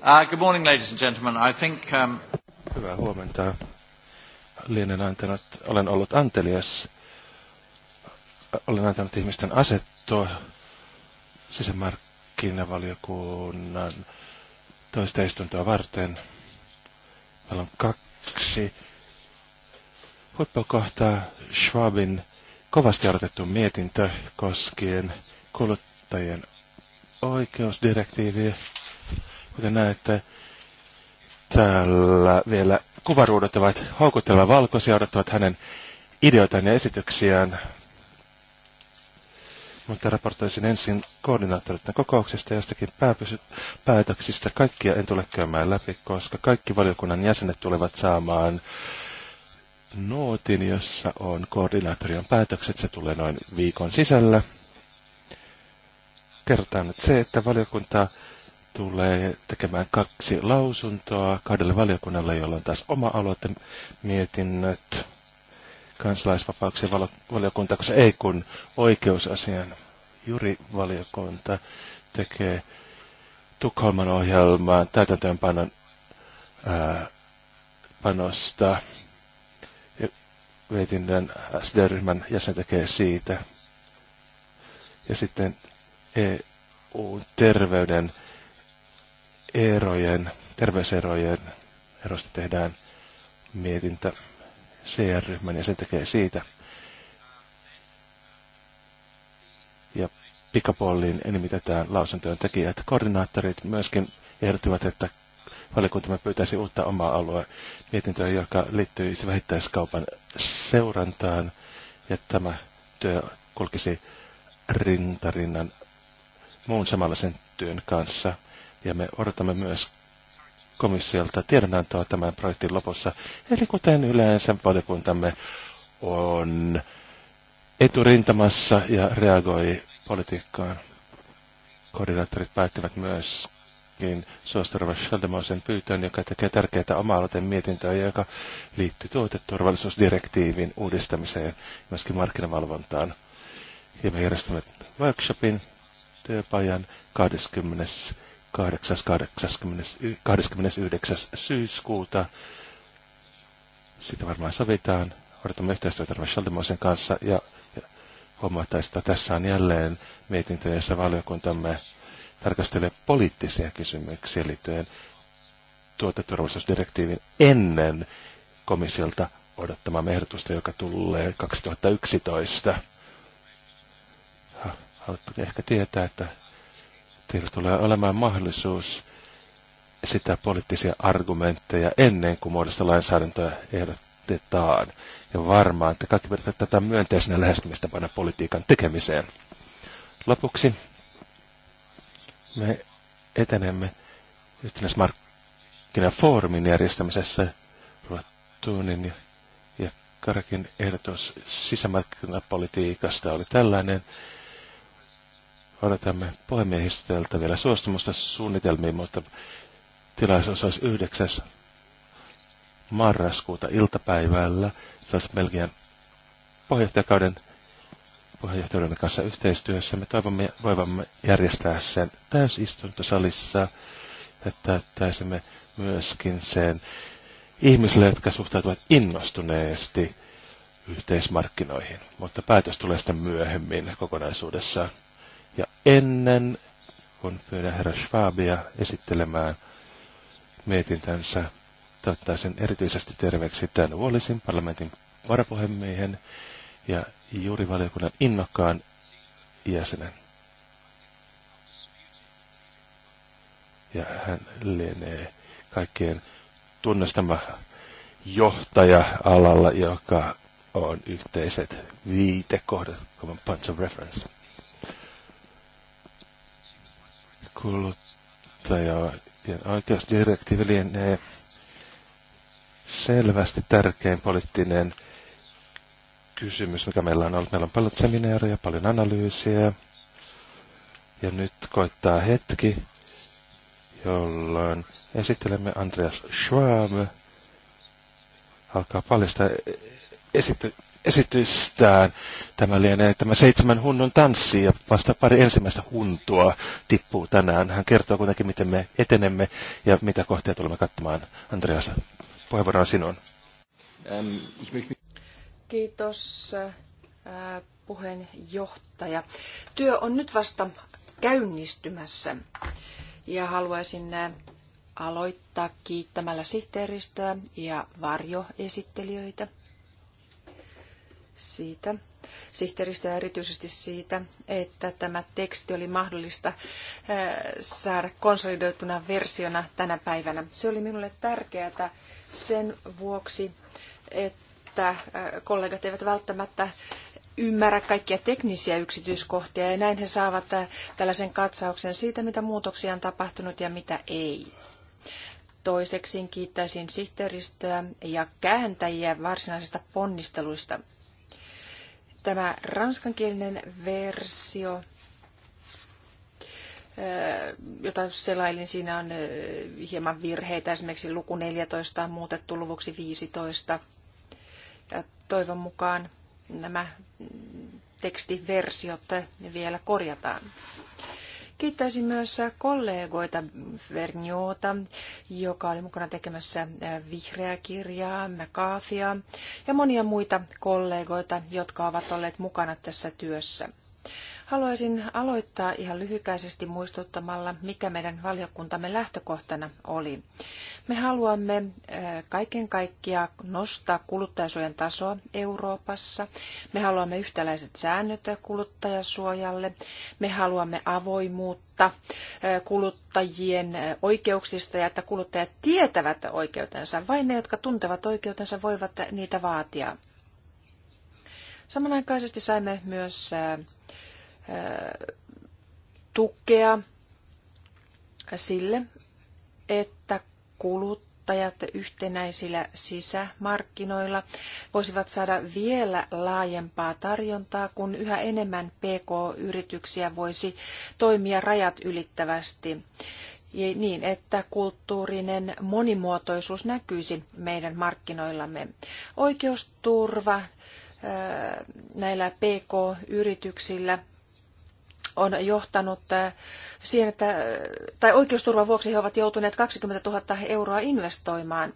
Uh, good morning, ladies and gentlemen. I think, um... Hyvää huomenta. Lienen antanut, olen ollut antelias. Olen antanut ihmisten asettua sisämarkkinavaliokunnan toista istuntoa varten. Meillä on kaksi huippukohtaa Schwabin kovasti odotettu mietintö koskien kuluttajien oikeusdirektiiviä. Kuten näette, täällä vielä kuvaruudut ovat houkutteleva valkoisia, odottavat hänen ideoitaan ja esityksiään. Mutta raportoisin ensin koordinaattoreiden kokouksesta ja jostakin päätöksistä. Kaikkia en tule käymään läpi, koska kaikki valiokunnan jäsenet tulevat saamaan nootin, jossa on koordinaattorien päätökset. Se tulee noin viikon sisällä. Kerrotaan nyt se, että valiokunta tulee tekemään kaksi lausuntoa kahdelle valiokunnalle, jolla on taas oma aloite mietinnöt kansalaisvapauksien valiokunta, koska ei kun oikeusasian jurivaliokunta tekee Tukholman ohjelmaan täytäntöönpanon panosta. Ja mietinnön SD-ryhmän jäsen tekee siitä. Ja sitten EU-terveyden erojen, terveyserojen erosta tehdään mietintä CR-ryhmän ja se tekee siitä. Ja pikapolliin enimitetään lausuntojen tekijät. Koordinaattorit myöskin ehdottivat, että valiokuntamme pyytäisi uutta omaa alue mietintöä, joka liittyy vähittäiskaupan seurantaan. Ja tämä työ kulkisi rintarinnan muun samanlaisen työn kanssa – ja me odotamme myös komissiolta tiedonantoa tämän projektin lopussa. Eli kuten yleensä valiokuntamme on eturintamassa ja reagoi politiikkaan. Koordinaattorit päättivät myöskin suosturva Sheldemosen pyytöön, joka tekee tärkeää oma mietintöä, joka liittyy tuoteturvallisuusdirektiivin uudistamiseen ja myöskin markkinavalvontaan. Ja me järjestämme workshopin työpajan 20. 8.29. syyskuuta. Sitä varmaan sovitaan. Odotamme yhteistyötä Schaldemosen kanssa ja, ja että tässä on jälleen mietintö, jossa valiokuntamme tarkastelee poliittisia kysymyksiä liittyen tuoteturvallisuusdirektiivin ennen komissiolta odottamaan ehdotusta, joka tulee 2011. Haluatte ehkä tietää, että teillä tulee olemaan mahdollisuus sitä poliittisia argumentteja ennen kuin muodosta lainsäädäntöä ehdotetaan. Ja varmaan, että kaikki pidetään tätä myönteisenä lähestymistapana politiikan tekemiseen. Lopuksi me etenemme yhtenäismarkkinafoorumin järjestämisessä Ruotunin ja, ja Karakin ehdotus sisämarkkinapolitiikasta oli tällainen, odotamme poimiehistöltä vielä suostumusta suunnitelmiin, mutta tilaisuus olisi 9. marraskuuta iltapäivällä. Se olisi Belgian pohjohtajakauden puheenjohtajuuden kanssa yhteistyössä. Me toivomme voivamme järjestää sen täysistuntosalissa, että täyttäisimme myöskin sen ihmisille, jotka suhtautuvat innostuneesti yhteismarkkinoihin. Mutta päätös tulee sitten myöhemmin kokonaisuudessaan. Ja ennen kun pyydän herra Schwabia esittelemään mietintänsä, toivottaisin erityisesti terveeksi tämän Wallisin parlamentin varapuhemiehen ja valiokunnan innokkaan jäsenen. Ja hän lienee kaikkien tunnustama johtaja alalla, joka on yhteiset viitekohdat, common points of reference. kuluttajien oikeusdirektiivi lienee selvästi tärkein poliittinen kysymys, mikä meillä on ollut. Meillä on paljon seminaareja, paljon analyysiä. Ja nyt koittaa hetki, jolloin esittelemme Andreas Schwab. Alkaa paljastaa e- e- esity- esitystään. Tämä lienee tämä seitsemän hunnon tanssi ja vasta pari ensimmäistä huntua tippuu tänään. Hän kertoo kuitenkin, miten me etenemme ja mitä kohtia tulemme katsomaan. Andreas, puheenvuoro on sinun. Ähm, Kiitos äh, puheenjohtaja. Työ on nyt vasta käynnistymässä ja haluaisin äh, aloittaa kiittämällä sihteeristöä ja varjoesittelijöitä siitä, sihteeristä ja erityisesti siitä, että tämä teksti oli mahdollista saada konsolidoituna versiona tänä päivänä. Se oli minulle tärkeää sen vuoksi, että kollegat eivät välttämättä ymmärrä kaikkia teknisiä yksityiskohtia ja näin he saavat tällaisen katsauksen siitä, mitä muutoksia on tapahtunut ja mitä ei. Toiseksi kiittäisin sihteeristöä ja kääntäjiä varsinaisista ponnisteluista Tämä ranskankielinen versio, jota selailin, siinä on hieman virheitä. Esimerkiksi luku 14 on muutettu luvuksi 15. Ja toivon mukaan nämä tekstiversiot vielä korjataan. Kiittäisin myös kollegoita Verniota, joka oli mukana tekemässä vihreää kirjaa, McCarthyä ja monia muita kollegoita, jotka ovat olleet mukana tässä työssä. Haluaisin aloittaa ihan lyhykäisesti muistuttamalla, mikä meidän valiokuntamme lähtökohtana oli. Me haluamme kaiken kaikkiaan nostaa kuluttajasuojan tasoa Euroopassa. Me haluamme yhtäläiset säännöt kuluttajasuojalle. Me haluamme avoimuutta kuluttajien oikeuksista ja että kuluttajat tietävät oikeutensa. Vain ne, jotka tuntevat oikeutensa, voivat niitä vaatia. Samanaikaisesti saimme myös tukea sille, että kuluttajat yhtenäisillä sisämarkkinoilla voisivat saada vielä laajempaa tarjontaa, kun yhä enemmän PK-yrityksiä voisi toimia rajat ylittävästi niin, että kulttuurinen monimuotoisuus näkyisi meidän markkinoillamme. Oikeusturva näillä PK-yrityksillä on johtanut eh, siihen, että, tai oikeusturvan vuoksi he ovat joutuneet 20 000 euroa investoimaan.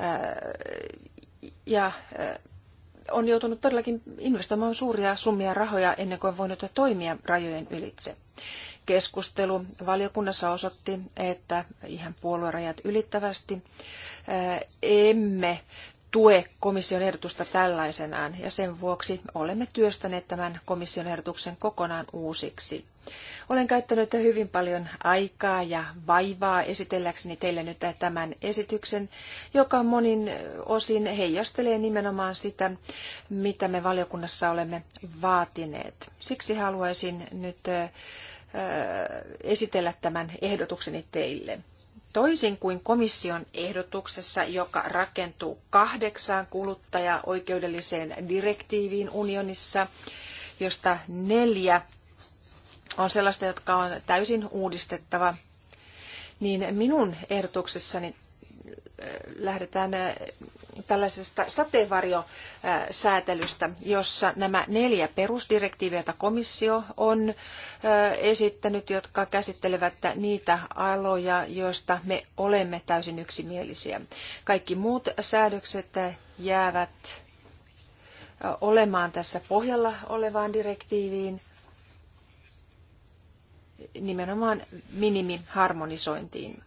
Eh, ja eh, on joutunut todellakin investoimaan suuria summia rahoja ennen kuin on voinut toimia rajojen ylitse. Keskustelu valiokunnassa osoitti, että ihan puoluerajat ylittävästi emme tue komission ehdotusta tällaisenaan ja sen vuoksi olemme työstäneet tämän komission ehdotuksen kokonaan uusiksi. Olen käyttänyt hyvin paljon aikaa ja vaivaa esitelläkseni teille nyt tämän esityksen, joka monin osin heijastelee nimenomaan sitä, mitä me valiokunnassa olemme vaatineet. Siksi haluaisin nyt esitellä tämän ehdotukseni teille toisin kuin komission ehdotuksessa, joka rakentuu kahdeksaan kuluttajaoikeudelliseen direktiiviin unionissa, josta neljä on sellaista, jotka on täysin uudistettava, niin minun ehdotuksessani äh, lähdetään äh, tällaisesta sateenvarjosäätelystä, jossa nämä neljä perusdirektiiviä, joita komissio on esittänyt, jotka käsittelevät niitä aloja, joista me olemme täysin yksimielisiä. Kaikki muut säädökset jäävät olemaan tässä pohjalla olevaan direktiiviin nimenomaan minimiharmonisointiin.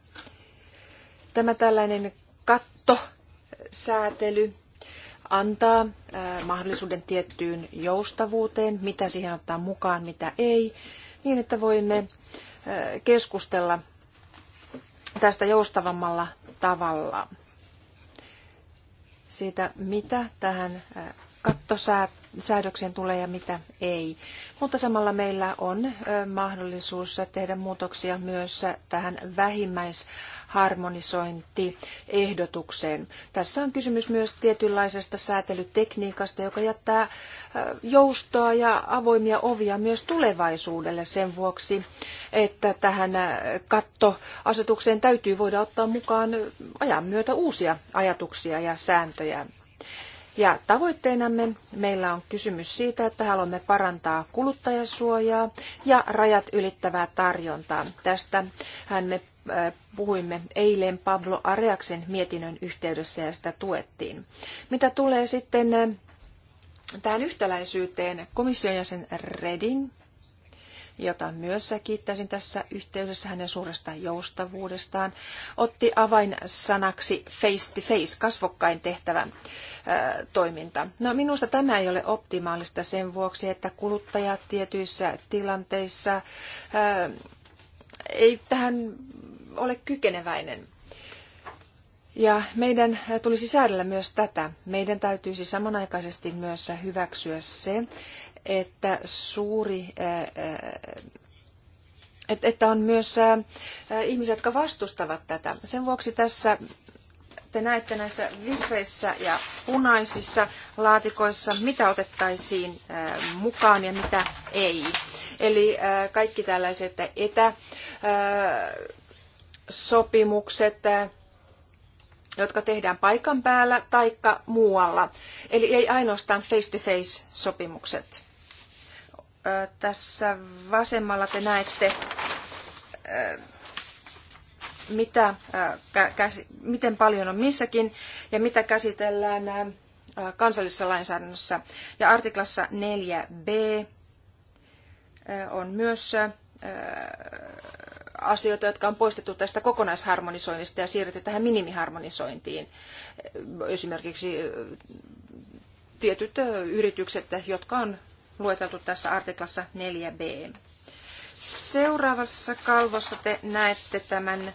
Tämä tällainen katto säätely antaa äh, mahdollisuuden tiettyyn joustavuuteen, mitä siihen ottaa mukaan, mitä ei, niin että voimme äh, keskustella tästä joustavammalla tavalla siitä, mitä tähän äh, kattosäätelyyn säädöksen tulee ja mitä ei. Mutta samalla meillä on mahdollisuus tehdä muutoksia myös tähän vähimmäisharmonisointiehdotukseen. Tässä on kysymys myös tietynlaisesta säätelytekniikasta, joka jättää joustoa ja avoimia ovia myös tulevaisuudelle sen vuoksi, että tähän kattoasetukseen täytyy voida ottaa mukaan ajan myötä uusia ajatuksia ja sääntöjä ja tavoitteenamme meillä on kysymys siitä, että haluamme parantaa kuluttajasuojaa ja rajat ylittävää tarjontaa. Tästä hän me äh, puhuimme eilen Pablo Areaksen mietinnön yhteydessä ja sitä tuettiin. Mitä tulee sitten äh, tähän yhtäläisyyteen komission jäsen Reding, jota myös kiittäisin tässä yhteydessä hänen suuresta joustavuudestaan, otti avainsanaksi face to face, kasvokkain tehtävä toiminta. No minusta tämä ei ole optimaalista sen vuoksi, että kuluttajat tietyissä tilanteissa ei tähän ole kykeneväinen. Ja meidän tulisi säädellä myös tätä. Meidän täytyisi samanaikaisesti myös hyväksyä se, että suuri että on myös ihmisiä, jotka vastustavat tätä. Sen vuoksi tässä te näette näissä vihreissä ja punaisissa laatikoissa, mitä otettaisiin mukaan ja mitä ei. Eli kaikki tällaiset etäsopimukset, jotka tehdään paikan päällä taikka muualla. Eli ei ainoastaan face-to-face-sopimukset. Tässä vasemmalla te näette mitä, äh, miten paljon on missäkin ja mitä käsitellään äh, kansallisessa lainsäädännössä. Ja artiklassa 4b äh, on myös asioita, jotka on poistettu tästä kokonaisharmonisoinnista ja siirretty tähän minimiharmonisointiin. Esimerkiksi tietyt yritykset, jotka on lueteltu tässä artiklassa 4b. Seuraavassa kalvossa te näette tämän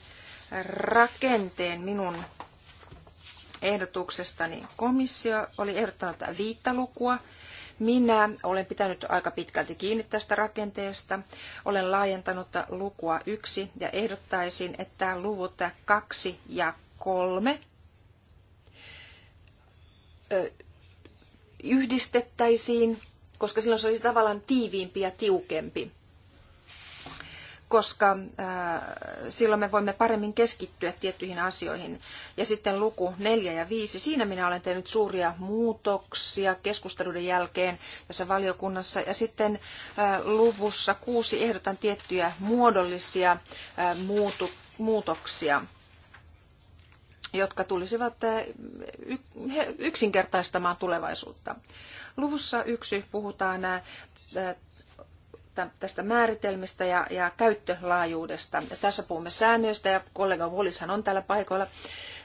rakenteen minun ehdotuksestani. Komissio oli ehdottanut viittä lukua. Minä olen pitänyt aika pitkälti kiinni tästä rakenteesta. Olen laajentanut lukua yksi ja ehdottaisin, että luvut kaksi ja kolme yhdistettäisiin, koska silloin se olisi tavallaan tiiviimpi ja tiukempi koska silloin me voimme paremmin keskittyä tiettyihin asioihin. Ja sitten luku neljä ja viisi Siinä minä olen tehnyt suuria muutoksia keskusteluiden jälkeen tässä valiokunnassa. Ja sitten luvussa kuusi ehdotan tiettyjä muodollisia muutoksia jotka tulisivat yksinkertaistamaan tulevaisuutta. Luvussa yksi puhutaan tästä määritelmistä ja, ja käyttölaajuudesta. Ja tässä puhumme säännöistä ja kollega Wallishan on täällä paikoilla.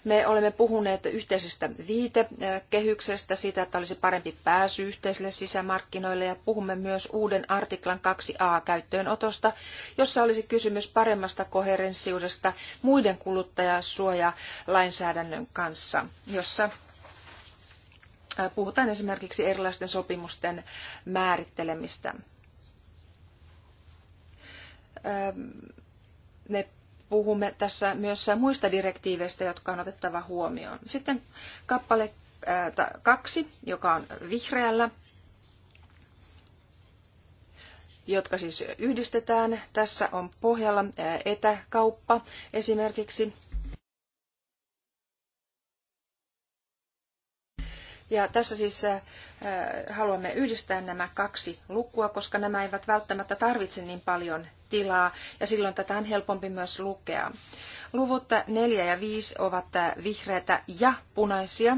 Me olemme puhuneet yhteisestä viitekehyksestä, siitä, että olisi parempi pääsy yhteisille sisämarkkinoille ja puhumme myös uuden artiklan 2a käyttöönotosta, jossa olisi kysymys paremmasta koherenssiudesta muiden kuluttajasuojalainsäädännön kanssa, jossa puhutaan esimerkiksi erilaisten sopimusten määrittelemistä. Ähm, me puhumme tässä myös muista direktiiveistä, jotka on otettava huomioon. Sitten kappale äh, kaksi, joka on vihreällä, jotka siis yhdistetään. Tässä on pohjalla äh, etäkauppa esimerkiksi Ja tässä siis äh, äh, haluamme yhdistää nämä kaksi lukua, koska nämä eivät välttämättä tarvitse niin paljon tilaa, ja silloin tätä on helpompi myös lukea. Luvut 4 ja 5 ovat äh, vihreitä ja punaisia.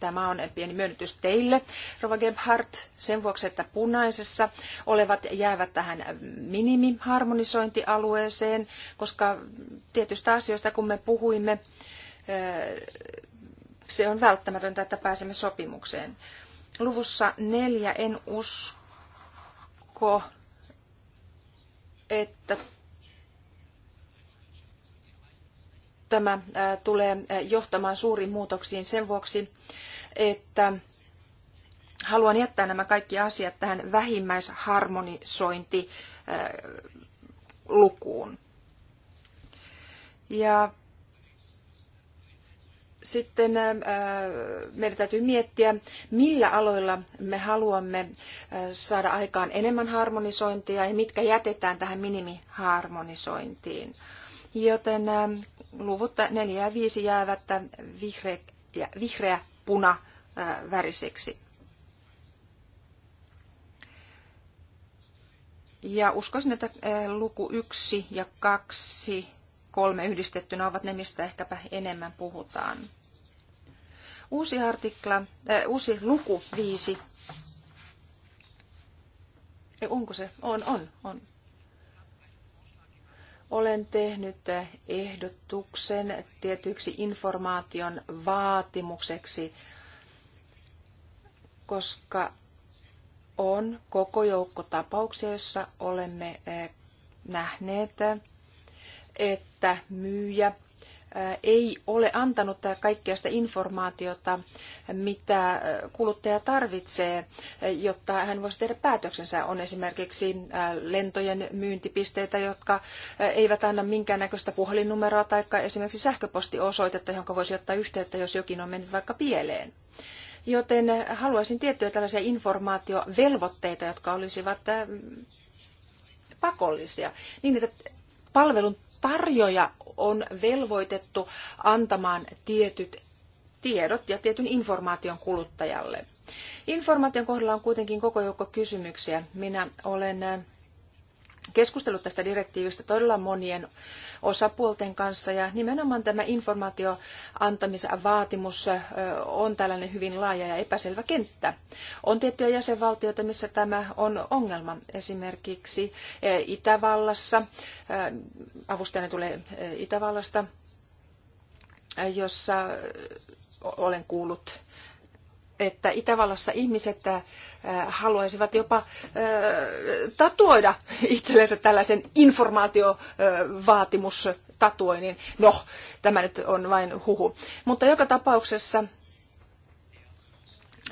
Tämä on pieni myönnytys teille, Rova Gebhardt, sen vuoksi, että punaisessa olevat jäävät tähän minimiharmonisointialueeseen, koska tietystä asioista, kun me puhuimme, se on välttämätöntä, että pääsemme sopimukseen. Luvussa neljä en usko, että tämä tulee johtamaan suuriin muutoksiin sen vuoksi, että haluan jättää nämä kaikki asiat tähän vähimmäisharmonisointi lukuun. Ja sitten meidän täytyy miettiä, millä aloilla me haluamme saada aikaan enemmän harmonisointia ja mitkä jätetään tähän minimiharmonisointiin. Joten luvut 4 ja 5 jäävät vihreä, vihreä puna väriseksi. Ja uskoisin, että luku 1 ja 2 kolme yhdistettynä ovat ne, mistä ehkäpä enemmän puhutaan. Uusi, artikla, äh, uusi luku viisi. Ei, onko se? On, on, on. Olen tehnyt äh, ehdotuksen tietyksi informaation vaatimukseksi, koska on koko joukko tapauksia, joissa olemme äh, nähneet äh, että myyjä äh, ei ole antanut kaikkea sitä informaatiota, mitä äh, kuluttaja tarvitsee, äh, jotta hän voisi tehdä päätöksensä. On esimerkiksi lentojen myyntipisteitä, jotka eivät anna minkäännäköistä puhelinnumeroa tai esimerkiksi sähköpostiosoitetta, jonka voisi ottaa yhteyttä, jos jokin on mennyt vaikka pieleen. Joten haluaisin tiettyjä tällaisia informaatiovelvoitteita, jotka olisivat pakollisia, niin että palvelun tarjoja on velvoitettu antamaan tietyt tiedot ja tietyn informaation kuluttajalle. Informaation kohdalla on kuitenkin koko joukko kysymyksiä. Minä olen keskustellut tästä direktiivistä todella monien osapuolten kanssa ja nimenomaan tämä informaatio vaatimus on tällainen hyvin laaja ja epäselvä kenttä. On tiettyjä jäsenvaltioita, missä tämä on ongelma. Esimerkiksi Itävallassa, avustajana tulee Itävallasta, jossa olen kuullut että Itävallassa ihmiset äh, haluaisivat jopa äh, tatuoida itsellensä tällaisen informaatiovaatimus niin No, tämä nyt on vain huhu. Mutta joka tapauksessa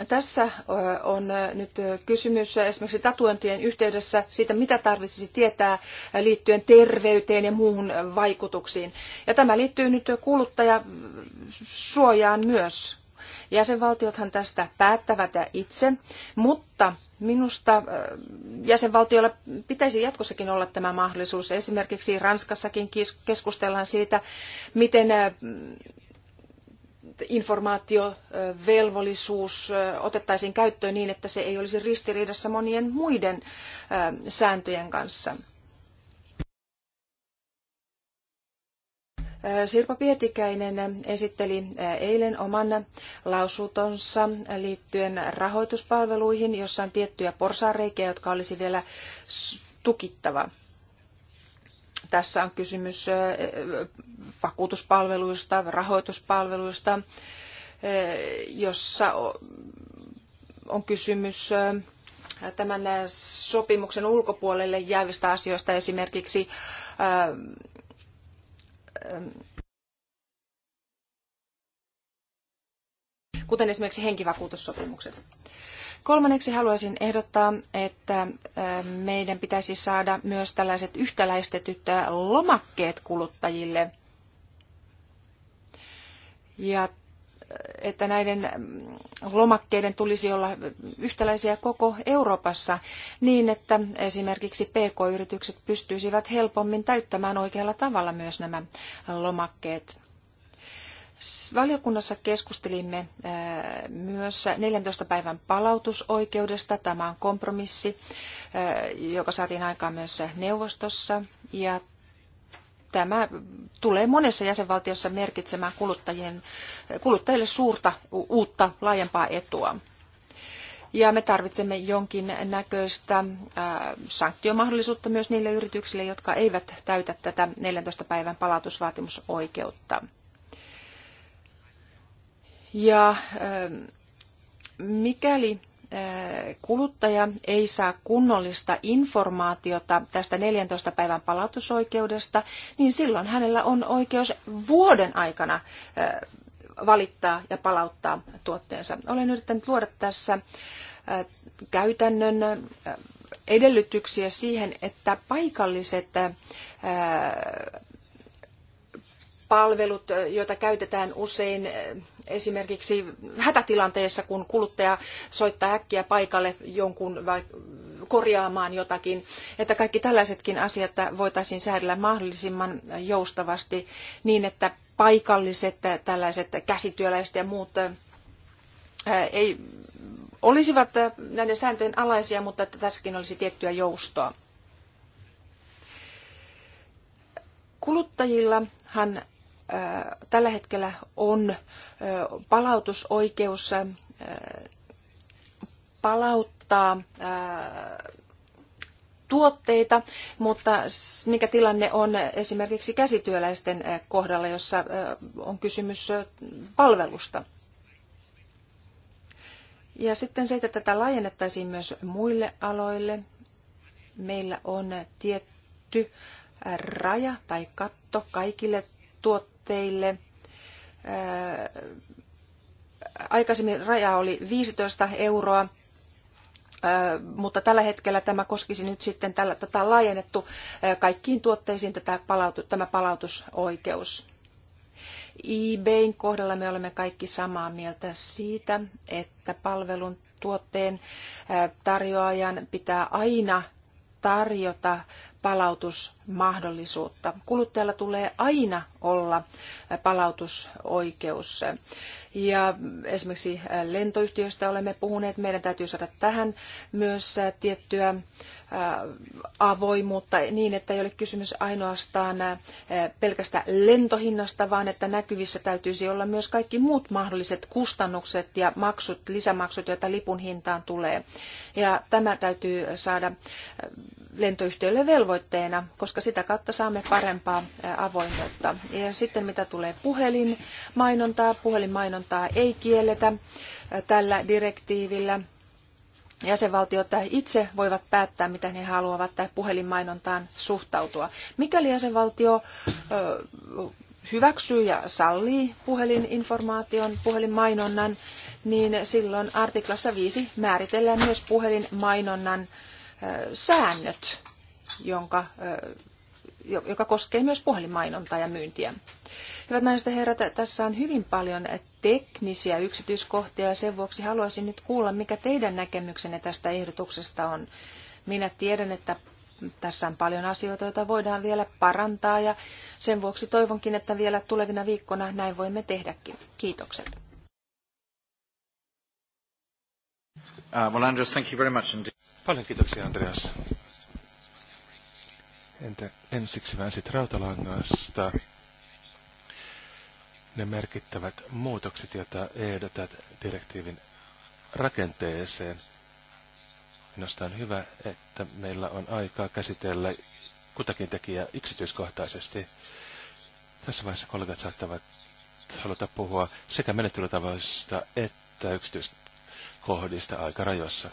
tässä äh, on nyt kysymys esimerkiksi tatuointien yhteydessä siitä, mitä tarvitsisi tietää liittyen terveyteen ja muuhun vaikutuksiin. Ja tämä liittyy nyt kuluttajasuojaan myös Jäsenvaltiothan tästä päättävät ja itse, mutta minusta äh, jäsenvaltioilla pitäisi jatkossakin olla tämä mahdollisuus. Esimerkiksi Ranskassakin keskustellaan siitä, miten äh, informaatiovelvollisuus äh, otettaisiin käyttöön niin, että se ei olisi ristiriidassa monien muiden sääntöjen kanssa. Sirpa Pietikäinen esitteli eilen oman lausutonsa liittyen rahoituspalveluihin, jossa on tiettyjä porsareikiä, jotka olisi vielä tukittava. Tässä on kysymys vakuutuspalveluista, rahoituspalveluista, jossa on kysymys tämän sopimuksen ulkopuolelle jäävistä asioista, esimerkiksi kuten esimerkiksi henkivakuutussopimukset. Kolmanneksi haluaisin ehdottaa, että meidän pitäisi saada myös tällaiset yhtäläistetyt lomakkeet kuluttajille. Ja että näiden mm, lomakkeiden tulisi olla yhtäläisiä koko Euroopassa niin, että esimerkiksi PK-yritykset pystyisivät helpommin täyttämään oikealla tavalla myös nämä lomakkeet. Valiokunnassa keskustelimme myös 14 päivän palautusoikeudesta. Tämä on kompromissi, joka saatiin aikaan myös neuvostossa. Ja tämä tulee monessa jäsenvaltiossa merkitsemään kuluttajien, kuluttajille suurta uutta laajempaa etua. Ja me tarvitsemme jonkin näköistä äh, sanktiomahdollisuutta myös niille yrityksille, jotka eivät täytä tätä 14 päivän palautusvaatimusoikeutta. Ja ähm, mikäli Äh, kuluttaja ei saa kunnollista informaatiota tästä 14 päivän palautusoikeudesta, niin silloin hänellä on oikeus vuoden aikana äh, valittaa ja palauttaa tuotteensa. Olen yrittänyt luoda tässä äh, käytännön edellytyksiä siihen, että paikalliset palvelut, joita käytetään usein esimerkiksi hätätilanteessa, kun kuluttaja soittaa äkkiä paikalle jonkun vai korjaamaan jotakin, että kaikki tällaisetkin asiat voitaisiin säädellä mahdollisimman joustavasti niin, että paikalliset tällaiset käsityöläiset ja muut ei olisivat näiden sääntöjen alaisia, mutta että tässäkin olisi tiettyä joustoa. Kuluttajillahan tällä hetkellä on palautusoikeus palauttaa tuotteita, mutta mikä tilanne on esimerkiksi käsityöläisten kohdalla, jossa on kysymys palvelusta? Ja sitten se, että tätä laajennettaisiin myös muille aloille. Meillä on tietty raja tai katto kaikille tuotteille teille. Aikaisemmin raja oli 15 euroa, mutta tällä hetkellä tämä koskisi nyt sitten tällä, tätä laajennettu kaikkiin tuotteisiin tätä palautu, tämä palautusoikeus. eBayn kohdalla me olemme kaikki samaa mieltä siitä, että palvelun tuotteen tarjoajan pitää aina tarjota palautusmahdollisuutta. Kuluttajalla tulee aina olla palautusoikeus. Ja esimerkiksi lentoyhtiöistä olemme puhuneet, meidän täytyy saada tähän myös tiettyä avoimuutta niin, että ei ole kysymys ainoastaan pelkästä lentohinnasta, vaan että näkyvissä täytyisi olla myös kaikki muut mahdolliset kustannukset ja maksut, lisämaksut, joita lipun hintaan tulee. Ja tämä täytyy saada lentoyhtiöille velvoitteeksi tavoitteena, koska sitä kautta saamme parempaa avoimuutta. Ja sitten mitä tulee puhelinmainontaa, puhelinmainontaa ei kielletä tällä direktiivillä. Jäsenvaltiot itse voivat päättää, miten he haluavat puhelinmainontaan suhtautua. Mikäli jäsenvaltio hyväksyy ja sallii puhelininformaation, puhelinmainonnan, niin silloin artiklassa 5 määritellään myös puhelinmainonnan säännöt jonka, joka koskee myös puhelinmainontaa ja myyntiä. Hyvät naiset ja herrat, tässä on hyvin paljon teknisiä yksityiskohtia ja sen vuoksi haluaisin nyt kuulla, mikä teidän näkemyksenne tästä ehdotuksesta on. Minä tiedän, että tässä on paljon asioita, joita voidaan vielä parantaa ja sen vuoksi toivonkin, että vielä tulevina viikkoina näin voimme tehdäkin. Kiitokset. Uh, well, Andreas, thank you very much. Paljon kiitoksia, Andreas. Entä ensiksi väänsit rautalangasta ne merkittävät muutokset, joita ehdotat direktiivin rakenteeseen? Minusta on hyvä, että meillä on aikaa käsitellä kutakin tekijää yksityiskohtaisesti. Tässä vaiheessa kollegat saattavat haluta puhua sekä menettelytavoista että yksityiskohdista aikarajoissa.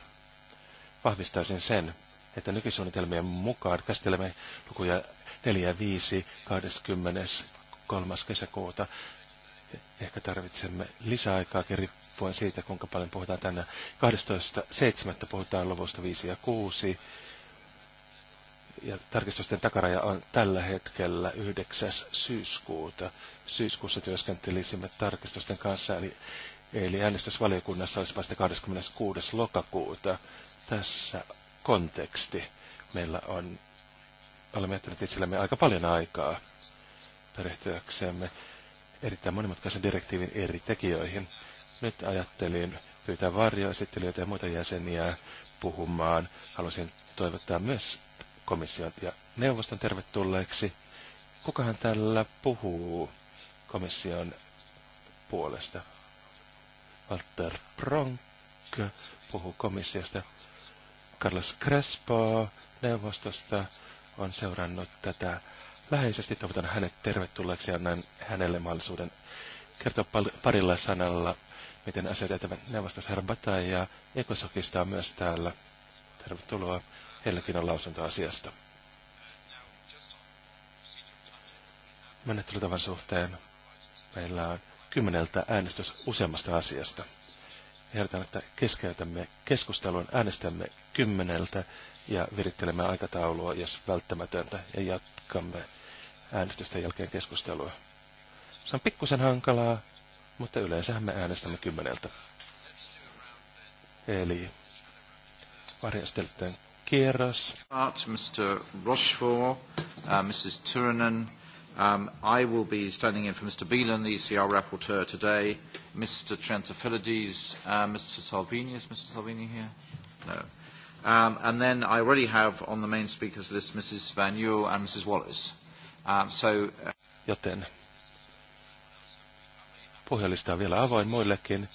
Vahvistaisin sen, että nykysuunnitelmien mukaan käsittelemme lukuja 4 5 23. kesäkuuta. Ehkä tarvitsemme lisäaikaa riippuen siitä, kuinka paljon puhutaan tänne. 12.7. puhutaan luvusta 5 ja 6. Ja tarkistusten takaraja on tällä hetkellä 9. syyskuuta. Syyskuussa työskentelisimme tarkistusten kanssa, eli, eli äänestysvaliokunnassa olisi vasta 26. lokakuuta. Tässä konteksti. Meillä on, olemme jättäneet itsellemme aika paljon aikaa perehtyäksemme erittäin monimutkaisen direktiivin eri tekijöihin. Nyt ajattelin pyytää varjoesittelijöitä ja muita jäseniä puhumaan. Haluaisin toivottaa myös komission ja neuvoston tervetulleeksi. Kukahan tällä puhuu komission puolesta? Walter Pronk puhuu komissiosta. Carlos Crespo neuvostosta on seurannut tätä läheisesti. Toivotan hänet tervetulleeksi ja annan hänelle mahdollisuuden kertoa parilla sanalla, miten asiat etävät neuvostossa herra ja Ekosokista on myös täällä. Tervetuloa. Heilläkin on lausunto asiasta. Menettelytavan suhteen meillä on kymmeneltä äänestys useammasta asiasta. Ehdotan, että keskeytämme keskustelun, äänestämme kymmeneltä ja virittelemme aikataulua, jos välttämätöntä, ja jatkamme äänestystä jälkeen keskustelua. Se on pikkusen hankalaa, mutta yleensä me äänestämme kymmeneltä. Eli varjastelten kierros. Mr. Rochefort, uh, Mrs. Turunen, Um, I will be standing in for Mr. Beelan, the ECR rapporteur today. Mr. Trentafilides, uh, Mr. Salvini, is Mr. Salvini here? No. Um, and then I already have on the main speakers list Mrs. Van Uel and Mrs. Wallace. Um, so, uh... Joten puhelista on vielä avoin muillekin,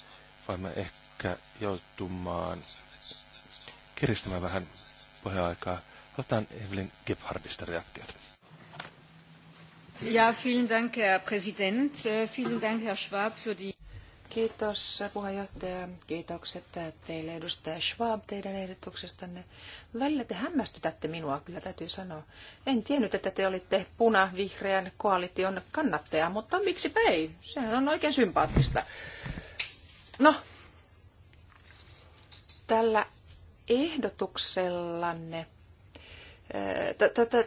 voimme ehkä joutumaan kiristämään vähän puheaikaa. Otetaan Evelyn Gebhardista reaktiot. Ja, vielen Dank, Herr Präsident. Äh, vielen Dank, Herr Schwab, für die... Kiitos puheenjohtaja. Kiitokset teille edustaja Schwab teidän ehdotuksestanne. Välillä te hämmästytätte minua, kyllä täytyy sanoa. En tiennyt, että te olitte punavihreän koalition kannattaja, mutta miksi ei? Sehän on oikein sympaattista. No, tällä ehdotuksellanne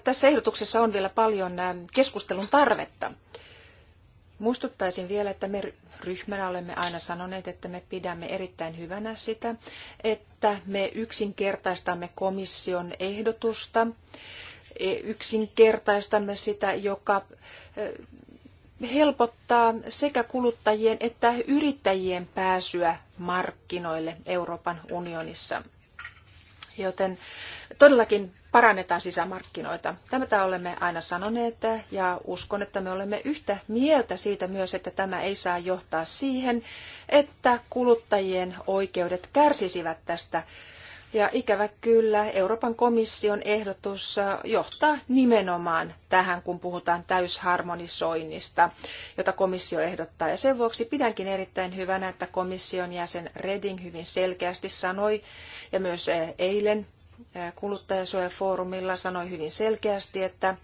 tässä ehdotuksessa on vielä paljon keskustelun tarvetta. Muistuttaisin vielä, että me ryhmänä olemme aina sanoneet, että me pidämme erittäin hyvänä sitä, että me yksinkertaistamme komission ehdotusta, e, yksinkertaistamme sitä, joka helpottaa sekä kuluttajien että yrittäjien pääsyä markkinoille Euroopan unionissa. Joten todellakin parannetaan sisämarkkinoita. Tämä olemme aina sanoneet ja uskon, että me olemme yhtä mieltä siitä myös, että tämä ei saa johtaa siihen, että kuluttajien oikeudet kärsisivät tästä. Ja ikävä kyllä, Euroopan komission ehdotus johtaa nimenomaan tähän, kun puhutaan täysharmonisoinnista, jota komissio ehdottaa. Ja sen vuoksi pidänkin erittäin hyvänä, että komission jäsen Reding hyvin selkeästi sanoi, ja myös eilen kuluttajasuojafoorumilla sanoi hyvin selkeästi, että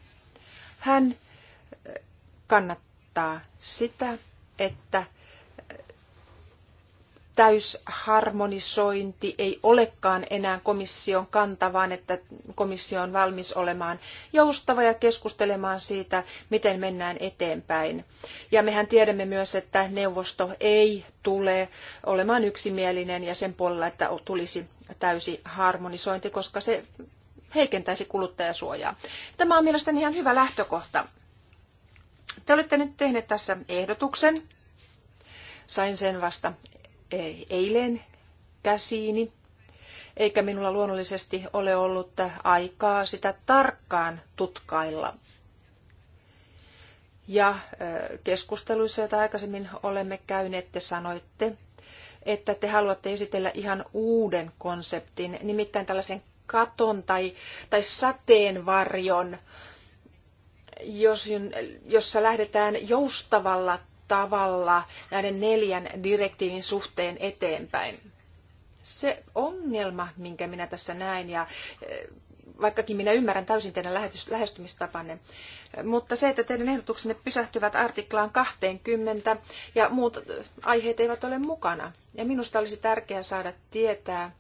hän kannattaa sitä, että täysharmonisointi ei olekaan enää komission kanta, vaan että komissio on valmis olemaan joustava ja keskustelemaan siitä, miten mennään eteenpäin. Ja mehän tiedämme myös, että neuvosto ei tule olemaan yksimielinen ja sen puolella, että tulisi täysi harmonisointi, koska se heikentäisi kuluttajasuojaa. Tämä on mielestäni ihan hyvä lähtökohta. Te olette nyt tehneet tässä ehdotuksen. Sain sen vasta eilen käsiini, eikä minulla luonnollisesti ole ollut aikaa sitä tarkkaan tutkailla. Ja keskusteluissa, joita aikaisemmin olemme käyneet, te sanoitte, että te haluatte esitellä ihan uuden konseptin, nimittäin tällaisen katon tai, tai sateenvarjon, jos, jossa lähdetään joustavalla tavalla näiden neljän direktiivin suhteen eteenpäin. Se ongelma, minkä minä tässä näen, ja eh, vaikkakin minä ymmärrän täysin teidän lähestymistapanne, eh, mutta se, että teidän ehdotuksenne pysähtyvät artiklaan 20 ja muut eh, aiheet eivät ole mukana. Ja minusta olisi tärkeää saada tietää,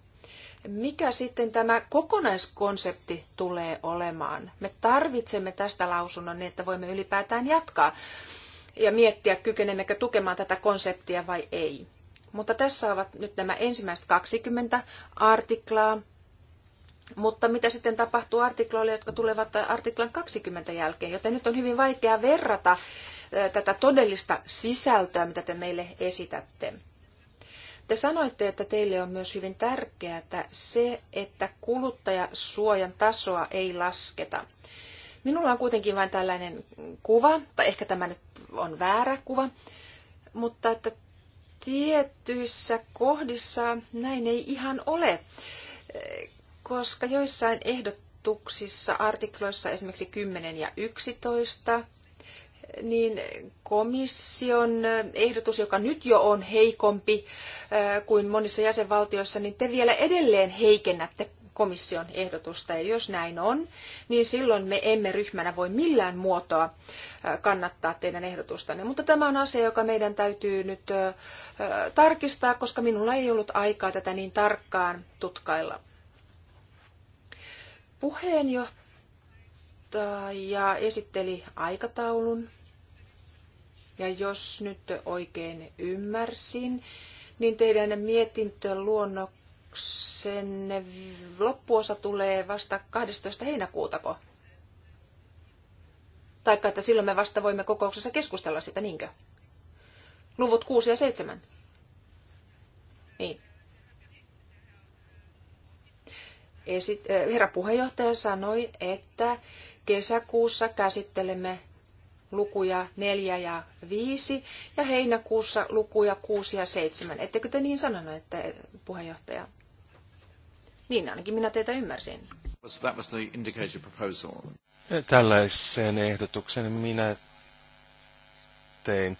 mikä sitten tämä kokonaiskonsepti tulee olemaan. Me tarvitsemme tästä lausunnon, niin että voimme ylipäätään jatkaa ja miettiä, kykenemmekö tukemaan tätä konseptia vai ei. Mutta tässä ovat nyt nämä ensimmäiset 20 artiklaa. Mutta mitä sitten tapahtuu artikloille, jotka tulevat artiklan 20 jälkeen? Joten nyt on hyvin vaikea verrata tätä todellista sisältöä, mitä te meille esitätte. Te sanoitte, että teille on myös hyvin tärkeää se, että kuluttajasuojan tasoa ei lasketa. Minulla on kuitenkin vain tällainen kuva, tai ehkä tämä nyt on väärä kuva, mutta että tietyissä kohdissa näin ei ihan ole, koska joissain ehdotuksissa, artikloissa esimerkiksi 10 ja 11, niin komission ehdotus, joka nyt jo on heikompi äh, kuin monissa jäsenvaltioissa, niin te vielä edelleen heikennätte komission ehdotusta. Ja jos näin on, niin silloin me emme ryhmänä voi millään muotoa äh, kannattaa teidän ehdotustanne. Mutta tämä on asia, joka meidän täytyy nyt äh, tarkistaa, koska minulla ei ollut aikaa tätä niin tarkkaan tutkailla. Puheenjohtaja esitteli aikataulun. Ja jos nyt oikein ymmärsin, niin teidän mietintöluonnoksenne Kokouksen loppuosa tulee vasta 12. heinäkuutako? Taikka, että silloin me vasta voimme kokouksessa keskustella sitä, niinkö? Luvut 6 ja 7. Niin. Esit, eh, herra puheenjohtaja sanoi, että kesäkuussa käsittelemme lukuja 4 ja 5 ja heinäkuussa lukuja 6 ja 7. Ettekö te niin sanonut, että eh, puheenjohtaja? Niin ainakin minä teitä ymmärsin. Eh, tällaisen ehdotuksen minä tein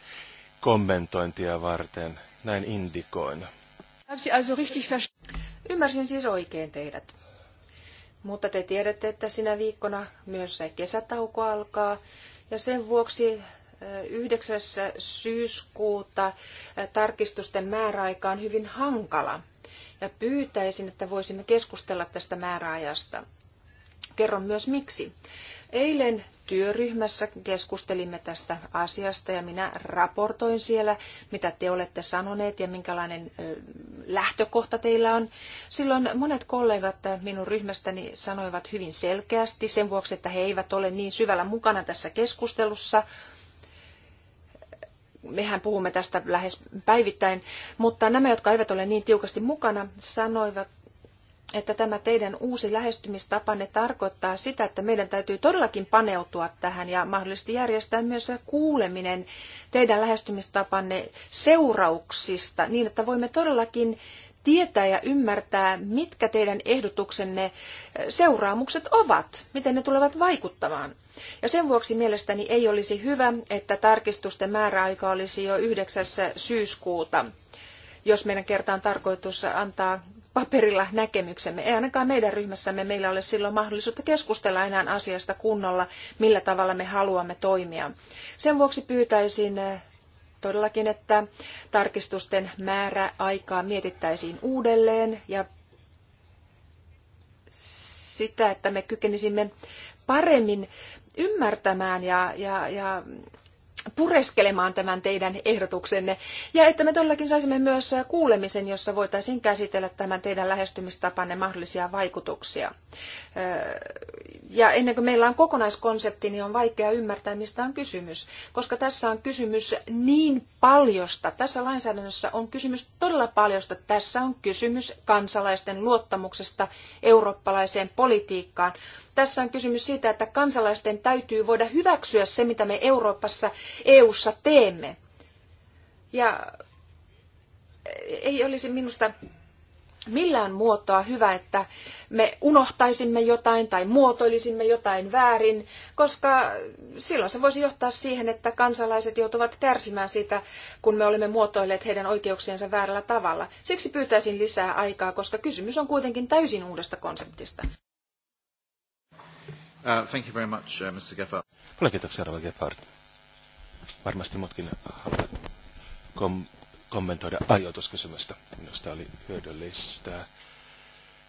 kommentointia varten. Näin indikoin. Ymmärsin siis oikein teidät. Mutta te tiedätte, että sinä viikkona myös se kesätauko alkaa. Ja sen vuoksi 9. Eh, syyskuuta eh, tarkistusten määräaika on hyvin hankala ja pyytäisin, että voisimme keskustella tästä määräajasta. Kerron myös miksi. Eilen työryhmässä keskustelimme tästä asiasta ja minä raportoin siellä, mitä te olette sanoneet ja minkälainen lähtökohta teillä on. Silloin monet kollegat minun ryhmästäni sanoivat hyvin selkeästi sen vuoksi, että he eivät ole niin syvällä mukana tässä keskustelussa – mehän puhumme tästä lähes päivittäin, mutta nämä, jotka eivät ole niin tiukasti mukana, sanoivat, että tämä teidän uusi lähestymistapanne tarkoittaa sitä, että meidän täytyy todellakin paneutua tähän ja mahdollisesti järjestää myös kuuleminen teidän lähestymistapanne seurauksista niin, että voimme todellakin tietää ja ymmärtää, mitkä teidän ehdotuksenne eh, seuraamukset ovat, miten ne tulevat vaikuttamaan. Ja sen vuoksi mielestäni ei olisi hyvä, että tarkistusten määräaika olisi jo 9. syyskuuta, jos meidän kertaan tarkoitus antaa paperilla näkemyksemme. Ei ainakaan meidän ryhmässämme meillä ole silloin mahdollisuutta keskustella enää asiasta kunnolla, millä tavalla me haluamme toimia. Sen vuoksi pyytäisin eh, todellakin, että tarkistusten määrä aikaa mietittäisiin uudelleen ja sitä, että me kykenisimme paremmin ymmärtämään ja, ja, ja pureskelemaan tämän teidän ehdotuksenne ja että me todellakin saisimme myös kuulemisen, jossa voitaisiin käsitellä tämän teidän lähestymistapanne mahdollisia vaikutuksia. Ja ennen kuin meillä on kokonaiskonsepti, niin on vaikea ymmärtää, mistä on kysymys, koska tässä on kysymys niin paljosta. Tässä lainsäädännössä on kysymys todella paljosta. Tässä on kysymys kansalaisten luottamuksesta eurooppalaiseen politiikkaan, tässä on kysymys siitä, että kansalaisten täytyy voida hyväksyä se, mitä me Euroopassa, EUssa teemme. Ja ei olisi minusta millään muotoa hyvä, että me unohtaisimme jotain tai muotoilisimme jotain väärin, koska silloin se voisi johtaa siihen, että kansalaiset joutuvat kärsimään siitä, kun me olemme muotoilleet heidän oikeuksiensa väärällä tavalla. Siksi pyytäisin lisää aikaa, koska kysymys on kuitenkin täysin uudesta konseptista. Uh, thank you very much, uh, Mr. Paljon kiitoksia, Rava Varmasti muutkin haluavat kom- kommentoida ajoituskysymystä. Minusta oli hyödyllistä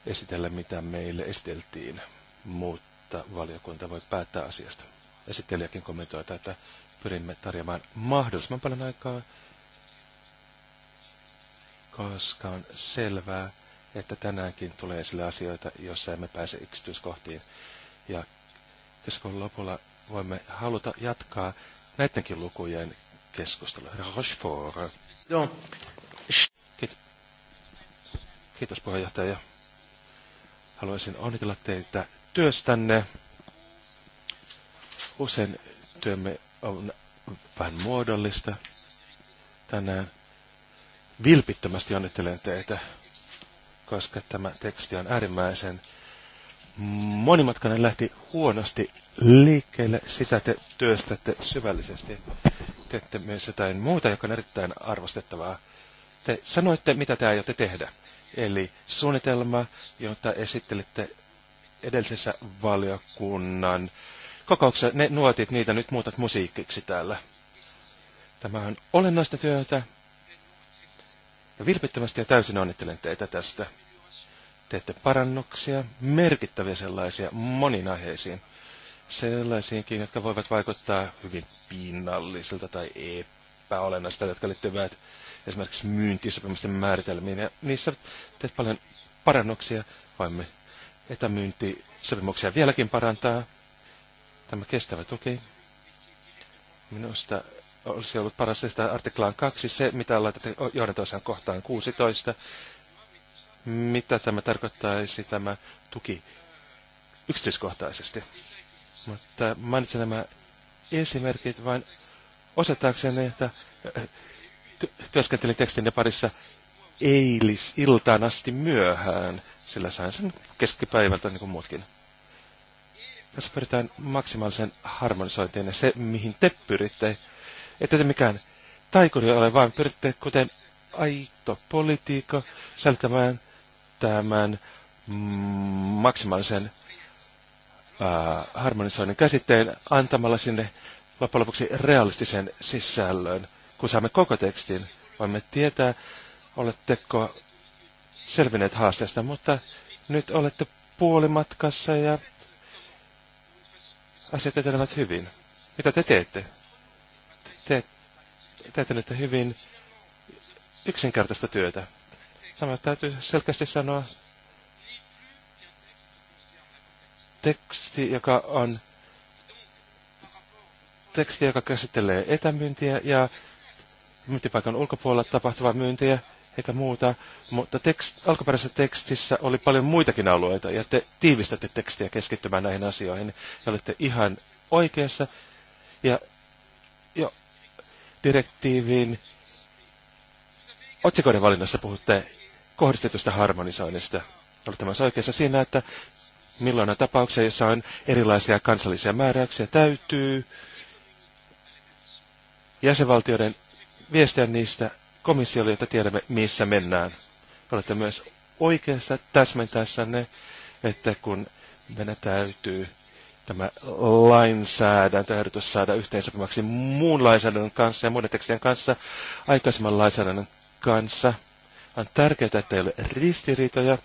esitellä, mitä meille esiteltiin, mutta valiokunta voi päättää asiasta. Esittelijäkin kommentoi että Pyrimme tarjoamaan mahdollisimman paljon aikaa, koska on selvää, että tänäänkin tulee esille asioita, joissa emme pääse yksityiskohtiin. Ja kesäkuun lopulla voimme haluta jatkaa näidenkin lukujen keskustelua. Rochefort. Joo. Kiitos. Kiitos puheenjohtaja. Haluaisin onnitella teitä työstänne. Usein työmme on vähän muodollista. Tänään vilpittömästi onnittelen teitä, koska tämä teksti on äärimmäisen monimutkainen lähti huonosti liikkeelle. Sitä te työstätte syvällisesti. Teette myös jotain muuta, joka on erittäin arvostettavaa. Te sanoitte, mitä te aiotte tehdä. Eli suunnitelma, jota esittelitte edellisessä valiokunnan kokouksessa. Ne nuotit, niitä nyt muutat musiikiksi täällä. Tämä on olennaista työtä. Ja vilpittömästi ja täysin onnittelen teitä tästä. Teette parannuksia, merkittäviä sellaisia, moninaiheisiin, Sellaisiinkin, jotka voivat vaikuttaa hyvin pinnallisilta tai epäolennaisilta, jotka liittyvät esimerkiksi myyntisopimusten määritelmiin. Ja niissä teet paljon parannuksia, voimme etämyyntisopimuksia vieläkin parantaa. Tämä kestävä tuki. Minusta olisi ollut paras sitä artiklaan kaksi se mitä laitatte johdantoisaan kohtaan 16, mitä tämä tarkoittaisi tämä tuki yksityiskohtaisesti. Mutta mainitsen nämä esimerkit vain osoittaakseni, että äh, työskentelin tekstin parissa eilisiltaan asti myöhään, sillä sain sen keskipäivältä niin kuin muutkin. Tässä pyritään maksimaalisen harmonisointiin ja se, mihin te pyritte, ette te mikään taikuri ole, vaan pyritte, kuten aito politiikka, säilyttämään tämän maksimaalisen harmonisoinnin käsitteen antamalla sinne loppujen lopuksi realistisen sisällön. Kun saamme koko tekstin, voimme tietää, oletteko selvinneet haasteesta, mutta nyt olette puolimatkassa ja asiat etenevät hyvin. Mitä te teette? Te, teette nyt hyvin yksinkertaista työtä. Tämä täytyy selkeästi sanoa. Teksti, joka on teksti, joka käsittelee etämyyntiä ja myyntipaikan ulkopuolella tapahtuvaa myyntiä eikä muuta, mutta tekst, alkuperäisessä tekstissä oli paljon muitakin alueita ja te tiivistätte tekstiä keskittymään näihin asioihin ja olette ihan oikeassa ja jo direktiivin otsikoiden valinnassa puhutte kohdistetusta harmonisoinnista. Olet tämä oikeassa siinä, että milloin on tapauksia, joissa on erilaisia kansallisia määräyksiä, täytyy jäsenvaltioiden viestiä niistä komissiolle, jotta tiedämme, missä mennään. Olette myös oikeassa täsmentäessänne, että kun meidän täytyy tämä ehdotus saada yhteensopimaksi muun lainsäädännön kanssa ja muiden tekstien kanssa, aikaisemman lainsäädännön kanssa – on tärkeää, että ei ole ristiriitoja.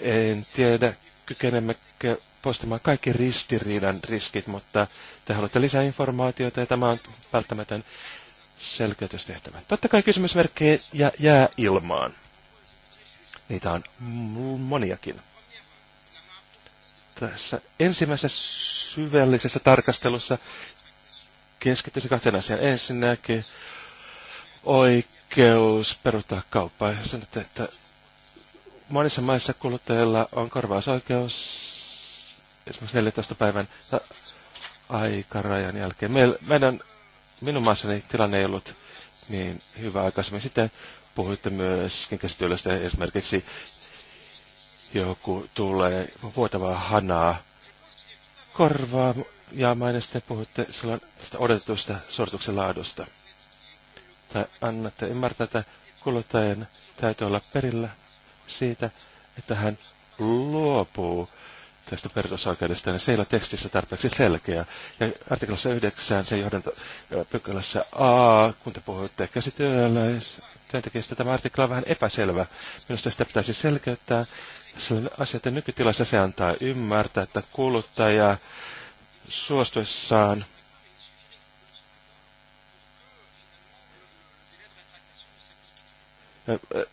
En tiedä, kykenemmekö postimaan kaikki ristiriidan riskit, mutta te haluatte lisää informaatiota ja tämä on välttämätön selkeytystehtävä. Totta kai kysymysmerkkejä jää ilmaan. Niitä on moniakin. Tässä ensimmäisessä syvällisessä tarkastelussa keskittyisi kahteen asiaan. Ensinnäkin oikein oikeus perustaa kauppaa. Ja sanotte, että monissa maissa kuluttajilla on korvausoikeus esimerkiksi 14 päivän aikarajan jälkeen. Meillä, meidän, minun maassani tilanne ei ollut niin hyvä aikaisemmin. Sitten puhuitte myöskin käsityöläistä esimerkiksi joku tulee vuotavaa hanaa korvaa ja maine puhutte silloin tästä odotetusta suorituksen laadusta että annatte ymmärtää, että kuluttajan täytyy olla perillä siitä, että hän luopuu tästä perusoikeudesta, niin se ei ole tekstissä tarpeeksi selkeä. Ja artiklassa 9, se johdanto pykälässä A, kun te puhutte käsityöläistyöntekijästä, tämä artikla on vähän epäselvä. Minusta sitä pitäisi selkeyttää. Sellainen asia, että nykytilassa se antaa ymmärtää, että kuluttaja suostuessaan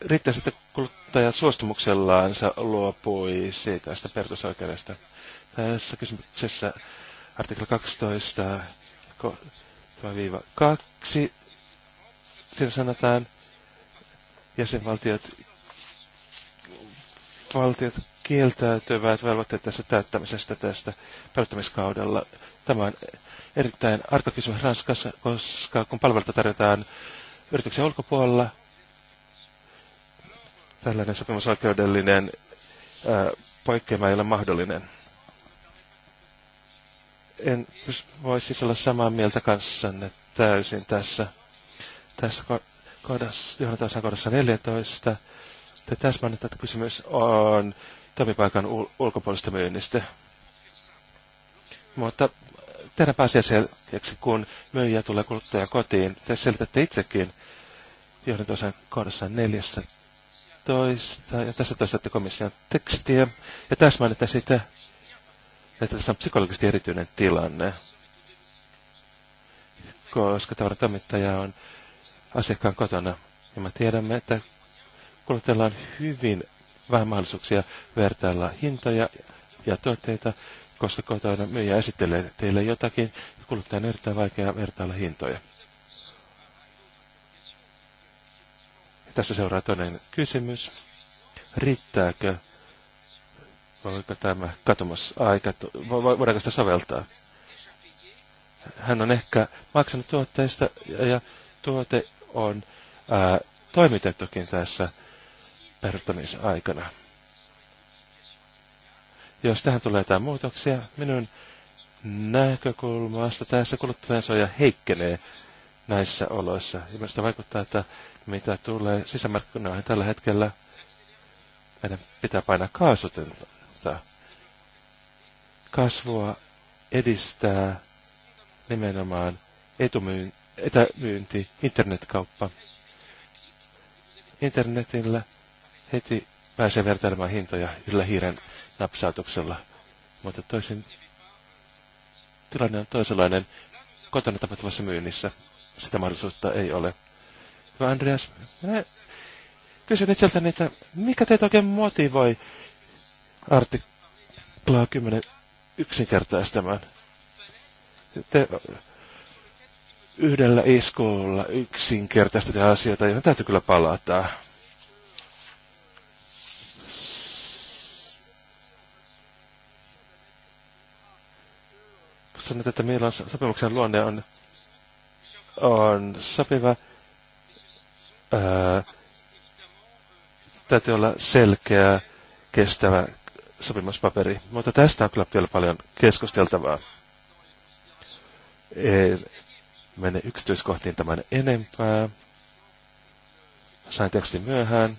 Riittää sitten kuluttaja suostumuksellaan luopui siitä tästä perusoikeudesta. Tässä kysymyksessä artikla 12 viiva 2. Siinä sanotaan jäsenvaltiot valtiot kieltäytyvät velvoitteet tässä täyttämisestä tästä peruuttamiskaudella. Tämä on erittäin arka kysymys Ranskassa, koska kun palveluita tarjotaan yrityksen ulkopuolella, tällainen sopimusoikeudellinen poikkeama ei ole mahdollinen. En voi siis olla samaa mieltä kanssanne täysin tässä, tässä kohdassa, kohdassa 14. Te täsmännette, että kysymys on toimipaikan ul- ulkopuolista myynnistä. Mutta tehdään pääsiä selkeäksi, kun myyjä tulee kuluttaja kotiin. Te selitätte itsekin johdantosan kohdassa 14 15 ja tässä toistatte komission tekstiä, ja täsmännette sitä, että tässä on psykologisesti erityinen tilanne, koska tavaran toimittaja on asiakkaan kotona, ja me tiedämme, että kuluttajalla on hyvin vähän mahdollisuuksia vertailla hintoja ja tuotteita, koska kotona myyjä esittelee teille jotakin, ja kuluttajan on erittäin vaikea vertailla hintoja. Tässä seuraa toinen kysymys. Riittääkö voiko tämä katumasaika, voidaanko sitä soveltaa? Hän on ehkä maksanut tuotteista ja tuote on ää, toimitettukin tässä peruuttamisaikana. Jos tähän tulee jotain muutoksia, minun näkökulmasta tässä kuluttajansuoja heikkenee näissä oloissa. Ja minusta vaikuttaa, että mitä tulee sisämarkkinoihin tällä hetkellä, meidän pitää painaa kaasutinta. Kasvua edistää nimenomaan etumyyn, etämyynti, internetkauppa. Internetillä heti pääsee vertailemaan hintoja yllä hiiren napsautuksella. Mutta toisin tilanne on toisenlainen kotona tapahtuvassa myynnissä. Sitä mahdollisuutta ei ole. Hyvä Andreas, minä kysyn itseltäni, että mikä teitä oikein motivoi artiklaa 10 yksinkertaistamaan? Te yhdellä iskulla yksinkertaistatte asioita, joihin täytyy kyllä palata. sanot, että meillä on sopimuksen luonne on, on sopiva ää, täytyy olla selkeä, kestävä sopimuspaperi. Mutta tästä on kyllä vielä paljon keskusteltavaa. Ei mene yksityiskohtiin tämän enempää. Sain tekstin myöhään.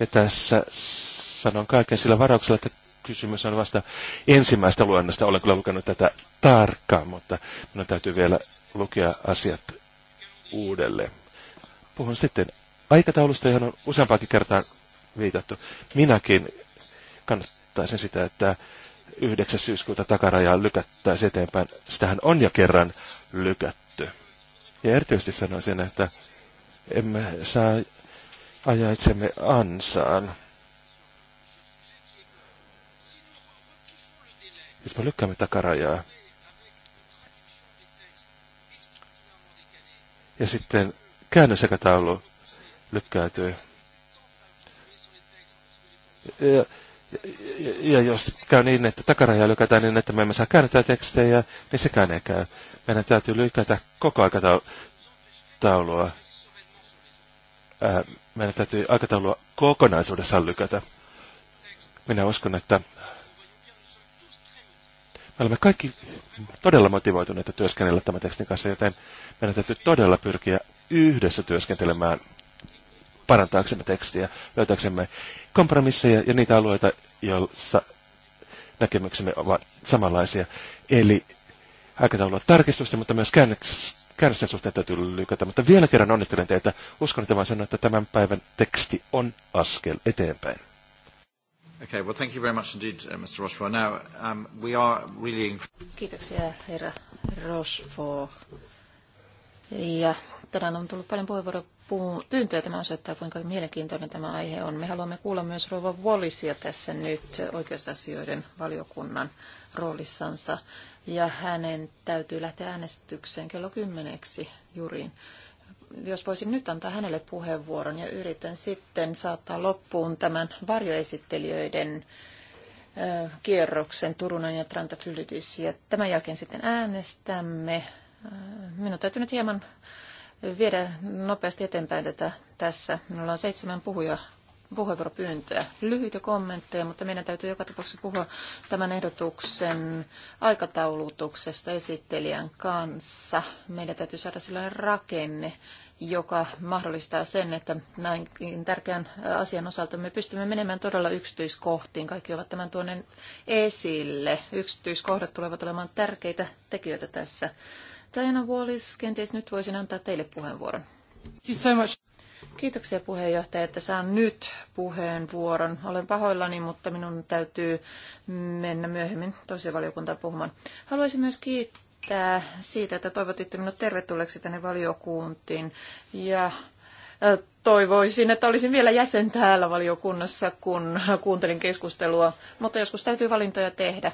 Ja tässä sanon kaiken sillä varauksella, että kysymys on vasta ensimmäistä luennosta. Olen kyllä lukenut tätä tarkkaan, mutta minun täytyy vielä lukea asiat uudelleen puhun sitten aikataulusta, johon on useampaakin kertaan viitattu. Minäkin kannattaisin sitä, että 9. syyskuuta takarajaa lykättäisiin eteenpäin. Sitähän on jo kerran lykätty. Ja erityisesti sanoisin, että emme saa ajaa itsemme ansaan. Jos me lykkäämme takarajaa, ja sitten taulu lykkäytyy. Ja, ja, ja jos käy niin, että takaraja lykätään niin, että me emme saa käännetä tekstejä, niin sekään ei käy. Meidän täytyy lykätä koko aikataulua. Ää, äh, meidän täytyy aikataulua kokonaisuudessaan lykätä. Minä uskon, että me olemme kaikki todella motivoituneita työskennellä tämän tekstin kanssa, joten meidän täytyy todella pyrkiä yhdessä työskentelemään parantaaksemme tekstiä, löytääksemme kompromisseja ja niitä alueita, joissa näkemyksemme ovat samanlaisia. Eli aikataulua tarkistusta, mutta myös käännösten suhteen täytyy lykätä. Mutta vielä kerran onnittelen teitä. Uskon, että voin sanoa, että tämän päivän teksti on askel eteenpäin. Okay, well thank you very much indeed, uh, Mr. Rochefort. Now, um, we are really... Kiitoksia, herra Rochefort. Ja Tänään on tullut paljon puheenvuoropyyntöjä. Tämä osoittaa, kuinka mielenkiintoinen tämä aihe on. Me haluamme kuulla myös Rova Wallisia tässä nyt oikeusasioiden valiokunnan roolissansa. Ja hänen täytyy lähteä äänestykseen kello kymmeneksi juriin. Jos voisin nyt antaa hänelle puheenvuoron ja yritän sitten saattaa loppuun tämän varjoesittelijöiden kierroksen Turunan ja Trantafylidis. Ja tämän jälkeen sitten äänestämme. Minun täytyy nyt hieman viedä nopeasti eteenpäin tätä tässä. Minulla on seitsemän puhuja puheenvuoropyyntöä. Lyhyitä kommentteja, mutta meidän täytyy joka tapauksessa puhua tämän ehdotuksen aikataulutuksesta esittelijän kanssa. Meidän täytyy saada sellainen rakenne, joka mahdollistaa sen, että näin tärkeän asian osalta me pystymme menemään todella yksityiskohtiin. Kaikki ovat tämän tuonne esille. Yksityiskohdat tulevat olemaan tärkeitä tekijöitä tässä Diana Wallis, kenties nyt voisin antaa teille puheenvuoron. Kiitoksia puheenjohtaja, että saan nyt puheenvuoron. Olen pahoillani, mutta minun täytyy mennä myöhemmin toiseen valiokuntaan puhumaan. Haluaisin myös kiittää siitä, että toivotitte minut tervetulleeksi tänne valiokuntiin. Ja toivoisin, että olisin vielä jäsen täällä valiokunnassa, kun kuuntelin keskustelua, mutta joskus täytyy valintoja tehdä.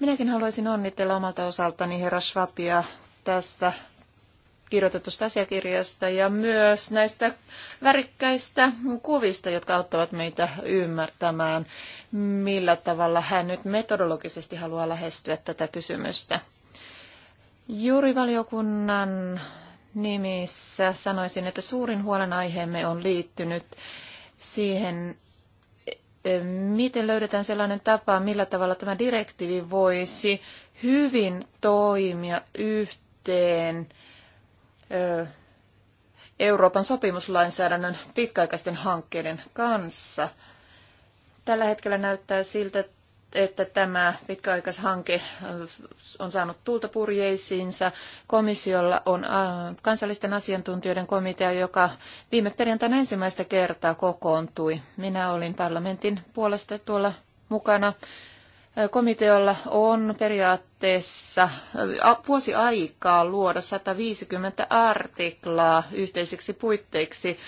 Minäkin haluaisin onnitella omalta osaltani herra Schwabia tästä kirjoitetusta asiakirjasta ja myös näistä värikkäistä kuvista, jotka auttavat meitä ymmärtämään, millä tavalla hän nyt metodologisesti haluaa lähestyä tätä kysymystä. Juurivaliokunnan nimissä sanoisin, että suurin huolenaiheemme on liittynyt siihen, miten löydetään sellainen tapa, millä tavalla tämä direktiivi voisi hyvin toimia yhteen yhteen Euroopan sopimuslainsäädännön pitkäaikaisten hankkeiden kanssa. Tällä hetkellä näyttää siltä, että tämä pitkäaikaishanke on saanut tuulta purjeisiinsa. Komissiolla on kansallisten asiantuntijoiden komitea, joka viime perjantaina ensimmäistä kertaa kokoontui. Minä olin parlamentin puolesta tuolla mukana Komiteolla on periaatteessa vuosi aikaa luoda 150 artiklaa yhteiseksi puitteiksi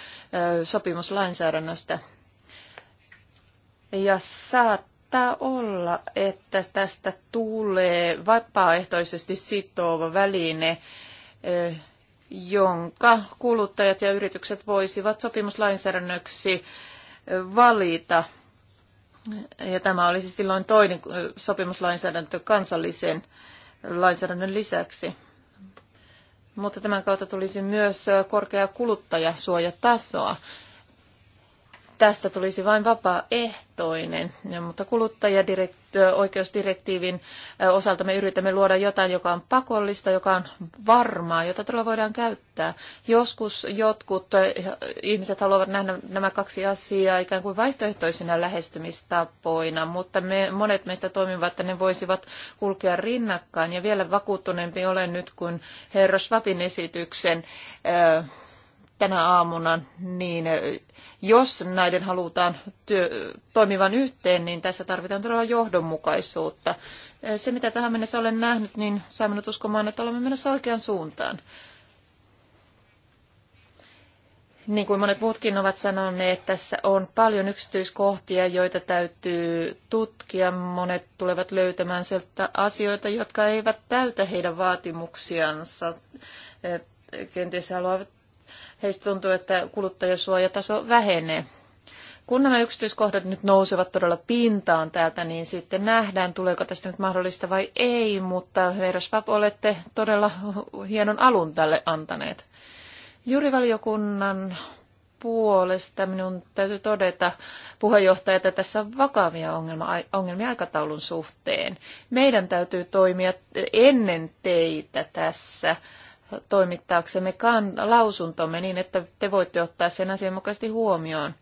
sopimuslainsäädännöstä. Ja saattaa olla, että tästä tulee vapaaehtoisesti sitova väline, jonka kuluttajat ja yritykset voisivat sopimuslainsäädännöksi valita – ja tämä olisi silloin toinen sopimuslainsäädäntö kansallisen lainsäädännön lisäksi. Mutta tämän kautta tulisi myös korkea kuluttajasuojatasoa tästä tulisi vain vapaaehtoinen, mutta kuluttajaoikeusdirektiivin osalta me yritämme luoda jotain, joka on pakollista, joka on varmaa, jota todella voidaan käyttää. Joskus jotkut ihmiset haluavat nähdä nämä kaksi asiaa ikään kuin vaihtoehtoisina lähestymistapoina, mutta me, monet meistä toimivat, että ne voisivat kulkea rinnakkain. Ja vielä vakuuttuneempi olen nyt, kun herra Schwabin esityksen äh, tänä aamuna, niin jos näiden halutaan työ, toimivan yhteen, niin tässä tarvitaan todella johdonmukaisuutta. Se, mitä tähän mennessä olen nähnyt, niin saa minut uskomaan, että olemme menossa oikeaan suuntaan. Niin kuin monet muutkin ovat sanoneet, tässä on paljon yksityiskohtia, joita täytyy tutkia. Monet tulevat löytämään sieltä asioita, jotka eivät täytä heidän vaatimuksiansa. Kenties haluavat heistä tuntuu, että kuluttajasuojataso vähenee. Kun nämä yksityiskohdat nyt nousevat todella pintaan täältä, niin sitten nähdään, tuleeko tästä nyt mahdollista vai ei, mutta Veera olette todella hienon alun tälle antaneet. Juurivaliokunnan puolesta minun täytyy todeta puheenjohtaja, että tässä on vakavia ongelma, ongelmia aikataulun suhteen. Meidän täytyy toimia ennen teitä tässä toimittaaksemme kan- lausuntomme niin, että te voitte ottaa sen asianmukaisesti huomioon.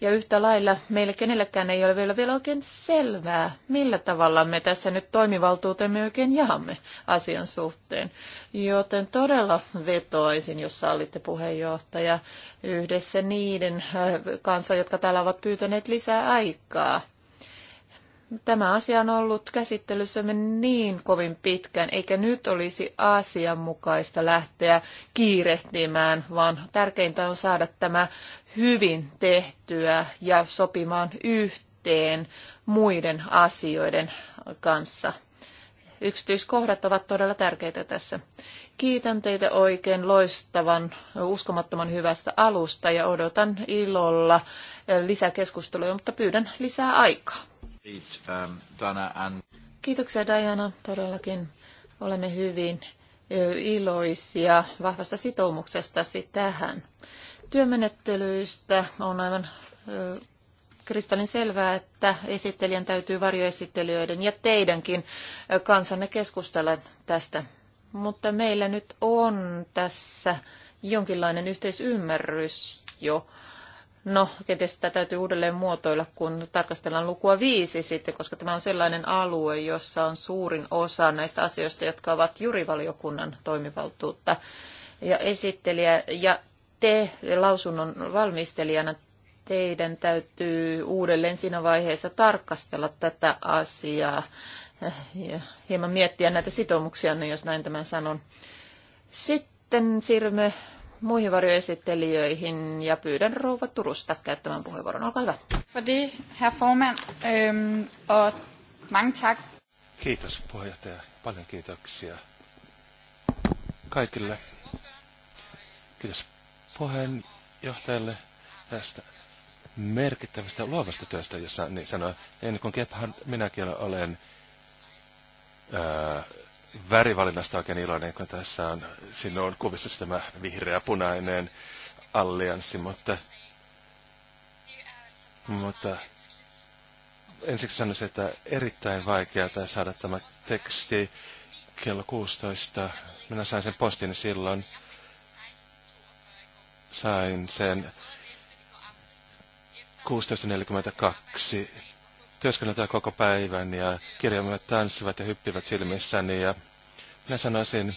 Ja yhtä lailla meille kenellekään ei ole vielä, vielä oikein selvää, millä tavalla me tässä nyt toimivaltuutemme oikein jaamme asian suhteen. Joten todella vetoaisin, jos sallitte puheenjohtaja, yhdessä niiden äh, kanssa, jotka täällä ovat pyytäneet lisää aikaa Tämä asia on ollut käsittelyssämme niin kovin pitkään, eikä nyt olisi asianmukaista lähteä kiirehtimään, vaan tärkeintä on saada tämä hyvin tehtyä ja sopimaan yhteen muiden asioiden kanssa. Yksityiskohdat ovat todella tärkeitä tässä. Kiitän teitä oikein loistavan, uskomattoman hyvästä alusta ja odotan ilolla lisäkeskusteluja, mutta pyydän lisää aikaa. Um, Kiitoksia Diana, todellakin olemme hyvin iloisia vahvasta sitoumuksestasi tähän. Työmenettelyistä on aivan kristallin selvää, että esittelijän täytyy varjoesittelijöiden ja teidänkin kansanne keskustella tästä. Mutta meillä nyt on tässä jonkinlainen yhteisymmärrys jo No, kenties sitä täytyy uudelleen muotoilla, kun tarkastellaan lukua viisi sitten, koska tämä on sellainen alue, jossa on suurin osa näistä asioista, jotka ovat jurivaliokunnan toimivaltuutta. Ja esittelijä ja te lausunnon valmistelijana teidän täytyy uudelleen siinä vaiheessa tarkastella tätä asiaa ja hieman miettiä näitä sitoumuksia, jos näin tämän sanon. Sitten siirrymme muihin varjoesittelijöihin ja pyydän rouva Turusta käyttämään puheenvuoron. Olkaa hyvä. herr forman, mange tak. Kiitos puheenjohtaja. Paljon kiitoksia kaikille. Kiitos puheenjohtajalle tästä merkittävästä luovasta työstä, jossa niin sanoa, ennen kuin Gebhard minäkin olen ää, värivalinnasta oikein iloinen, kun tässä on sinun kuvissa tämä vihreä-punainen allianssi, mutta, mutta ensiksi sanoisin, että erittäin vaikeaa saada tämä teksti kello 16. Minä sain sen postin silloin. Sain sen 16.42 työskennellään koko päivän ja kirjaimet tanssivat ja hyppivät silmissäni ja minä sanoisin,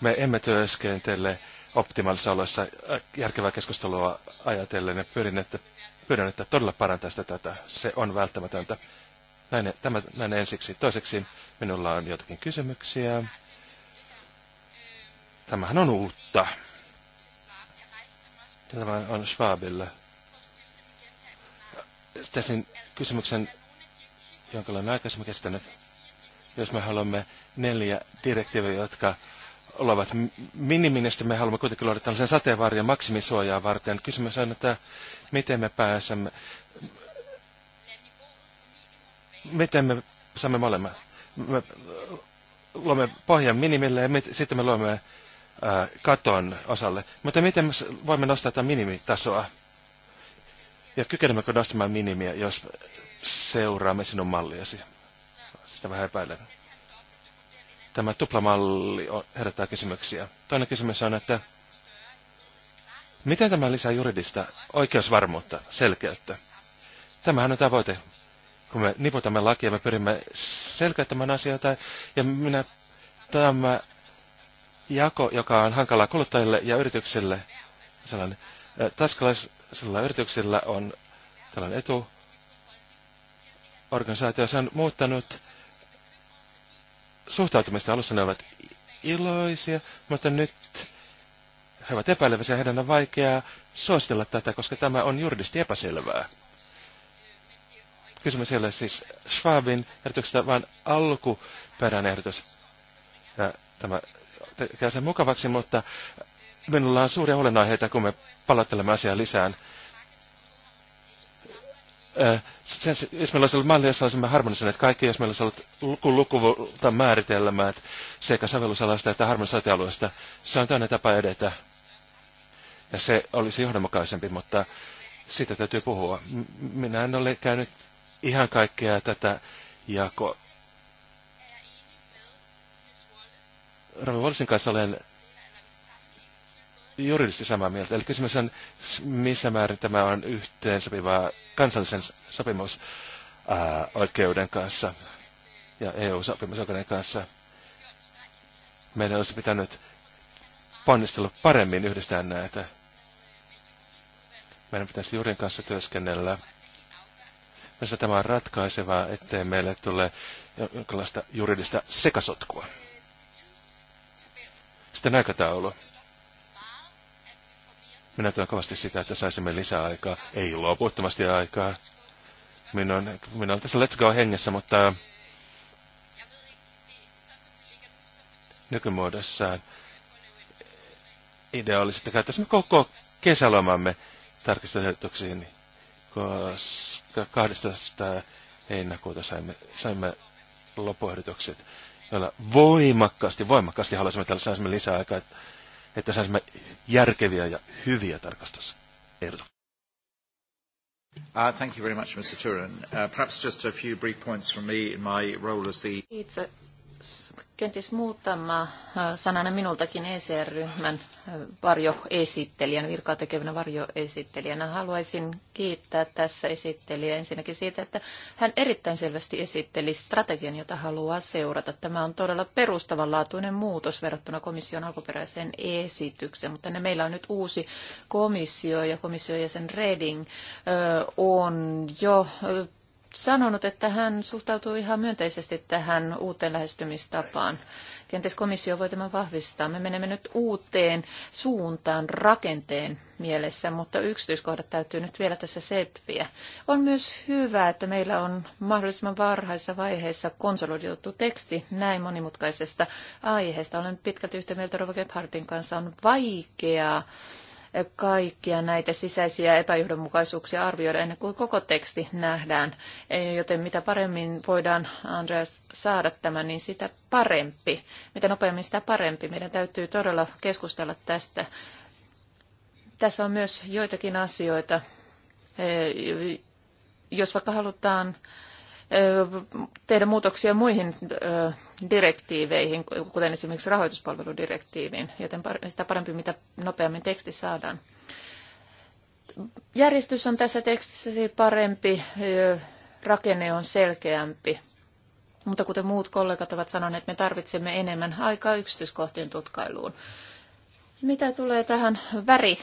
me emme työskentele optimaalisessa olossa äh, järkevää keskustelua ajatellen ja pyrin, että, pyydän, että todella parantaisi tätä. Se on välttämätöntä. Näin, tämä, näin ensiksi. Toiseksi minulla on jotakin kysymyksiä. Tämähän on uutta. Tämä on Schwabille. Tässin kysymyksen, jonka olen aikaisemmin kestänyt. Jos me haluamme neljä direktiiviä, jotka olevat miniministä, me haluamme kuitenkin luoda tällaisen sateenvarjan maksimisuojaa varten. Kysymys on, että miten me pääsemme, miten me saamme molemmat. Me luomme pohjan minimille ja mit, sitten me luomme ää, katon osalle. Mutta miten me voimme nostaa tätä minimitasoa? Ja kykenemmekö nostamaan minimiä, jos seuraamme sinun malliasi? Sitä vähän epäilen. Tämä tuplamalli herättää kysymyksiä. Toinen kysymys on, että miten tämä lisää juridista oikeusvarmuutta, selkeyttä? Tämähän on tavoite. Kun me niputamme lakia, me pyrimme selkeyttämään asioita, ja minä tämä jako, joka on hankalaa kuluttajille ja yrityksille, sellainen äh, taskalais, sillä yrityksellä on tällainen etu. Organisaatio on muuttanut suhtautumista. Alussa ne ovat iloisia, mutta nyt he ovat epäileväisiä. Heidän on vaikeaa suositella tätä, koska tämä on juridisesti epäselvää. Kysymys ei ole siis Schwabin ehdotuksesta, vaan alkuperäinen ehdotus. Ja tämä tekee sen mukavaksi, mutta Minulla on suuria huolenaiheita, kun me palattelemme asiaa lisään. Äh, sen, jos meillä olisi ollut malli, jossa olisimme harmonisoineet kaikki, jos meillä olisi ollut luku, lukuvulta määritelmät sekä sovellusalasta että harmonisointialueesta, se on toinen tapa edetä. Ja se olisi johdonmukaisempi, mutta siitä täytyy puhua. Minä en ole käynyt ihan kaikkea tätä jako. Rami Wallisin kanssa olen juridisesti samaa mieltä. Eli kysymys on, missä määrin tämä on yhteen sopivaa kansallisen sopimusoikeuden kanssa ja EU-sopimusoikeuden kanssa. Meidän olisi pitänyt ponnistella paremmin yhdistää näitä. Meidän pitäisi juurin kanssa työskennellä. Mielestäni tämä on ratkaisevaa, ettei meille tule jonkinlaista juridista sekasotkua. Sitten aikataulu. Minä tuen kovasti sitä, että saisimme lisää aikaa. Ei loputtomasti aikaa. Minä olen, minä olen tässä let's go hengessä, mutta nykymuodossaan idea olisi, että käyttäisimme koko kesälomamme tarkistusehdotuksiin, koska 12. heinäkuuta saimme, saimme lopuehdotukset, joilla voimakkaasti, voimakkaasti haluaisimme että saisimme lisää aikaa, että että saisimme järkeviä ja hyviä tarkastusehdotuksia. Uh, thank you very much, Mr. Turin. Uh, perhaps just a few brief points from me in my role as the kenties muutama äh, sananen minultakin ECR-ryhmän äh, varjoesittelijän, virkaa tekevänä varjoesittelijänä. Haluaisin kiittää tässä esittelijä ensinnäkin siitä, että hän erittäin selvästi esitteli strategian, jota haluaa seurata. Tämä on todella perustavanlaatuinen muutos verrattuna komission alkuperäiseen esitykseen, mutta ne meillä on nyt uusi komissio ja komission jäsen Reding on jo sanonut, että hän suhtautuu ihan myönteisesti tähän uuteen lähestymistapaan. Kenties komissio voi tämän vahvistaa. Me menemme nyt uuteen suuntaan rakenteen mielessä, mutta yksityiskohdat täytyy nyt vielä tässä setviä. On myös hyvä, että meillä on mahdollisimman varhaisessa vaiheessa konsolidoitu teksti näin monimutkaisesta aiheesta. Olen pitkälti yhtä mieltä Rova Gebhardin kanssa. On vaikeaa kaikkia näitä sisäisiä epäjohdonmukaisuuksia arvioida ennen kuin koko teksti nähdään. Joten mitä paremmin voidaan, Andreas, saada tämä, niin sitä parempi. Mitä nopeammin sitä parempi. Meidän täytyy todella keskustella tästä. Tässä on myös joitakin asioita. Eh, jos vaikka halutaan tehdä muutoksia muihin direktiiveihin, kuten esimerkiksi rahoituspalveludirektiiviin, joten sitä parempi, mitä nopeammin teksti saadaan. Järjestys on tässä tekstissä parempi, rakenne on selkeämpi, mutta kuten muut kollegat ovat sanoneet, me tarvitsemme enemmän aikaa yksityiskohtien tutkailuun. Mitä tulee tähän väri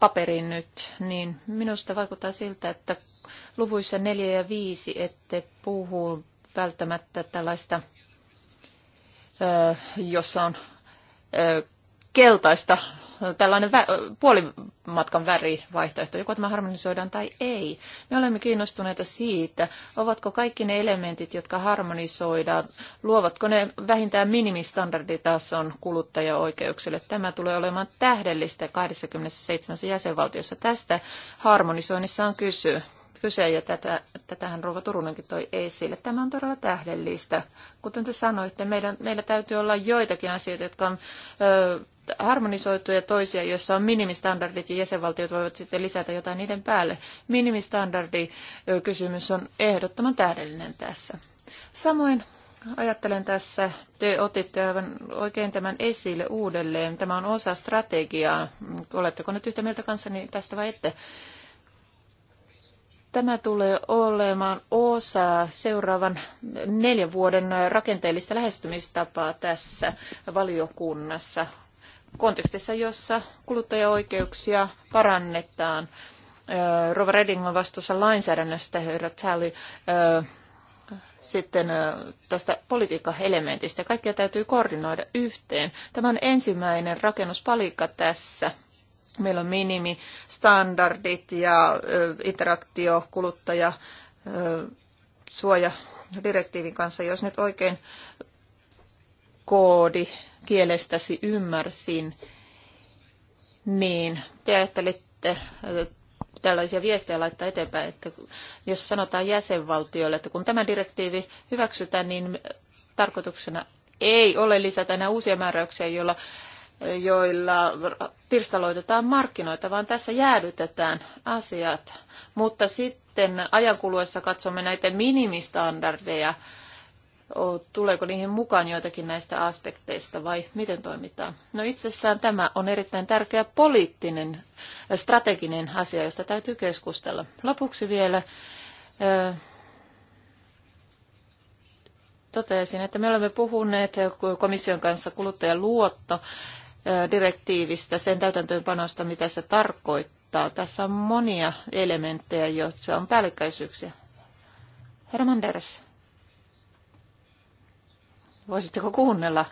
paperin nyt, niin minusta vaikuttaa siltä, että luvuissa 4 ja 5 ette puhu välttämättä tällaista, jossa on keltaista tällainen vä- puolimatkan värivaihtoehto, joko tämä harmonisoidaan tai ei. Me olemme kiinnostuneita siitä, ovatko kaikki ne elementit, jotka harmonisoidaan, luovatko ne vähintään minimistandarditason kuluttajaoikeuksille. Tämä tulee olemaan tähdellistä 27 jäsenvaltiossa. Tästä harmonisoinnissa on kysy kyse, ja tätä, tätähän rova Turunenkin toi esille. Tämä on todella tähdellistä. Kuten te sanoitte, meidän, meillä täytyy olla joitakin asioita, jotka on ö, harmonisoituja toisia, joissa on minimistandardit ja jäsenvaltiot voivat sitten lisätä jotain niiden päälle. Minimistandardikysymys on ehdottoman tähdellinen tässä. Samoin ajattelen tässä, te otitte aivan oikein tämän esille uudelleen. Tämä on osa strategiaa. Oletteko nyt yhtä mieltä kanssani tästä vai ette? Tämä tulee olemaan osa seuraavan neljän vuoden rakenteellista lähestymistapaa tässä valiokunnassa kontekstissa, jossa kuluttajaoikeuksia parannetaan. Rova Reding on vastuussa lainsäädännöstä, herra Tally sitten tästä politiikkaelementistä. Kaikkea täytyy koordinoida yhteen. Tämä on ensimmäinen rakennuspalikka tässä Meillä on minimistandardit ja interaktio kuluttaja suoja direktiivin kanssa, jos nyt oikein koodi kielestäsi ymmärsin, niin te ajattelitte tällaisia viestejä laittaa eteenpäin, että jos sanotaan jäsenvaltioille, että kun tämä direktiivi hyväksytään, niin tarkoituksena ei ole lisätä enää uusia määräyksiä, joilla joilla pirstaloitetaan markkinoita, vaan tässä jäädytetään asiat. Mutta sitten ajankuluessa katsomme näitä minimistandardeja, tuleeko niihin mukaan joitakin näistä aspekteista vai miten toimitaan? No itsessään tämä on erittäin tärkeä poliittinen strateginen asia, josta täytyy keskustella. Lopuksi vielä toteaisin, että me olemme puhuneet komission kanssa kuluttajan luotto direktiivistä, sen täytäntöönpanosta, mitä se tarkoittaa. Tässä on monia elementtejä, joissa on päällekkäisyyksiä. Herra Manders, voisitteko kuunnella?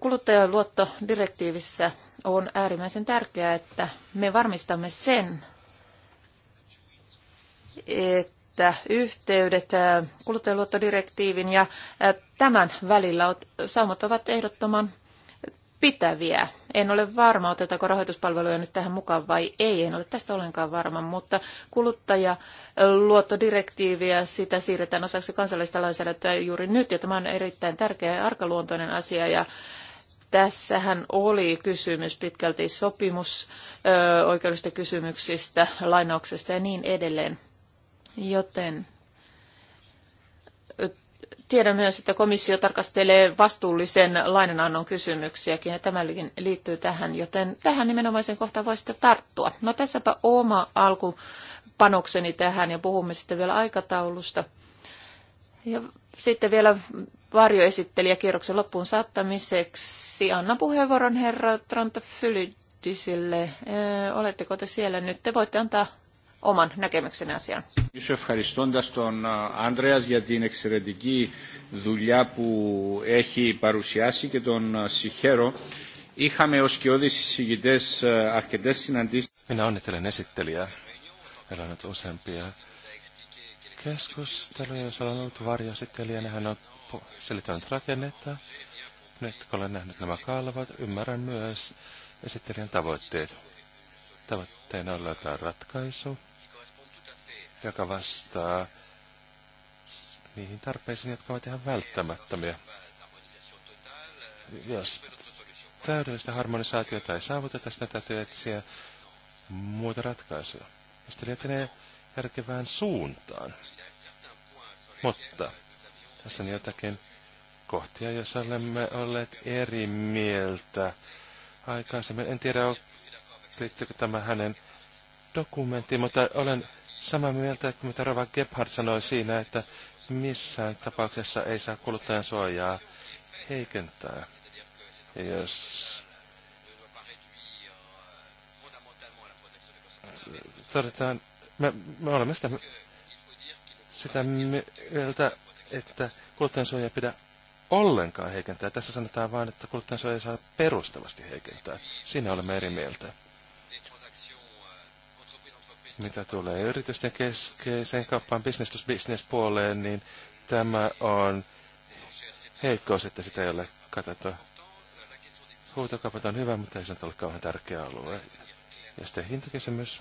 Kuluttajaluottodirektiivissä on äärimmäisen tärkeää, että me varmistamme sen, että että yhteydet kuluttajaluottodirektiivin ja tämän välillä saumat ovat ehdottoman pitäviä. En ole varma, otetaanko rahoituspalveluja nyt tähän mukaan vai ei, en ole tästä ollenkaan varma, mutta kuluttajaluottodirektiiviä, sitä siirretään osaksi kansallista lainsäädäntöä juuri nyt, ja tämä on erittäin tärkeä ja arkaluontoinen asia, ja Tässähän oli kysymys pitkälti sopimus, oikeudellisista kysymyksistä, lainauksesta ja niin edelleen. Joten tiedän myös, että komissio tarkastelee vastuullisen lainanannon kysymyksiäkin ja tämä liittyy tähän, joten tähän nimenomaisen kohtaan voi sitten tarttua. No tässäpä oma alkupanokseni tähän ja puhumme sitten vielä aikataulusta. Ja sitten vielä varjoesittelijäkierroksen loppuun saattamiseksi anna puheenvuoron herra Trantafylidisille. Oletteko te siellä nyt? Te voitte antaa oman näkemyksen asiaan. Ευχαριστώντας τον Άνδρεας Minä onnittelen esittelijää. Meillä on nyt useampia keskusteluja, jos olen ollut varjoesittelijänä. Niin hän on selittänyt rakennetta. Nyt kun olen nähnyt nämä kalvot, ymmärrän myös esittelijän tavoitteet. Tavoitteena on löytää ratkaisu joka vastaa niihin tarpeisiin, jotka ovat ihan välttämättömiä. Jos täydellistä harmonisaatiota ei saavuteta, sitä täytyy etsiä muuta ratkaisua. Sitten lietenee järkevään suuntaan. Mutta tässä on jotakin kohtia, joissa olemme olleet eri mieltä aikaisemmin. En tiedä, liittyykö tämä hänen dokumenttiin, mutta olen samaa mieltä kuin mitä Rava Gebhardt sanoi siinä, että missään tapauksessa ei saa kuluttajan suojaa heikentää. Ja jos todetaan, me, me olemme sitä, sitä mieltä, että kuluttajan suojaa pidä ollenkaan heikentää. Tässä sanotaan vain, että kuluttajan suojaa saa perustavasti heikentää. Siinä olemme eri mieltä. Mitä tulee yritysten keskeiseen kauppaan business to business puoleen, niin tämä on heikkous, että sitä ei ole katsottu. Huutokaupat on hyvä, mutta ei se ole kauhean tärkeä alue. Ja sitten hintakysymys.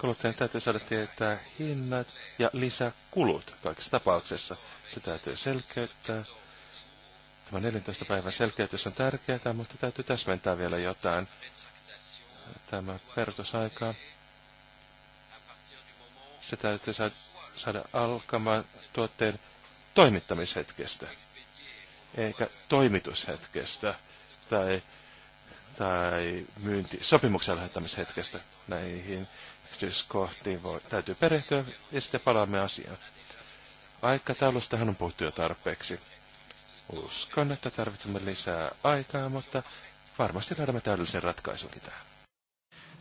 Kuluttajan täytyy saada tietää hinnat ja lisäkulut kaikissa tapauksessa. Se täytyy selkeyttää Tämä 14 päivän selkeytys on tärkeää, mutta täytyy täsmentää vielä jotain. Tämä perutusaika, se täytyy saada alkamaan tuotteen toimittamishetkestä, eikä toimitushetkestä tai, tai myynti, sopimuksen lähettämishetkestä. Näihin yksityiskohtiin voi, täytyy perehtyä ja sitten palaamme asiaan. Aikataulustahan on puhuttu jo tarpeeksi Uskon, että tarvitsemme lisää aikaa, mutta varmasti löydämme täydellisen ratkaisunkin tähän.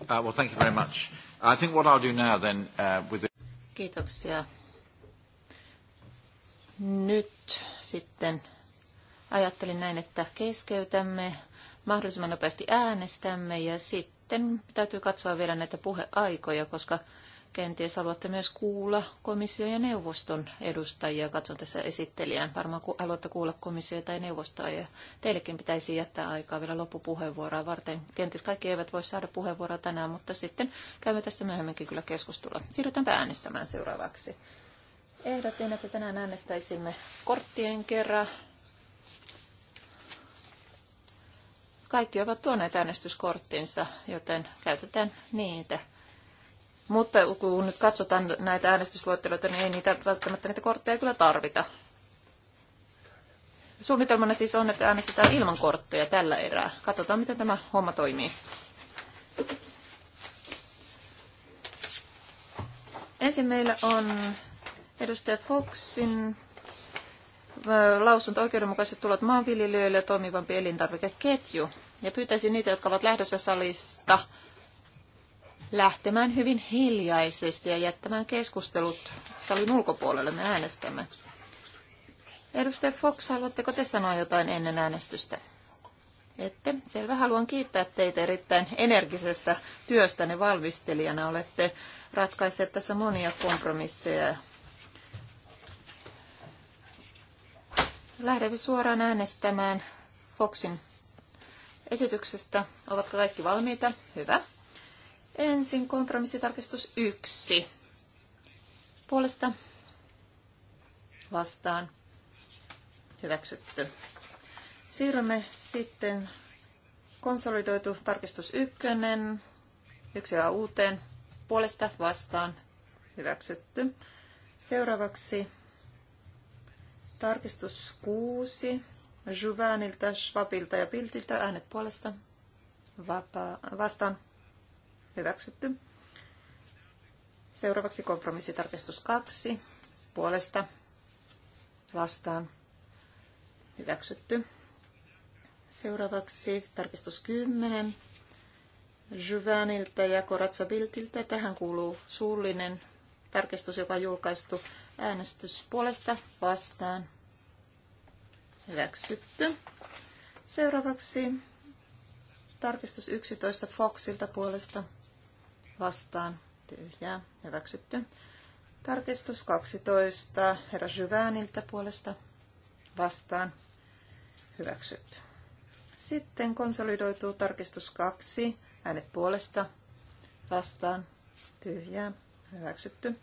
Uh, well, thank you very much. I think what I'll do now then uh, with the... Kiitoksia. Nyt sitten ajattelin näin, että keskeytämme, mahdollisimman nopeasti äänestämme ja sitten täytyy katsoa vielä näitä puheaikoja, koska Kenties haluatte myös kuulla komission ja neuvoston edustajia. Katson tässä esittelijän, Varmaan ku, haluatte kuulla komissiota tai neuvostoa. Ja teillekin pitäisi jättää aikaa vielä loppupuheenvuoroa varten. Kenties kaikki eivät voi saada puheenvuoroa tänään, mutta sitten käymme tästä myöhemminkin kyllä keskustelua. Siirrytäänpä äänestämään seuraavaksi. Ehdotin, niin että tänään äänestäisimme korttien kerran. Kaikki ovat tuoneet äänestyskorttinsa, joten käytetään niitä. Mutta kun nyt katsotaan näitä äänestysluetteloita, niin ei niitä välttämättä niitä kortteja kyllä tarvita. Suunnitelmana siis on, että äänestetään ilman kortteja tällä erää. Katsotaan, miten tämä homma toimii. Ensin meillä on edustaja Foxin lausunto oikeudenmukaiset tulot maanviljelijöille ja toimivampi elintarvikeketju. Ja pyytäisin niitä, jotka ovat lähdössä salista, lähtemään hyvin hiljaisesti ja jättämään keskustelut salin ulkopuolelle. Me äänestämme. Edustaja Fox, haluatteko te sanoa jotain ennen äänestystä? Ette. Selvä. Haluan kiittää teitä erittäin energisestä työstänne valmistelijana. Olette ratkaisseet tässä monia kompromisseja. Lähdemme suoraan äänestämään Foxin esityksestä. Ovatko kaikki valmiita? Hyvä. Ensin kompromissitarkistus 1. Puolesta vastaan hyväksytty. Siirrymme sitten konsolidoitu tarkistus 1. ja uuteen puolesta vastaan hyväksytty. Seuraavaksi tarkistus 6. Juvanilta, Schwabilta ja Piltiltä äänet puolesta vapaa, vastaan Hyväksytty. Seuraavaksi kompromissitarkistus 2. Puolesta vastaan. Hyväksytty. Seuraavaksi tarkistus 10. Juvenilta ja Koratsabiltiltä. Tähän kuuluu suullinen tarkistus, joka on julkaistu äänestys puolesta vastaan. Hyväksytty. Seuraavaksi tarkistus 11 Foxilta puolesta vastaan tyhjää hyväksytty. Tarkistus 12 herra Syvääniltä puolesta vastaan hyväksytty. Sitten konsolidoituu tarkistus 2 äänet puolesta vastaan tyhjää hyväksytty.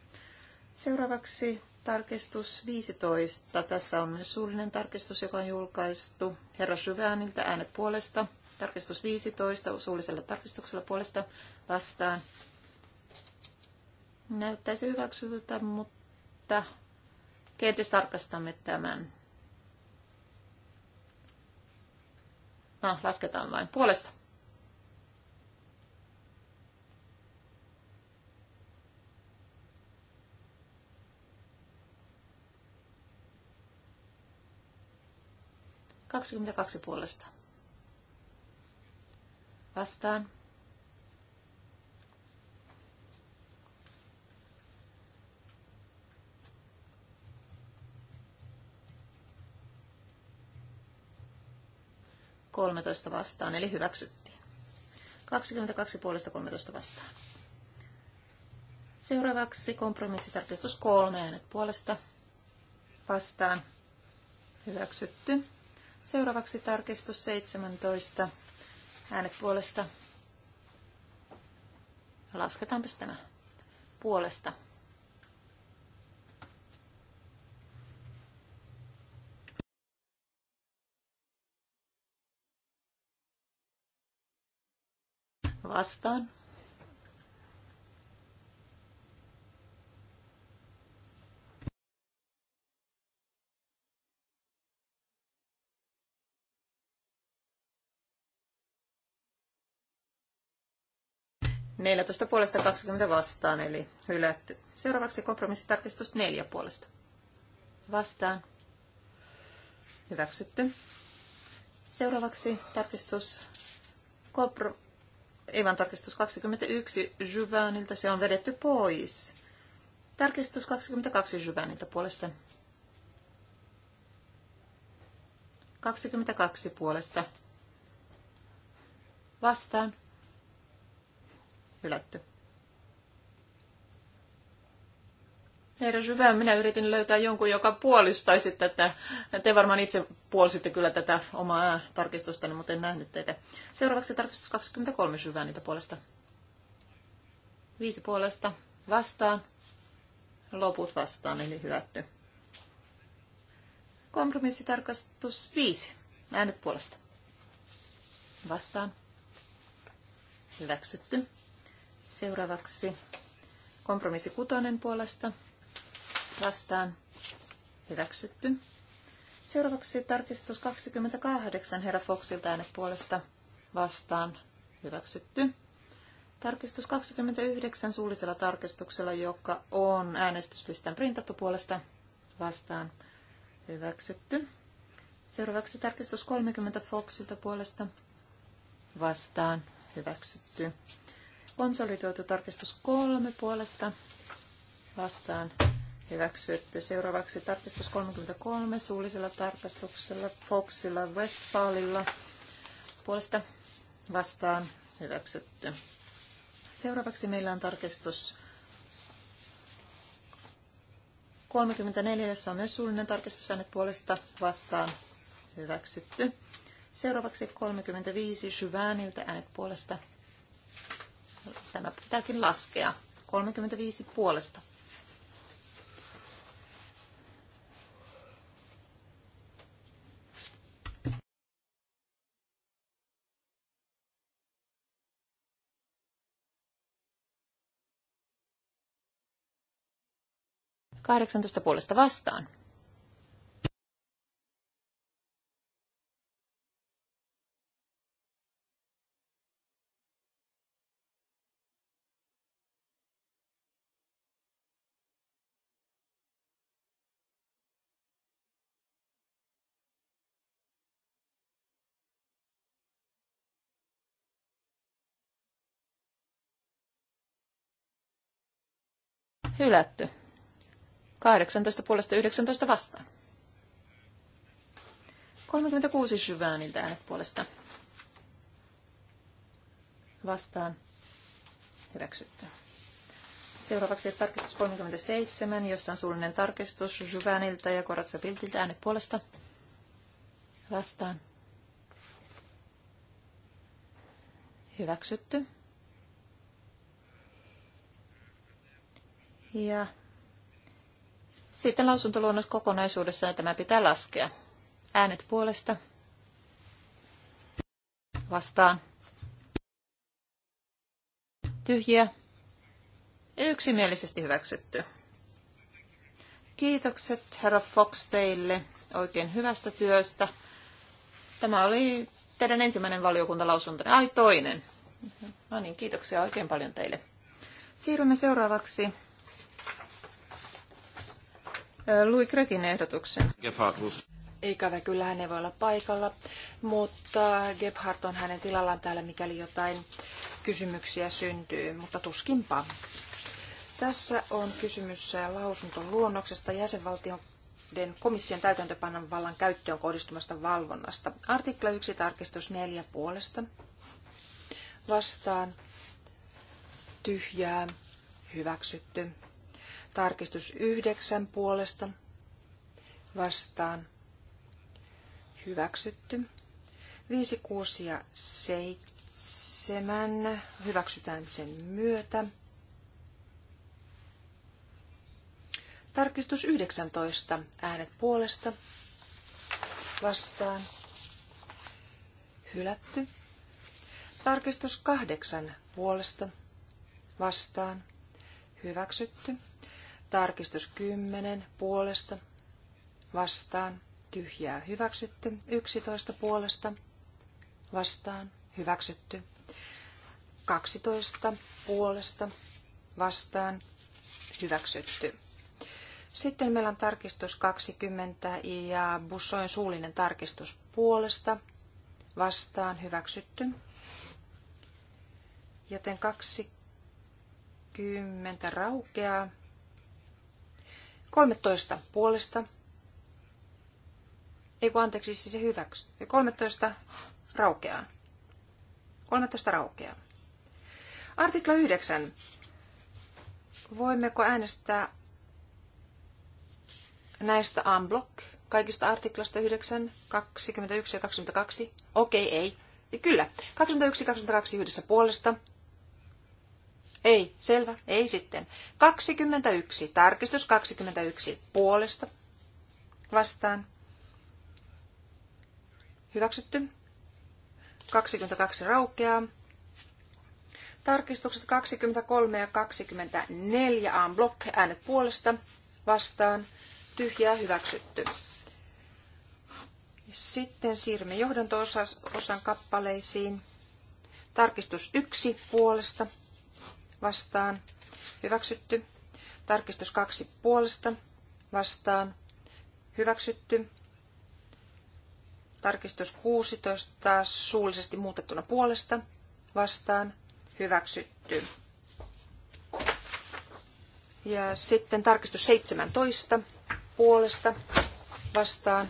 Seuraavaksi tarkistus 15. Tässä on myös suullinen tarkistus, joka on julkaistu. Herra Syvääniltä äänet puolesta. Tarkistus 15 suullisella tarkistuksella puolesta vastaan. Näyttäisi hyväksytyltä, mutta kenties tarkastamme tämän. No, lasketaan vain puolesta. kaksi puolesta. Vastaan. 13 vastaan, eli hyväksyttiin. 22 puolesta 13 vastaan. Seuraavaksi kompromissitarkistus 3 äänet puolesta vastaan. Hyväksytty. Seuraavaksi tarkistus 17 äänet puolesta. Lasketaanpa tämä puolesta vastaan. Neljätoista puolesta 20 vastaan, eli hylätty. Seuraavaksi kompromissitarkistus neljä puolesta. Vastaan. Hyväksytty. Seuraavaksi tarkistus kompro- Evan tarkistus 21 Jyväniltä, se on vedetty pois. Tarkistus 22 Jyväniltä puolesta. 22 puolesta. Vastaan. Hylätty. Herra Syvä, minä yritin löytää jonkun, joka puolistaisi tätä. Te varmaan itse puolsitte kyllä tätä omaa tarkistusta, mutta en nähnyt teitä. Seuraavaksi tarkistus 23 Syvää niitä puolesta. Viisi puolesta vastaan. Loput vastaan, eli hylätty. Kompromissitarkastus 5. Äänet puolesta. Vastaan. Hyväksytty. Seuraavaksi kompromissi kutonen puolesta vastaan hyväksytty. Seuraavaksi tarkistus 28 herra Foxilta äänet puolesta vastaan hyväksytty. Tarkistus 29 suullisella tarkistuksella, joka on äänestyslistan printattu puolesta vastaan hyväksytty. Seuraavaksi tarkistus 30 Foxilta puolesta vastaan hyväksytty. Konsolidoitu tarkistus 3 puolesta vastaan Hyväksytty. Seuraavaksi tarkistus 33 suullisella tarkastuksella Foxilla Westfalilla puolesta vastaan hyväksytty. Seuraavaksi meillä on tarkistus 34, jossa on myös suullinen tarkistus äänet puolesta vastaan hyväksytty. Seuraavaksi 35 Syvääniltä äänet puolesta. Tämä pitääkin laskea. 35 puolesta 18 puolesta vastaan. hylätty. 18 puolesta 19 vastaan. 36 syvää niiltä äänet puolesta. Vastaan. Hyväksytty. Seuraavaksi tarkistus 37, jossa on suullinen tarkistus Jyväniltä ja Koratsa Piltiltä äänet puolesta. Vastaan. Hyväksytty. Ja sitten lausuntoluonnos kokonaisuudessaan tämä pitää laskea. Äänet puolesta. Vastaan. Tyhjiä. Yksimielisesti hyväksytty. Kiitokset herra Fox teille oikein hyvästä työstä. Tämä oli teidän ensimmäinen valiokuntalausunto. Ai toinen. No niin, kiitoksia oikein paljon teille. Siirrymme seuraavaksi Lui Gregin ehdotuksen. Ikävä kyllä hän ei voi olla paikalla, mutta Gebhardt on hänen tilallaan täällä, mikäli jotain kysymyksiä syntyy, mutta tuskinpa. Tässä on kysymys lausuntoluonnoksesta jäsenvaltion komission täytäntöpannan vallan käyttöön kohdistumasta valvonnasta. Artikla 1, tarkistus 4 puolesta. Vastaan tyhjää hyväksytty. Tarkistus yhdeksän puolesta vastaan hyväksytty. 5, 6 ja 7 hyväksytään sen myötä. Tarkistus 19. Äänet puolesta vastaan hylätty. Tarkistus 8 puolesta vastaan hyväksytty. Tarkistus 10 puolesta vastaan tyhjää hyväksytty. 11 puolesta vastaan hyväksytty. 12 puolesta vastaan hyväksytty. Sitten meillä on tarkistus 20 ja Bussoin suullinen tarkistus puolesta vastaan hyväksytty. Joten 20 raukeaa. 13 puolesta. Ei kun anteeksi, siis se hyväksy. 13 raukeaa. 13 raukeaa. Artikla 9. Voimmeko äänestää näistä unblock? Kaikista artiklasta 9, 21 ja 22? Okei, okay, ei. Ja kyllä. 21 ja 22 yhdessä puolesta ei, selvä, ei sitten. 21, tarkistus 21, puolesta, vastaan, hyväksytty. 22 raukeaa. Tarkistukset 23 ja 24 aan block äänet puolesta, vastaan, tyhjää hyväksytty. Sitten siirrymme johdanto-osan kappaleisiin. Tarkistus 1 puolesta, vastaan, hyväksytty. Tarkistus kaksi puolesta, vastaan, hyväksytty. Tarkistus 16 suullisesti muutettuna puolesta, vastaan, hyväksytty. Ja sitten tarkistus 17 puolesta, vastaan,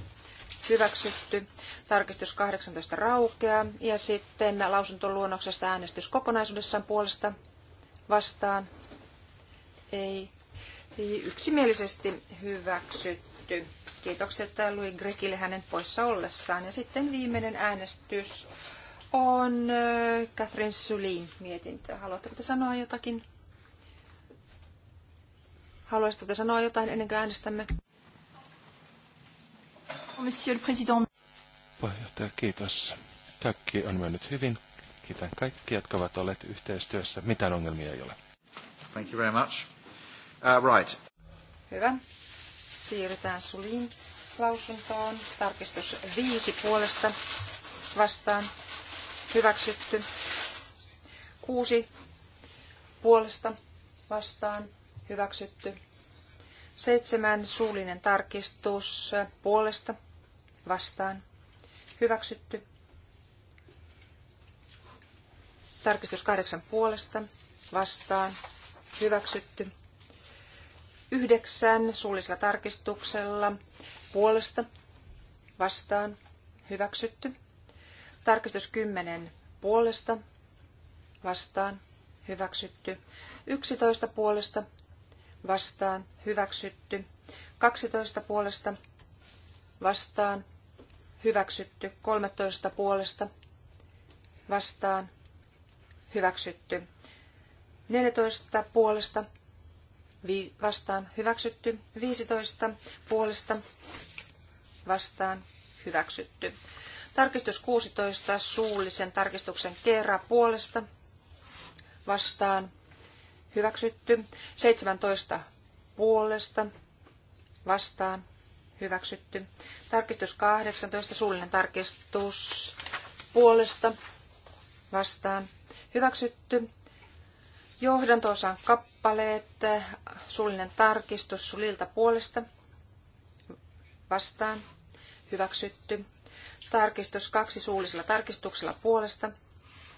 hyväksytty. Tarkistus 18 raukeaa ja sitten lausuntoluonnoksesta äänestys kokonaisuudessaan puolesta vastaan ei yksimielisesti hyväksytty. Kiitokset Louis Grekille hänen poissa ollessaan. Ja sitten viimeinen äänestys on äh, Catherine Sulin mietintö. Haluatteko te sanoa jotakin? Haluaisitteko te sanoa jotain ennen kuin äänestämme? Monsieur le Président. Puheenjohtaja, kiitos. Kaikki on mennyt hyvin. Kiitän kaikki jotka ovat olleet yhteistyössä. Mitään ongelmia ei ole. Thank you very much. Uh, right. Hyvä. Siirrytään Sulin lausuntoon. Tarkistus viisi puolesta vastaan. Hyväksytty. Kuusi puolesta vastaan. Hyväksytty. Seitsemän suullinen tarkistus puolesta vastaan. Hyväksytty. Tarkistus kahdeksan puolesta vastaan hyväksytty. Yhdeksän suullisella tarkistuksella puolesta vastaan hyväksytty. Tarkistus kymmenen puolesta vastaan hyväksytty. Yksitoista puolesta vastaan hyväksytty. 12 puolesta vastaan hyväksytty. 13 puolesta vastaan hyväksytty. 14 puolesta vastaan hyväksytty. 15 puolesta vastaan hyväksytty. Tarkistus 16 suullisen tarkistuksen kerran puolesta vastaan hyväksytty. 17 puolesta vastaan hyväksytty. Tarkistus 18 suullinen tarkistus puolesta vastaan Hyväksytty. on kappaleet, suullinen tarkistus sulilta puolesta. Vastaan. Hyväksytty. Tarkistus kaksi suullisella tarkistuksella puolesta.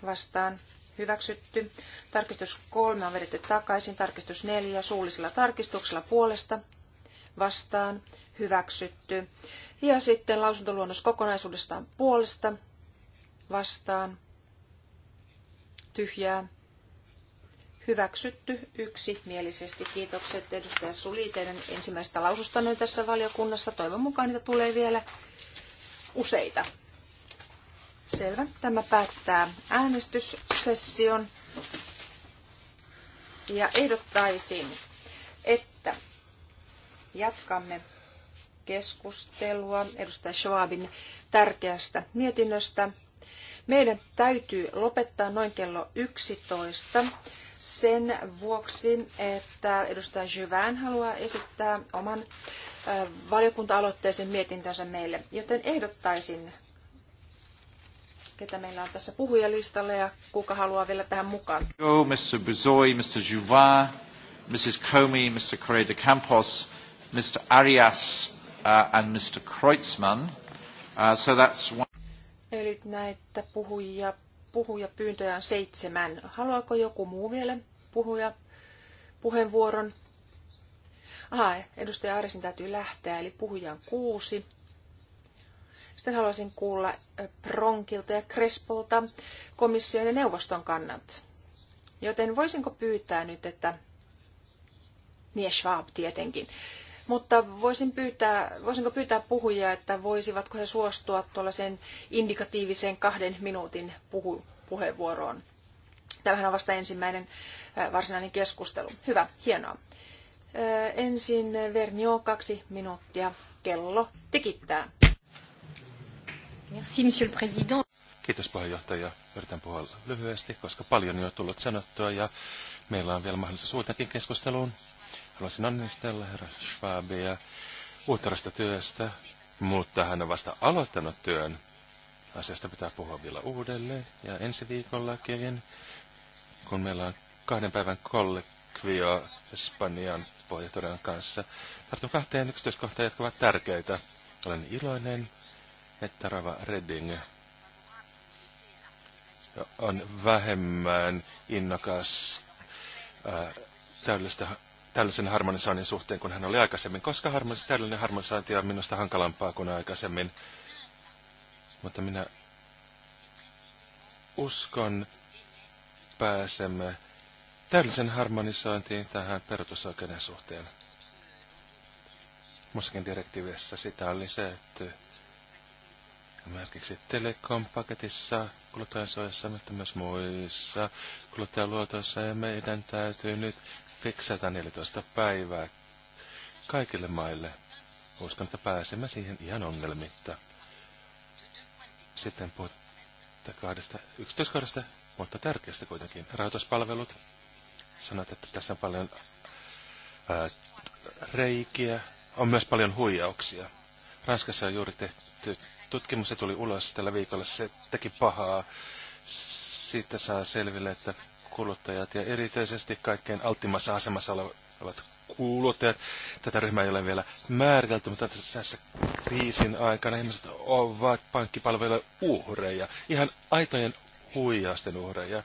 Vastaan. Hyväksytty. Tarkistus kolme on vedetty takaisin. Tarkistus neljä suullisella tarkistuksella puolesta. Vastaan. Hyväksytty. Ja sitten lausuntoluonnos kokonaisuudestaan puolesta. Vastaan tyhjää hyväksytty yksimielisesti. Kiitokset edustaja Suli teidän ensimmäistä lausustanne tässä valiokunnassa. Toivon mukaan niitä tulee vielä useita. Selvä. Tämä päättää äänestyssession. Ja ehdottaisin, että jatkamme keskustelua edustaja Schwabin tärkeästä mietinnöstä. Meidän täytyy lopettaa noin kello 11 sen vuoksi, että edustaja Jyvän haluaa esittää oman valiokunta-aloitteisen mietintönsä meille. Joten ehdottaisin, ketä meillä on tässä puhujalistalla ja kuka haluaa vielä tähän mukaan. Go, Mr. Buzoi, Mr. Juvin, Mrs. Comey, Mr. Correa de Campos, Mr. Arias uh, and Mr. Kreutzmann. Uh, so that's one. Eli näitä puhujia, puhuja pyyntöjä on seitsemän. Haluaako joku muu vielä puhuja puheenvuoron? Aha, edustaja Arisin täytyy lähteä, eli puhuja on kuusi. Sitten haluaisin kuulla Pronkilta ja Crespolta komission ja neuvoston kannat. Joten voisinko pyytää nyt, että... Niin, Schwab tietenkin. Mutta voisin pyytää, voisinko pyytää puhujia, että voisivatko he suostua tuollaiseen indikatiiviseen kahden minuutin puhu, puheenvuoroon. Tämähän on vasta ensimmäinen varsinainen keskustelu. Hyvä, hienoa. Ensin Vernio kaksi minuuttia. Kello tikittää. Merci, monsieur le président. Kiitos puheenjohtaja. Yritän puhua lyhyesti, koska paljon on jo tullut sanottua ja meillä on vielä mahdollisuus uuteenkin keskusteluun. Haluaisin annistella herra Schwabia uutterasta työstä, mutta hän on vasta aloittanut työn. Asiasta pitää puhua vielä uudelleen ja ensi viikollakin, kun meillä on kahden päivän kollekvio Espanjan pohjatorjan kanssa. Tartun kahteen yksityiskohtaan, jotka ovat tärkeitä. Olen iloinen, että Rava Redding on vähemmän innokas äh, täydellistä tällaisen harmonisoinnin suhteen kuin hän oli aikaisemmin, koska harmonis, täydellinen harmonisointi on minusta hankalampaa kuin aikaisemmin. Mutta minä uskon pääsemme täydellisen harmonisointiin tähän perutusoikeuden suhteen. Musiikin direktiivissä sitä on lisätty. Esimerkiksi telekompaketissa, paketissa kuluttajansuojassa, mutta myös muissa kuluttajaluotoissa ja meidän täytyy nyt 214 päivää kaikille maille. Uskon, että pääsemme siihen ihan ongelmitta. Sitten puhutte kahdesta yksityiskohdasta, mutta tärkeästä kuitenkin. Rahoituspalvelut. Sanoit, että tässä on paljon ää, reikiä. On myös paljon huijauksia. Ranskassa on juuri tehty tutkimus, se tuli ulos tällä viikolla. Se teki pahaa. Siitä saa selville, että kuluttajat ja erityisesti kaikkein alttimassa asemassa olevat kuluttajat. Tätä ryhmää ei ole vielä määritelty, mutta tässä kriisin aikana ihmiset ovat pankkipalveluille uhreja, ihan aitojen huijausten uhreja.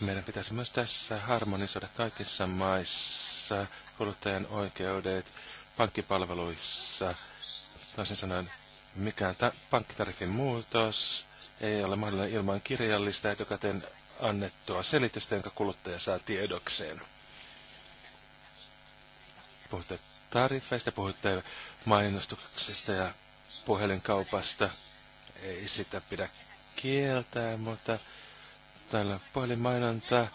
Meidän pitäisi myös tässä harmonisoida kaikissa maissa kuluttajan oikeudet pankkipalveluissa. Toisin sanoen, mikään ta- muutos ei ole mahdollinen ilman kirjallista etukäteen annettua selitystä, jonka kuluttaja saa tiedokseen. Puhutte tarifeista, puhutte mainostuksesta ja puhelinkaupasta. Ei sitä pidä kieltää, mutta tällä puhelinmainonta,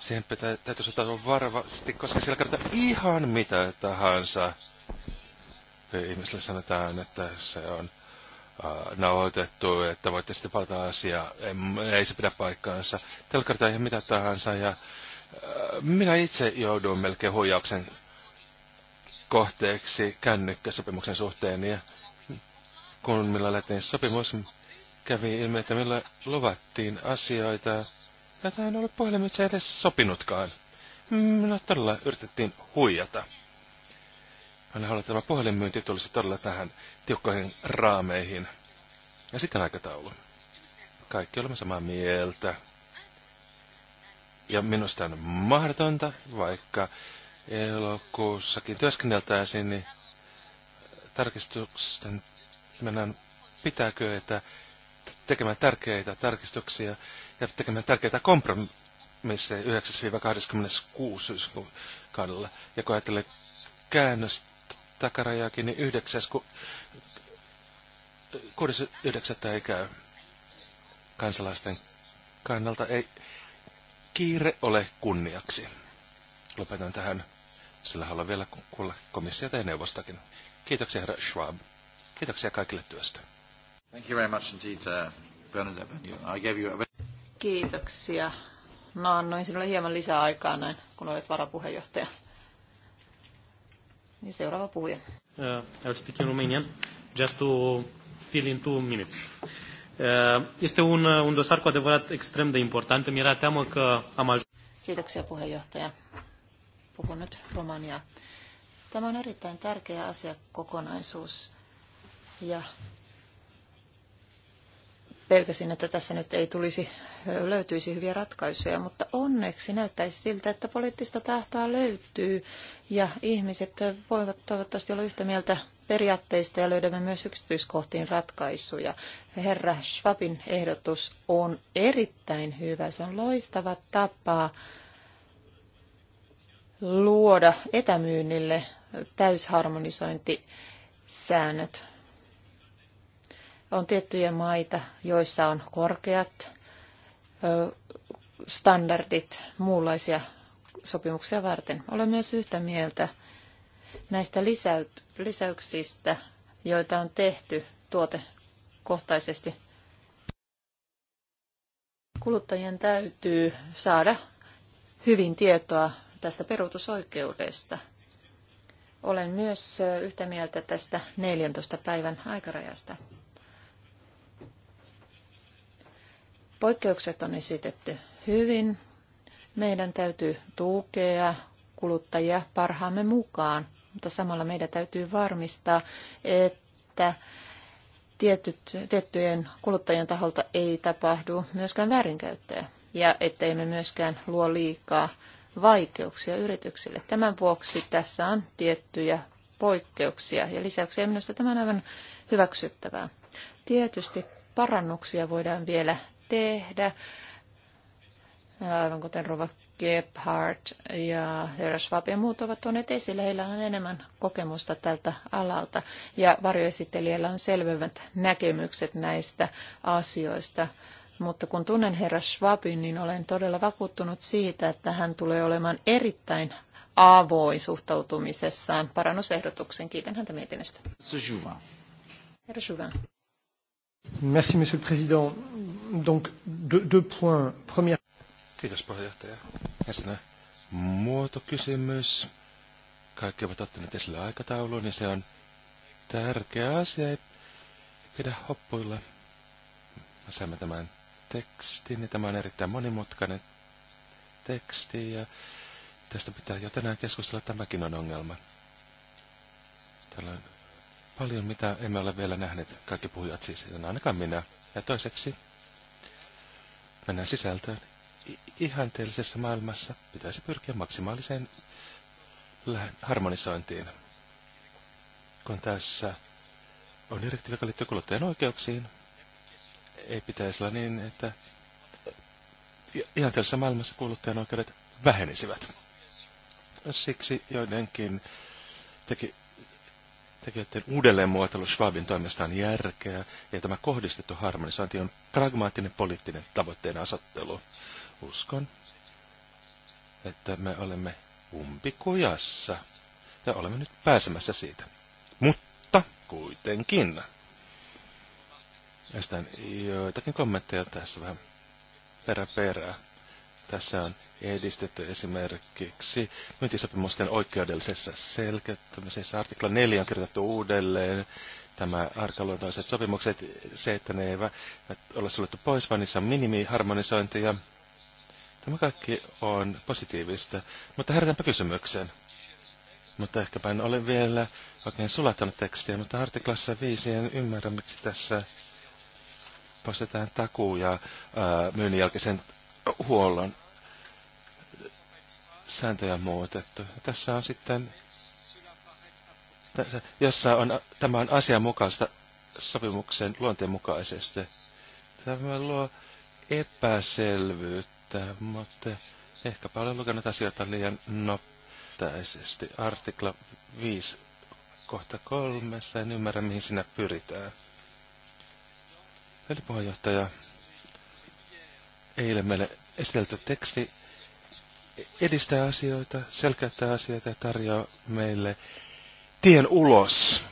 siihen pitää, täytyy ottaa varovasti, koska siellä kertaa ihan mitä tahansa. Ihmisille sanotaan, että se on nauhoitettu, että voitte sitten palata asiaa. Ei se pidä paikkaansa. Telkarta ihan mitä tahansa. Ja, minä itse jouduin melkein huijauksen kohteeksi kännykkäsopimuksen suhteen. Ja kun millä lähtiin sopimus, kävi ilmi, että millä luvattiin asioita, tämä ei ollut puhelimitse edes sopinutkaan. Minä todella yritettiin huijata. Hän haluaa, että tämä puhelinmyynti tulisi todella tähän tiukkoihin raameihin. Ja sitten aikataulu. Kaikki olemme samaa mieltä. Ja minusta on mahdotonta, vaikka elokuussakin työskenneltäisiin, niin tarkistusten mennään pitääkö, että tekemään tärkeitä tarkistuksia ja tekemään tärkeitä kompromisseja 9-26 kaudella. Ja kun ajattelee käännöstä, takarajaakin, niin yhdeksäs Ku, yhdeksättä ei käy kansalaisten kannalta. Ei, kiire ole kunniaksi. Lopetan tähän, sillä haluan vielä kuulla komissiota ja neuvostakin. Kiitoksia herra Schwab. Kiitoksia kaikille työstä. Thank you very much indeed, uh, Bernadette. I gave you a... Kiitoksia. No annoin sinulle hieman lisää aikaa näin, kun olet varapuheenjohtaja. Niin seuraava puhuja. Uh, speak in Romanian, just to fill in two minutes. Uh, este un, uh, un dosar cu adevărat extrem de important. era teamă că am ajuns... Kiitoksia puheenjohtaja. Puhun nyt Romania. Tämä on erittäin tärkeä asia kokonaisuus ja pelkäsin, että tässä nyt ei tulisi, löytyisi hyviä ratkaisuja, mutta onneksi näyttäisi siltä, että poliittista tahtoa löytyy ja ihmiset voivat toivottavasti olla yhtä mieltä periaatteista ja löydämme myös yksityiskohtiin ratkaisuja. Herra Schwabin ehdotus on erittäin hyvä. Se on loistava tapa luoda etämyynnille täysharmonisointisäännöt on tiettyjä maita, joissa on korkeat standardit muunlaisia sopimuksia varten. Olen myös yhtä mieltä näistä lisäyksistä, joita on tehty tuotekohtaisesti. Kuluttajien täytyy saada hyvin tietoa tästä peruutusoikeudesta. Olen myös yhtä mieltä tästä 14 päivän aikarajasta. Poikkeukset on esitetty hyvin. Meidän täytyy tukea kuluttajia parhaamme mukaan, mutta samalla meidän täytyy varmistaa, että tietyt, tiettyjen kuluttajien taholta ei tapahdu myöskään väärinkäyttöjä ja ettei me myöskään luo liikaa vaikeuksia yrityksille. Tämän vuoksi tässä on tiettyjä poikkeuksia ja lisäksi minusta tämä on aivan hyväksyttävää. Tietysti parannuksia voidaan vielä tehdä, aivan kuten Rova Gebhardt ja Herra Schwab ja muut ovat tuoneet esille. Heillä on enemmän kokemusta tältä alalta ja varjoesittelijällä on selvemmät näkemykset näistä asioista. Mutta kun tunnen herra Schwabin, niin olen todella vakuuttunut siitä, että hän tulee olemaan erittäin avoin suhtautumisessaan parannusehdotuksen. Kiitän häntä mietinnöstä. Herra Schwab. Merci, monsieur le président. Donc, deux, deux points. Premier... Kiitos, puheenjohtaja. Ensinnä muotokysymys. Kaikki ovat ottaneet esille aikataulun, ja se on tärkeä asia. Ei pidä hoppuilla. saamme tämän tekstin, ja tämä on erittäin monimutkainen teksti, ja tästä pitää jo tänään keskustella. Tämäkin on ongelma. Tällä on paljon, mitä emme ole vielä nähneet, kaikki puhujat siis, en ainakaan minä. Ja toiseksi, mennään sisältöön. I- ihanteellisessa maailmassa pitäisi pyrkiä maksimaaliseen harmonisointiin. Kun tässä on direktiivi, joka liittyy kuluttajan oikeuksiin, ei pitäisi olla niin, että ihanteellisessa maailmassa kuluttajan oikeudet vähenisivät. Siksi joidenkin teki tekijöiden uudelleenmuotoilu Schwabin toimestaan järkeä, ja tämä kohdistettu harmonisointi on pragmaattinen poliittinen tavoitteen asettelu. Uskon, että me olemme umpikujassa, ja olemme nyt pääsemässä siitä. Mutta kuitenkin. Ja sitten joitakin kommentteja tässä vähän perä perää. Tässä on edistetty esimerkiksi myyntisopimusten oikeudellisessa selkeyttämisessä. Artikla 4 on kirjoitettu uudelleen. Tämä arkaluontoiset sopimukset, se, että ne eivät ole suljettu pois, vaan niissä on minimiharmonisointi Tämä kaikki on positiivista, mutta herätänpä kysymykseen. Mutta ehkäpä en ole vielä oikein sulattanut tekstiä, mutta artiklassa 5 en ymmärrä, miksi tässä postetaan takuu ja myynnin jälkeisen huollon sääntöjä muutettu. Tässä on sitten, jossa on, tämä on asianmukaista sopimuksen luonteen mukaisesti. Tämä luo epäselvyyttä, mutta ehkäpä olen lukenut asioita liian nopeasti. Artikla 5 kohta kolmessa, en ymmärrä mihin sinä pyritään. Eli puheenjohtaja, eilen meille esitelty teksti edistää asioita, selkeyttää asioita ja tarjoaa meille tien ulos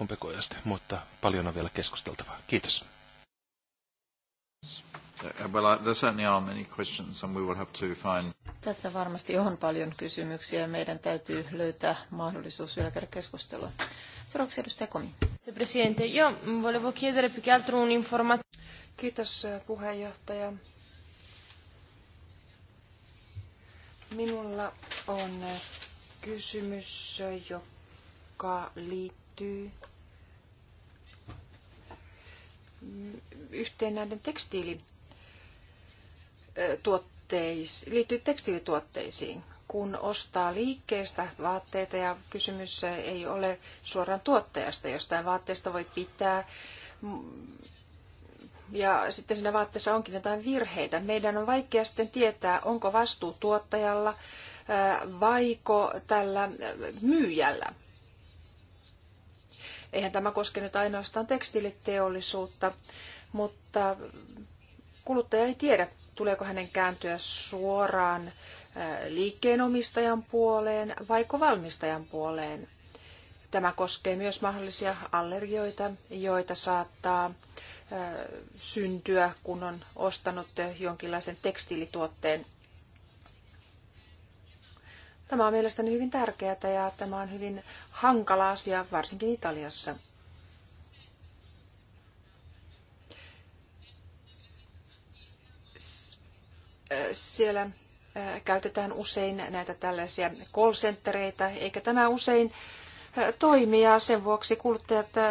on pekojasti, mutta paljon on vielä keskusteltavaa. Kiitos. Tässä varmasti on paljon kysymyksiä ja meidän täytyy löytää mahdollisuus vielä käydä keskustelua. Seuraavaksi edustaja Komi. Presidente, io volevo chiedere più che altro un'informazione. Kiitos eh, puheenjohtaja. Minulla on kysymys, joka liittyy yhteen näiden tekstiilituotteisiin, liittyy tekstiilituotteisiin. Kun ostaa liikkeestä vaatteita ja kysymys ei ole suoraan tuottajasta, jostain vaatteesta voi pitää ja sitten siinä vaatteessa onkin jotain virheitä. Meidän on vaikea sitten tietää, onko vastuu tuottajalla äh, vaiko tällä äh, myyjällä. Eihän tämä koske nyt ainoastaan tekstiiliteollisuutta, mutta kuluttaja ei tiedä, tuleeko hänen kääntyä suoraan äh, liikkeenomistajan puoleen vaiko valmistajan puoleen. Tämä koskee myös mahdollisia allergioita, joita saattaa syntyä, kun on ostanut jonkinlaisen tekstiilituotteen. Tämä on mielestäni hyvin tärkeää ja tämä on hyvin hankala asia, varsinkin Italiassa. Siellä käytetään usein näitä tällaisia call centereitä, eikä tämä usein äh, toimia sen vuoksi kuluttajat äh,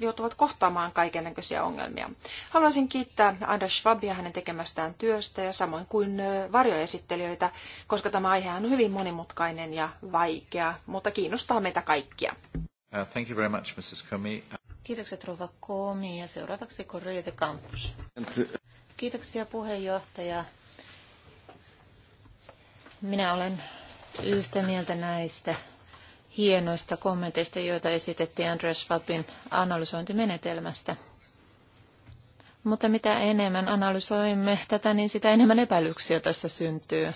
joutuvat kohtaamaan kaikenlaisia ongelmia. Haluaisin kiittää Anders Schwabia hänen tekemästään työstä ja samoin kuin äh, varjoesittelijöitä, koska tämä aihe on hyvin monimutkainen ja vaikea, mutta kiinnostaa meitä kaikkia. Uh, thank you very much, Mrs. Comey. Kiitokset Rova Komi ja seuraavaksi Correia de Campus. Uh, Kiitoksia puheenjohtaja. Minä olen yhtä mieltä näistä hienoista kommenteista, joita esitettiin Andreas Schwabin analysointimenetelmästä. Mutta mitä enemmän analysoimme tätä, niin sitä enemmän epäilyksiä tässä syntyy.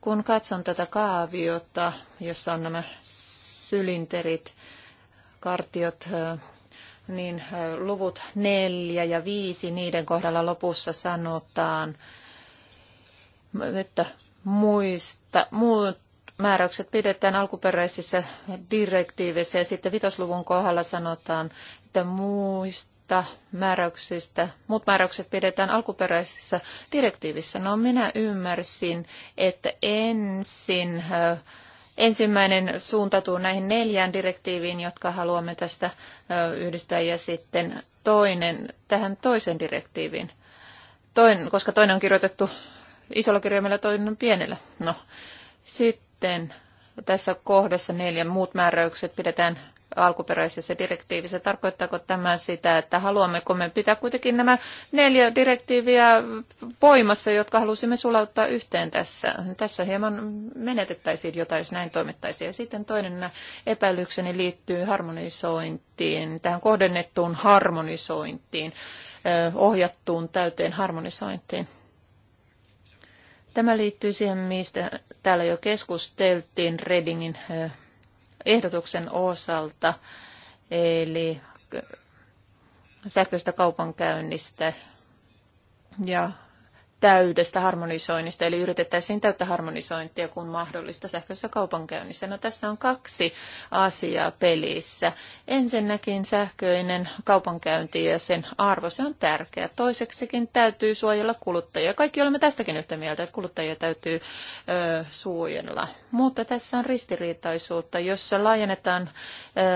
Kun katson tätä kaaviota, jossa on nämä sylinterit, kartiot, niin luvut neljä ja viisi niiden kohdalla lopussa sanotaan, että muista, muut määräykset pidetään alkuperäisissä direktiiveissä ja sitten vitosluvun kohdalla sanotaan, että muista määräyksistä, muut määräykset pidetään alkuperäisissä direktiivissä. No minä ymmärsin, että ensin ensimmäinen suuntautuu näihin neljään direktiiviin, jotka haluamme tästä yhdistää, ja sitten toinen tähän toiseen direktiiviin, toinen, koska toinen on kirjoitettu isolla kirjaimella, toinen pienellä. No, sitten sitten tässä kohdassa neljä muut määräykset pidetään alkuperäisessä direktiivissä. Tarkoittaako tämä sitä, että haluammeko me pitää kuitenkin nämä neljä direktiiviä voimassa, jotka halusimme sulauttaa yhteen tässä? Tässä hieman menetettäisiin jotain, jos näin toimittaisiin. Ja sitten toinen epäilykseni liittyy harmonisointiin, tähän kohdennettuun harmonisointiin, ohjattuun täyteen harmonisointiin. Tämä liittyy siihen, mistä täällä jo keskusteltiin Redingin ehdotuksen osalta, eli sähköistä kaupankäynnistä ja täydestä harmonisoinnista, eli yritettäisiin täyttä harmonisointia kun mahdollista sähköisessä kaupankäynnissä. No tässä on kaksi asiaa pelissä. Ensinnäkin sähköinen kaupankäynti ja sen arvo, se on tärkeä. Toiseksikin täytyy suojella kuluttajia. Kaikki olemme tästäkin yhtä mieltä, että kuluttajia täytyy ö, suojella. Mutta tässä on ristiriitaisuutta, jossa laajennetaan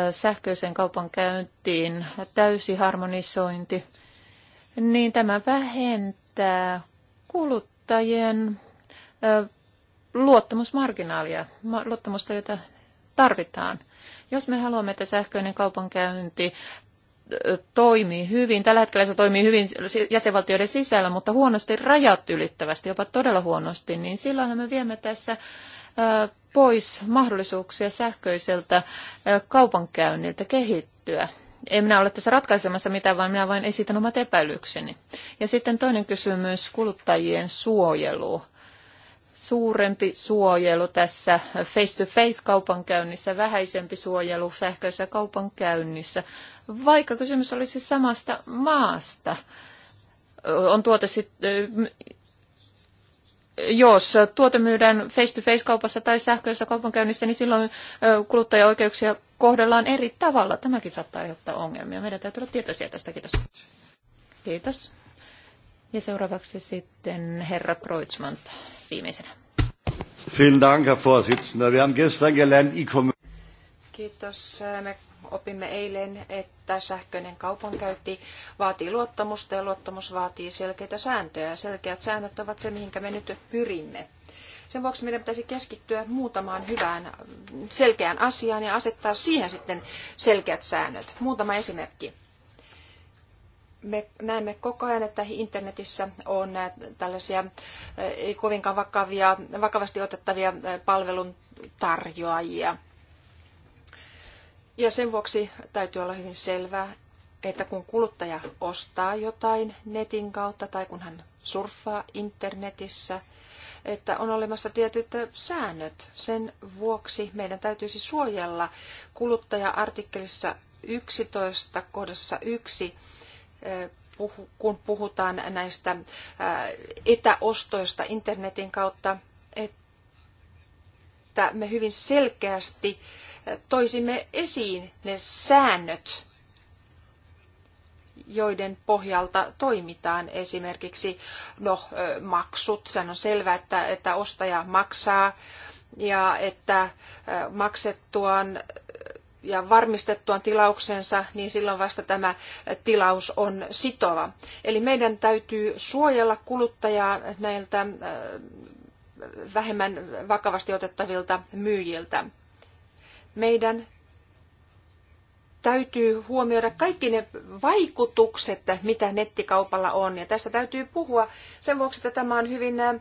ö, sähköiseen kaupankäyntiin täysi harmonisointi, niin tämä vähentää kuluttajien luottamusmarginaalia, luottamusta, jota tarvitaan. Jos me haluamme, että sähköinen kaupankäynti toimii hyvin. Tällä hetkellä se toimii hyvin jäsenvaltioiden sisällä, mutta huonosti rajat ylittävästi, jopa todella huonosti, niin silloin me viemme tässä pois mahdollisuuksia sähköiseltä kaupankäynniltä kehittyä en minä ole tässä ratkaisemassa mitään, vaan minä vain esitän omat epäilykseni. Ja sitten toinen kysymys, kuluttajien suojelu. Suurempi suojelu tässä face-to-face kaupankäynnissä, vähäisempi suojelu sähköisessä kaupankäynnissä, vaikka kysymys olisi siis samasta maasta. On tuote jos tuote myydään face-to-face-kaupassa tai sähköisessä kaupankäynnissä, niin silloin kuluttajaoikeuksia kohdellaan eri tavalla. Tämäkin saattaa aiheuttaa ongelmia. Meidän täytyy olla tietoisia tästä. Kiitos. Kiitos. Ja seuraavaksi sitten herra Kreutzmann viimeisenä. Vielen Dank, Herr Vorsitzender. Wir haben gestern gelernt, e Kiitos. Me opimme eilen, että sähköinen kaupankäynti vaatii luottamusta ja luottamus vaatii selkeitä sääntöjä. Selkeät säännöt ovat se, mihin me nyt pyrimme. Sen vuoksi meidän pitäisi keskittyä muutamaan hyvään selkeään asiaan ja asettaa siihen sitten selkeät säännöt. Muutama esimerkki. Me näemme koko ajan, että internetissä on äh, tällaisia äh, ei kovinkaan vakavia, vakavasti otettavia äh, palveluntarjoajia. Ja sen vuoksi täytyy olla hyvin selvää, että kun kuluttaja ostaa jotain netin kautta tai kun hän surffaa internetissä – että on olemassa tietyt säännöt. Sen vuoksi meidän täytyisi suojella kuluttaja-artikkelissa 11 kohdassa 1 kun puhutaan näistä etäostoista internetin kautta, että me hyvin selkeästi toisimme esiin ne säännöt, joiden pohjalta toimitaan. Esimerkiksi no, maksut, sehän on selvää, että, että ostaja maksaa ja että maksettuaan ja varmistettuaan tilauksensa, niin silloin vasta tämä tilaus on sitova. Eli meidän täytyy suojella kuluttajaa näiltä vähemmän vakavasti otettavilta myyjiltä. Meidän täytyy huomioida kaikki ne vaikutukset, mitä nettikaupalla on. Ja tästä täytyy puhua sen vuoksi, että tämä on hyvin äh,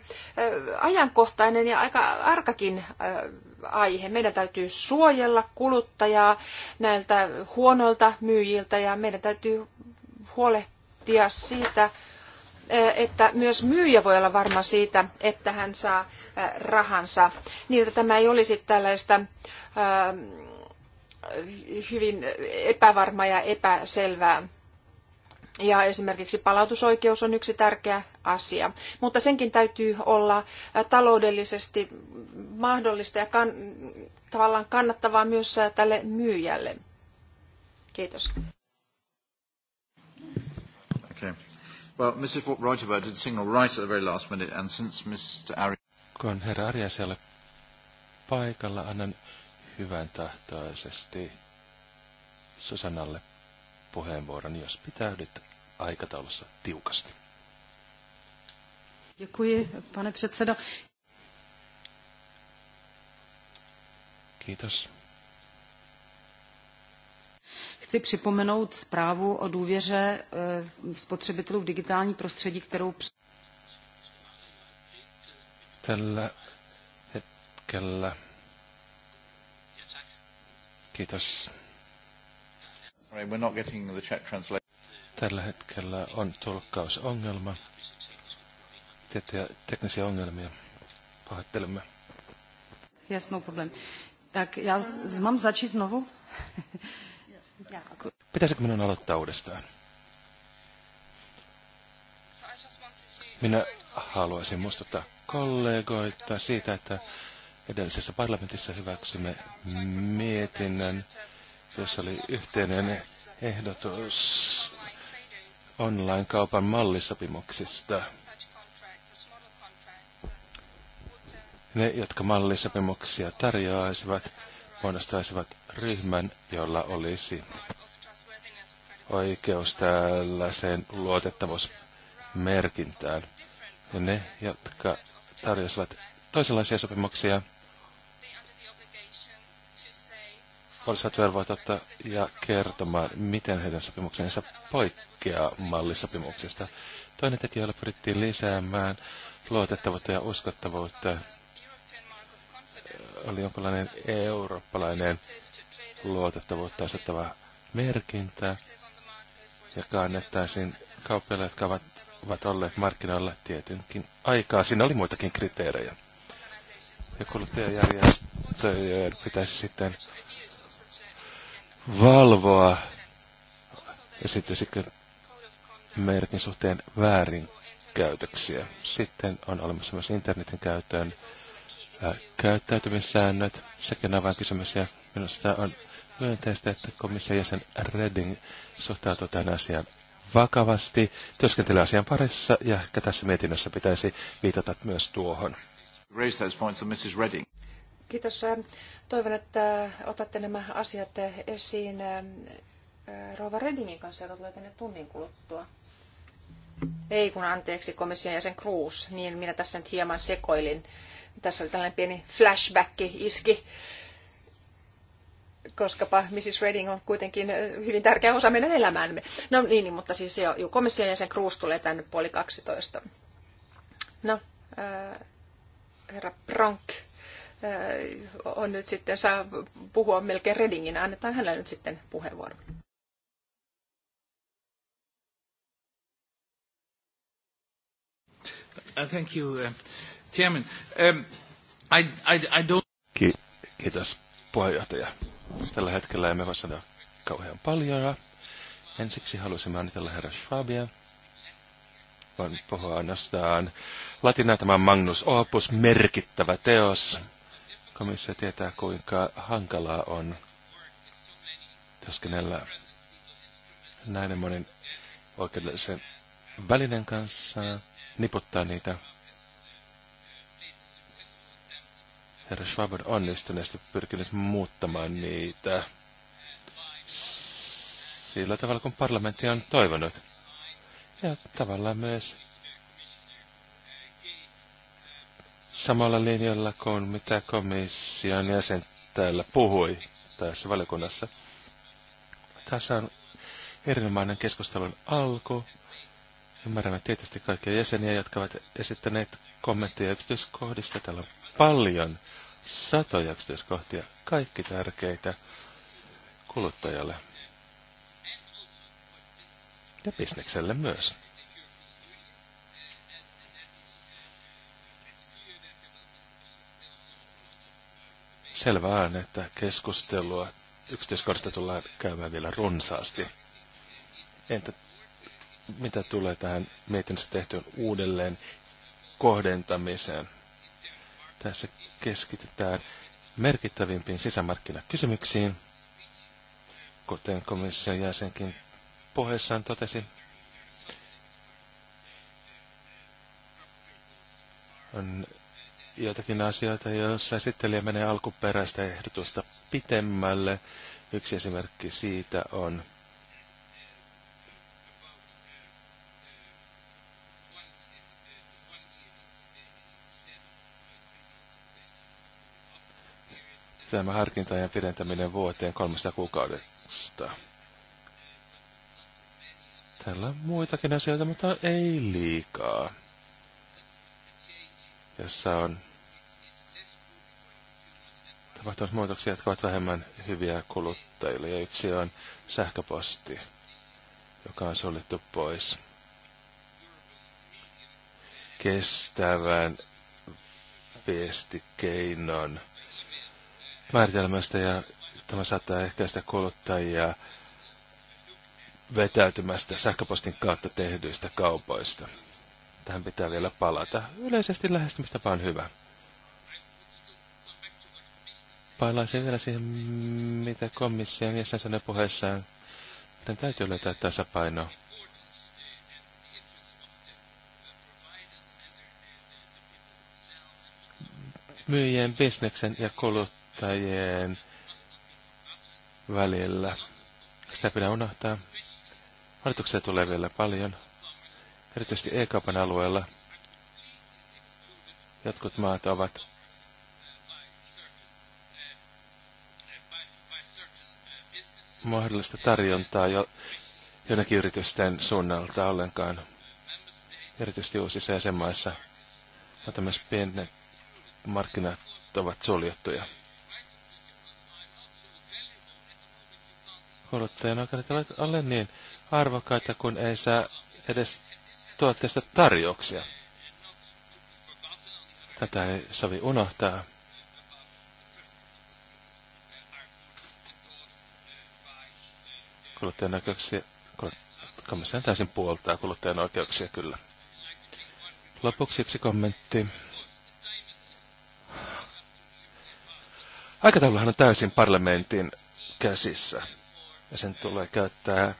ajankohtainen ja aika arkakin äh, aihe. Meidän täytyy suojella kuluttajaa näiltä huonoilta myyjiltä ja meidän täytyy huolehtia siitä, äh, että myös myyjä voi olla varma siitä, että hän saa rahansa, niin että tämä ei olisi tällaista hyvin epävarma ja epäselvää. Ja esimerkiksi palautusoikeus on yksi tärkeä asia, mutta senkin täytyy olla taloudellisesti mahdollista ja kan, tavallaan kannattavaa myös tälle myyjälle. Kiitos. Okay. Well, Mrs. Reuterberg did signal right at the very last minute, and since Mr. Ari... Kun herra Arias ei ole paikalla, annan hyvän tahtoisesti Susannalle puheenvuoron, jos pitäydyt aikataulussa tiukasti. Děkuji, pane předsedo. Kiitos. Chci připomenout zprávu o důvěře eh, spotřebitelů v digitální prostředí, kterou... Tällä hetkellä Kiitos. We're not getting the chat translation. Tällä hetkellä on tulkkausongelma, tiettyjä teknisiä ongelmia. Pahoittelemme. Yes, no problem. Tak, ja mam Pitäisikö minun aloittaa uudestaan? Minä haluaisin muistuttaa kollegoita siitä, että edellisessä parlamentissa hyväksymme mietinnön, jossa oli yhteinen ehdotus online-kaupan mallisopimuksista. Ne, jotka mallisopimuksia tarjoaisivat, muodostaisivat ryhmän, jolla olisi oikeus tällaiseen luotettavuusmerkintään. Ja ne, jotka tarjosivat toisenlaisia sopimuksia, olisivat velvoitetta ja kertomaan, miten heidän sopimuksensa poikkeaa mallisopimuksesta. Toinen tekijä, jolla pyrittiin lisäämään luotettavuutta ja uskottavuutta, oli jonkinlainen eurooppalainen luotettavuutta asettava merkintä, joka annettaisiin kauppiaille, jotka ovat, ovat olleet markkinoilla tietynkin aikaa. Siinä oli muitakin kriteerejä. Ja kuluttajajärjestöjen pitäisi sitten valvoa, esityisikö merkin suhteen väärinkäytöksiä. Sitten on olemassa myös internetin käytön ää, käyttäytymissäännöt. Sekin on vain kysymys ja minusta on myönteistä, että komission jäsen Redding suhtautuu tähän asiaan vakavasti, työskentelee asian parissa ja ehkä tässä mietinnössä pitäisi viitata myös tuohon. Kiitos. Toivon, että otatte nämä asiat esiin Rova Redingin kanssa, joka tulee tänne tunnin kuluttua. Ei kun anteeksi, komission jäsen Cruz, niin minä tässä nyt hieman sekoilin. Tässä oli tällainen pieni flashback iski, koskapa Mrs. Redding on kuitenkin hyvin tärkeä osa meidän elämäämme. No niin, niin mutta siis jo komission jäsen Cruz tulee tänne puoli 12. No, ää, herra Pronk Äh, on nyt sitten, saa puhua melkein Redingin. Annetaan hänelle nyt sitten puheenvuoro. Uh, thank you, uh, Chairman. Um, I, I, I don't... Ki- kiitos, puheenjohtaja. Tällä hetkellä emme voi sanoa kauhean paljon. Ensiksi haluaisin mainitella herra Schwabia. Voin puhua ainoastaan latinaa tämä Magnus Opus, merkittävä teos. Komissio tietää, kuinka hankalaa on työskennellä näiden monen oikeudellisen välinen kanssa, niputtaa niitä. Herra Schwab on onnistuneesti pyrkinyt muuttamaan niitä sillä tavalla, kun parlamentti on toivonut. Ja tavallaan myös samalla linjalla kuin mitä komission jäsen täällä puhui tässä valiokunnassa. Tässä on erinomainen keskustelun alku. Ymmärrämme tietysti kaikkia jäseniä, jotka ovat esittäneet kommentteja yksityiskohdista. Täällä on paljon, satoja yksityiskohtia, kaikki tärkeitä kuluttajalle. Ja bisnekselle myös. selvä on, että keskustelua yksityiskohdista tullaan käymään vielä runsaasti. Entä mitä tulee tähän mietinnössä tehtyyn uudelleen kohdentamiseen? Tässä keskitytään merkittävimpiin sisämarkkinakysymyksiin, kuten komission jäsenkin puheessaan totesi. On joitakin asioita, joissa esittelijä menee alkuperäistä ehdotusta pitemmälle. Yksi esimerkki siitä on tämä harkintajan pidentäminen vuoteen kolmesta kuukaudesta. Tällä on muitakin asioita, mutta ei liikaa. Jossa on tapahtunut muutoksia, jotka ovat vähemmän hyviä kuluttajille. Ja yksi on sähköposti, joka on sollittu pois kestävän viestikeinon määritelmästä ja tämä saattaa ehkäistä kuluttajia vetäytymästä sähköpostin kautta tehdyistä kaupoista. Tähän pitää vielä palata. Yleisesti lähestymistapa on hyvä palaisin vielä siihen, mitä komission jäsen puheessaan. Meidän täytyy löytää tasapaino. Myyjien bisneksen ja kuluttajien välillä. Sitä pitää unohtaa. Hallituksia tulee vielä paljon, erityisesti e-kaupan alueella. Jotkut maat ovat mahdollista tarjontaa jo jonnekin yritysten suunnalta ollenkaan, erityisesti uusissa jäsenmaissa, mutta myös pienet markkinat ovat suljettuja. Kuluttajan oikeudet eivät ole niin arvokkaita, kun ei saa edes tuotteesta tarjouksia. Tätä ei sovi unohtaa. Kuluttajan oikeuksia, komission täysin puoltaa kuluttajan oikeuksia kyllä. Lopuksi yksi kommentti. Aikatauluhan on täysin parlamentin käsissä. Ja sen tulee käyttää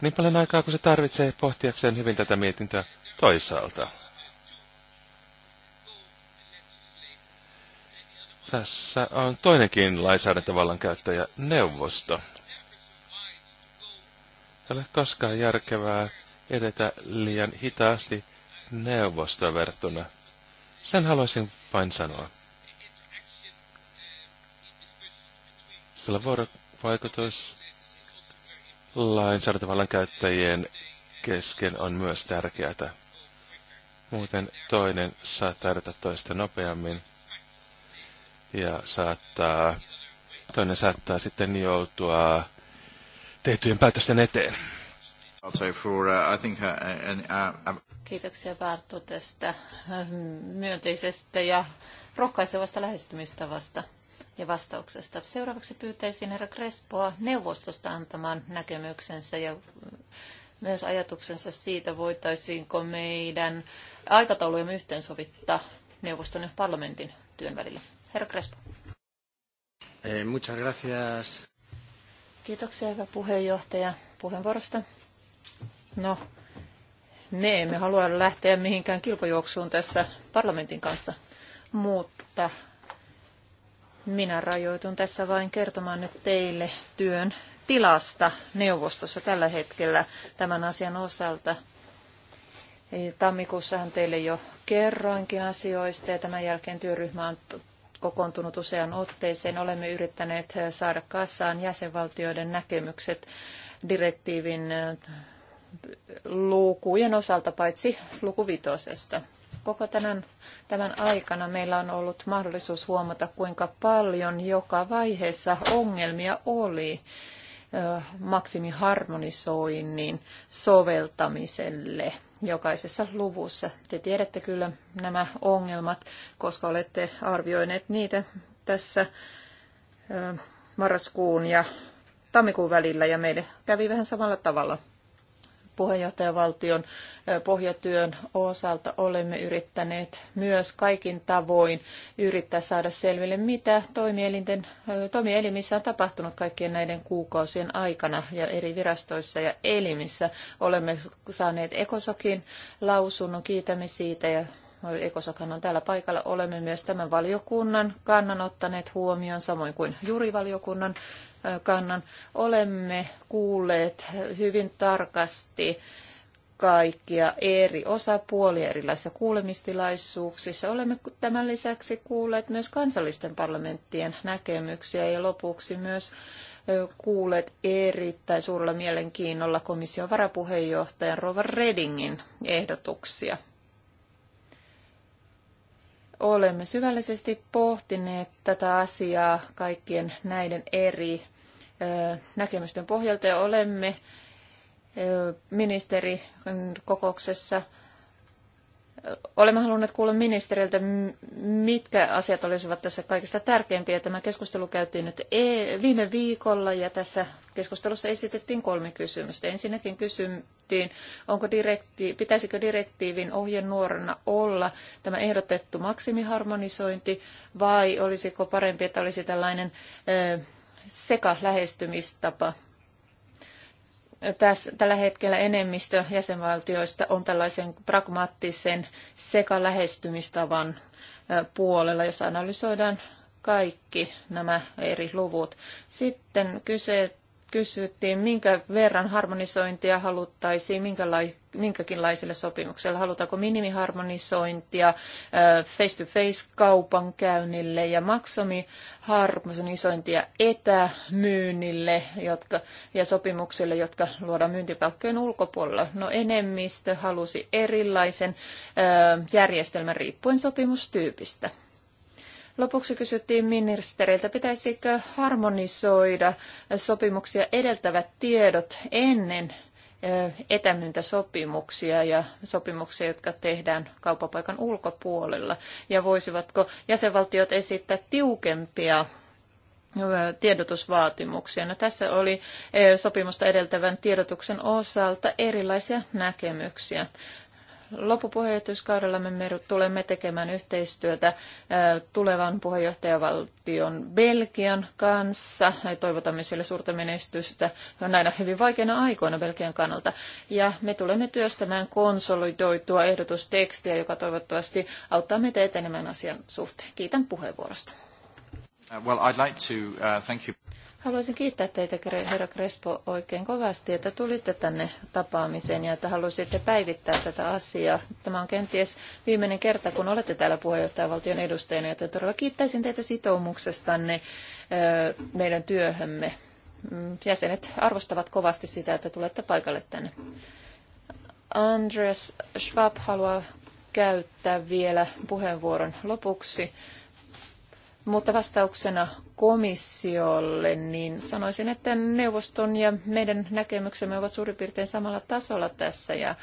niin paljon aikaa kuin se tarvitsee pohtiakseen hyvin tätä mietintöä toisaalta. Tässä on toinenkin lainsäädäntövallan käyttäjä, neuvosto. Ei ole koskaan järkevää edetä liian hitaasti neuvostoa verrattuna. Sen haluaisin vain sanoa. Sillä vuorovaikutus lainsäädäntövallan käyttäjien kesken on myös tärkeää. Muuten toinen saattaa edetä toista nopeammin ja saattaa, toinen saattaa sitten joutua tehtyjen päätösten eteen. Uh, uh, uh, Kiitoksia Bartu tästä ähm, myönteisestä ja rohkaisevasta lähestymistavasta ja vastauksesta. Seuraavaksi pyytäisin herra Crespoa neuvostosta antamaan näkemyksensä ja mm, myös ajatuksensa siitä, voitaisiinko meidän aikataulujen yhteensovittaa neuvoston ja parlamentin työn välillä. Herra Crespo. Eh, muchas gracias. Kiitoksia, hyvä puheenjohtaja, puheenvuorosta. No, me emme halua lähteä mihinkään kilpajuoksuun tässä parlamentin kanssa, mutta minä rajoitun tässä vain kertomaan nyt teille työn tilasta neuvostossa tällä hetkellä tämän asian osalta. Tammikuussahan teille jo kerroinkin asioista ja tämän jälkeen työryhmä on kokoontunut usean otteeseen. Olemme yrittäneet saada kassaan jäsenvaltioiden näkemykset direktiivin lukujen osalta, paitsi lukuvitosesta. Koko tämän, tämän aikana meillä on ollut mahdollisuus huomata, kuinka paljon joka vaiheessa ongelmia oli maksimiharmonisoinnin soveltamiselle – jokaisessa luvussa. Te tiedätte kyllä nämä ongelmat, koska olette arvioineet niitä tässä marraskuun ja tammikuun välillä ja meille kävi vähän samalla tavalla puheenjohtajavaltion pohjatyön osalta olemme yrittäneet myös kaikin tavoin yrittää saada selville, mitä toimielimissä on tapahtunut kaikkien näiden kuukausien aikana ja eri virastoissa ja elimissä. Olemme saaneet Ekosokin lausunnon, kiitämme siitä ja Ekosakhan on täällä paikalla. Olemme myös tämän valiokunnan kannan ottaneet huomioon, samoin kuin jurivaliokunnan kannan. Olemme kuulleet hyvin tarkasti kaikkia eri osapuolia erilaisissa kuulemistilaisuuksissa. Olemme tämän lisäksi kuulleet myös kansallisten parlamenttien näkemyksiä ja lopuksi myös kuulleet erittäin suurella mielenkiinnolla komission varapuheenjohtajan Rova Redingin ehdotuksia. Olemme syvällisesti pohtineet tätä asiaa kaikkien näiden eri näkemysten pohjalta ja olemme ministerikokouksessa Olemme halunneet kuulla ministeriltä, mitkä asiat olisivat tässä kaikista tärkeimpiä. Tämä keskustelu käytiin nyt e, viime viikolla ja tässä keskustelussa esitettiin kolme kysymystä. Ensinnäkin kysyttiin, onko direkti, pitäisikö direktiivin ohjenuorana olla tämä ehdotettu maksimiharmonisointi vai olisiko parempi, että olisi tällainen seka lähestymistapa tässä, tällä hetkellä enemmistö jäsenvaltioista on tällaisen pragmaattisen sekalähestymistavan puolella, jos analysoidaan kaikki nämä eri luvut. Sitten kyse kysyttiin, minkä verran harmonisointia haluttaisiin, minkälai, minkäkinlaiselle sopimuksille Halutaanko minimiharmonisointia face-to-face-kaupankäynnille ja maksimiharmonisointia etämyynnille jotka, ja sopimuksille, jotka luodaan myyntipalkkojen ulkopuolella. No enemmistö halusi erilaisen ö, järjestelmän riippuen sopimustyypistä. Lopuksi kysyttiin ministeriltä, pitäisikö harmonisoida sopimuksia edeltävät tiedot ennen etämyyntäsopimuksia ja sopimuksia, jotka tehdään kauppapaikan ulkopuolella? Ja voisivatko jäsenvaltiot esittää tiukempia tiedotusvaatimuksia. No, tässä oli sopimusta edeltävän tiedotuksen osalta erilaisia näkemyksiä loppupuheenjohtajuuskaudella me tulemme tekemään yhteistyötä tulevan puheenjohtajavaltion Belgian kanssa. Toivotamme sille suurta menestystä näinä hyvin vaikeina aikoina Belgian kannalta. Ja me tulemme työstämään konsolidoitua ehdotustekstiä, joka toivottavasti auttaa meitä etenemään asian suhteen. Kiitän puheenvuorosta. Uh, well, I'd like to, uh, thank you. Haluaisin kiittää teitä, herra Crespo, oikein kovasti, että tulitte tänne tapaamiseen ja että halusitte päivittää tätä asiaa. Tämä on kenties viimeinen kerta, kun olette täällä puheenjohtajavaltion edustajana, joten todella kiittäisin teitä sitoumuksestanne meidän työhömme. Mm, jäsenet arvostavat kovasti sitä, että tulette paikalle tänne. Andres Schwab haluaa käyttää vielä puheenvuoron lopuksi. Mutta vastauksena komissiolle, niin sanoisin, että neuvoston ja meidän näkemyksemme ovat suurin piirtein samalla tasolla tässä. Ja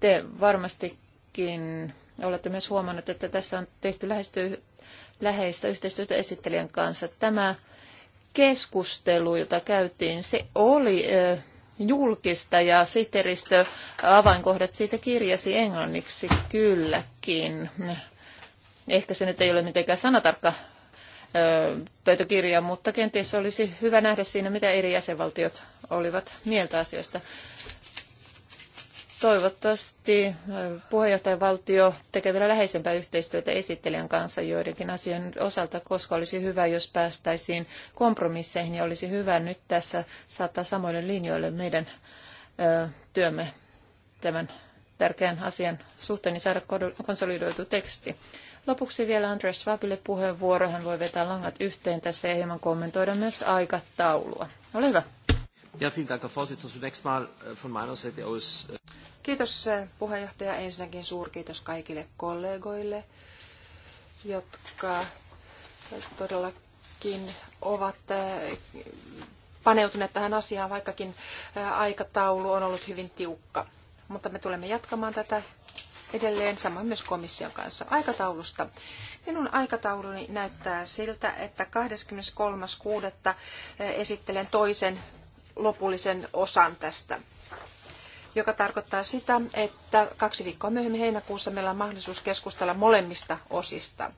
te varmastikin olette myös huomannut, että tässä on tehty lähesty, läheistä yhteistyötä esittelijän kanssa. Tämä keskustelu, jota käytiin, se oli julkista ja sihteeristö avainkohdat siitä kirjasi englanniksi kylläkin. Ehkä se nyt ei ole mitenkään sanatarkka pöytäkirjaan, mutta kenties olisi hyvä nähdä siinä, mitä eri jäsenvaltiot olivat mieltä asioista. Toivottavasti puheenjohtajavaltio tekee vielä läheisempää yhteistyötä esittelijän kanssa joidenkin asian osalta, koska olisi hyvä, jos päästäisiin kompromisseihin ja olisi hyvä nyt tässä saattaa samoille linjoille meidän työmme tämän tärkeän asian suhteen ja saada konsolidoitu teksti. Lopuksi vielä Andres Schwabille puheenvuoro. Hän voi vetää langat yhteen tässä ja hieman kommentoida myös aikataulua. Ole hyvä. Ja, Dank, mal äh, von Seite äh, Kiitos äh, puheenjohtaja. Ensinnäkin suurkiitos kaikille kollegoille, jotka todellakin ovat paneutuneet tähän asiaan, vaikkakin aikataulu on ollut hyvin tiukka. Mutta me tulemme jatkamaan tätä edelleen, samoin myös komission kanssa aikataulusta. Minun aikatauluni näyttää siltä, että 23.6. esittelen toisen lopullisen osan tästä joka tarkoittaa sitä, että kaksi viikkoa myöhemmin heinäkuussa meillä on mahdollisuus keskustella molemmista osista.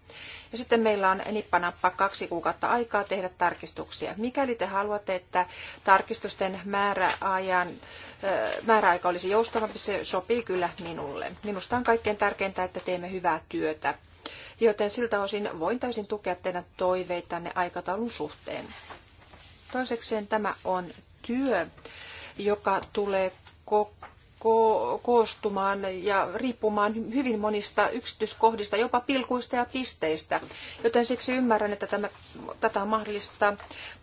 Ja sitten meillä on nippanappa kaksi kuukautta aikaa tehdä tarkistuksia. Mikäli te haluatte, että tarkistusten määräajan määräaika olisi joustavampi, se sopii kyllä minulle. Minusta on kaikkein tärkeintä, että teemme hyvää työtä. Joten siltä osin voin täysin tukea teidän toiveitanne aikataulun suhteen. Toisekseen tämä on työ, joka tulee koko ko- koostumaan ja riippumaan hyvin monista yksityiskohdista, jopa pilkuista ja pisteistä. Joten siksi ymmärrän, että tämä, tätä on mahdollista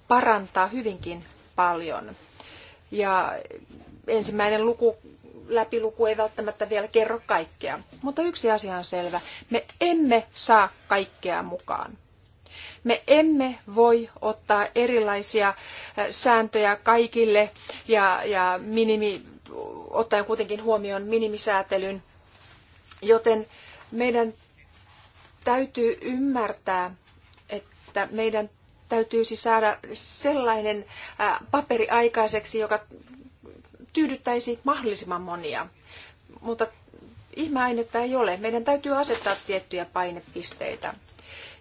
parantaa hyvinkin paljon. Ja ensimmäinen luku, läpiluku ei välttämättä vielä kerro kaikkea. Mutta yksi asia on selvä. Me emme saa kaikkea mukaan. Me emme voi ottaa erilaisia äh, sääntöjä kaikille ja, ja minimi, ottaen kuitenkin huomioon minimisäätelyn, joten meidän täytyy ymmärtää, että meidän täytyisi saada sellainen äh, paperi aikaiseksi, joka tyydyttäisi mahdollisimman monia. Mutta ihmeainetta ei ole. Meidän täytyy asettaa tiettyjä painepisteitä.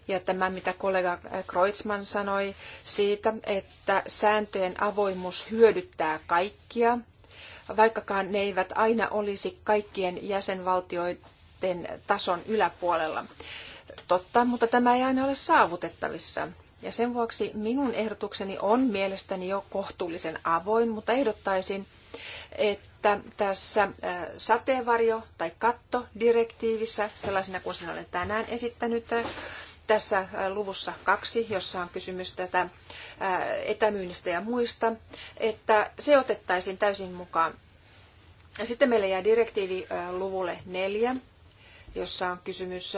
Ja tämä, mitä kollega Kreutzmann sanoi siitä, että sääntöjen avoimuus hyödyttää kaikkia, vaikkakaan ne eivät aina olisi kaikkien jäsenvaltioiden tason yläpuolella. Totta, mutta tämä ei aina ole saavutettavissa. Ja sen vuoksi minun ehdotukseni on mielestäni jo kohtuullisen avoin, mutta ehdottaisin, että tässä äh, sateenvarjo- tai kattodirektiivissä, sellaisena kuin sen olen tänään esittänyt, äh, tässä äh, luvussa kaksi, jossa on kysymys tätä etämyynnistä ja muista, että se otettaisiin täysin mukaan. Sitten meillä jää direktiivi luvulle neljä, jossa on kysymys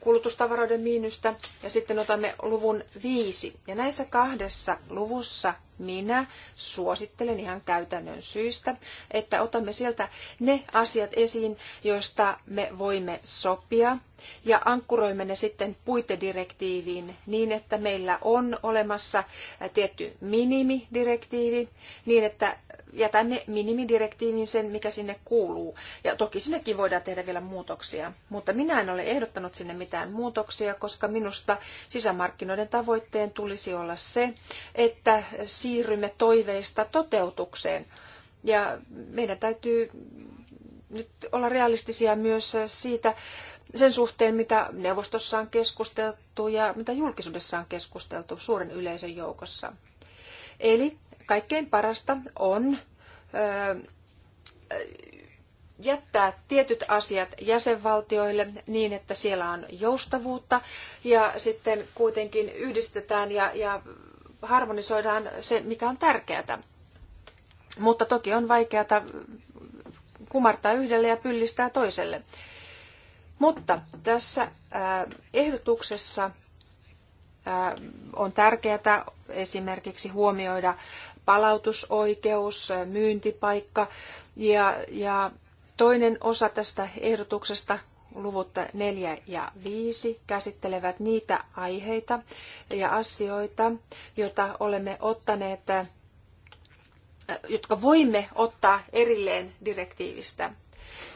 kulutustavaroiden miinusta, ja sitten otamme luvun viisi. Ja näissä kahdessa luvussa minä suosittelen ihan käytännön syistä, että otamme sieltä ne asiat esiin, joista me voimme sopia, ja ankkuroimme ne sitten puitedirektiiviin niin, että meillä on olemassa tietty minimidirektiivi, niin että jätämme minimidirektiivin sen, mikä sinne kuuluu. Ja toki sinnekin voidaan tehdä vielä muutoksia. Mutta minä en ole ehdottanut sinne mitään muutoksia, koska minusta sisämarkkinoiden tavoitteen tulisi olla se, että siirrymme toiveista toteutukseen. Ja meidän täytyy nyt olla realistisia myös siitä, sen suhteen, mitä neuvostossa on keskusteltu ja mitä julkisuudessa on keskusteltu suuren yleisön joukossa. Eli kaikkein parasta on jättää tietyt asiat jäsenvaltioille niin, että siellä on joustavuutta ja sitten kuitenkin yhdistetään ja, ja harmonisoidaan se, mikä on tärkeää. Mutta toki on vaikeata kumartaa yhdelle ja pyllistää toiselle. Mutta tässä ehdotuksessa on tärkeää esimerkiksi huomioida palautusoikeus, myyntipaikka ja, ja toinen osa tästä ehdotuksesta luvut 4 ja 5 käsittelevät niitä aiheita ja asioita, joita olemme ottaneet, jotka voimme ottaa erilleen direktiivistä.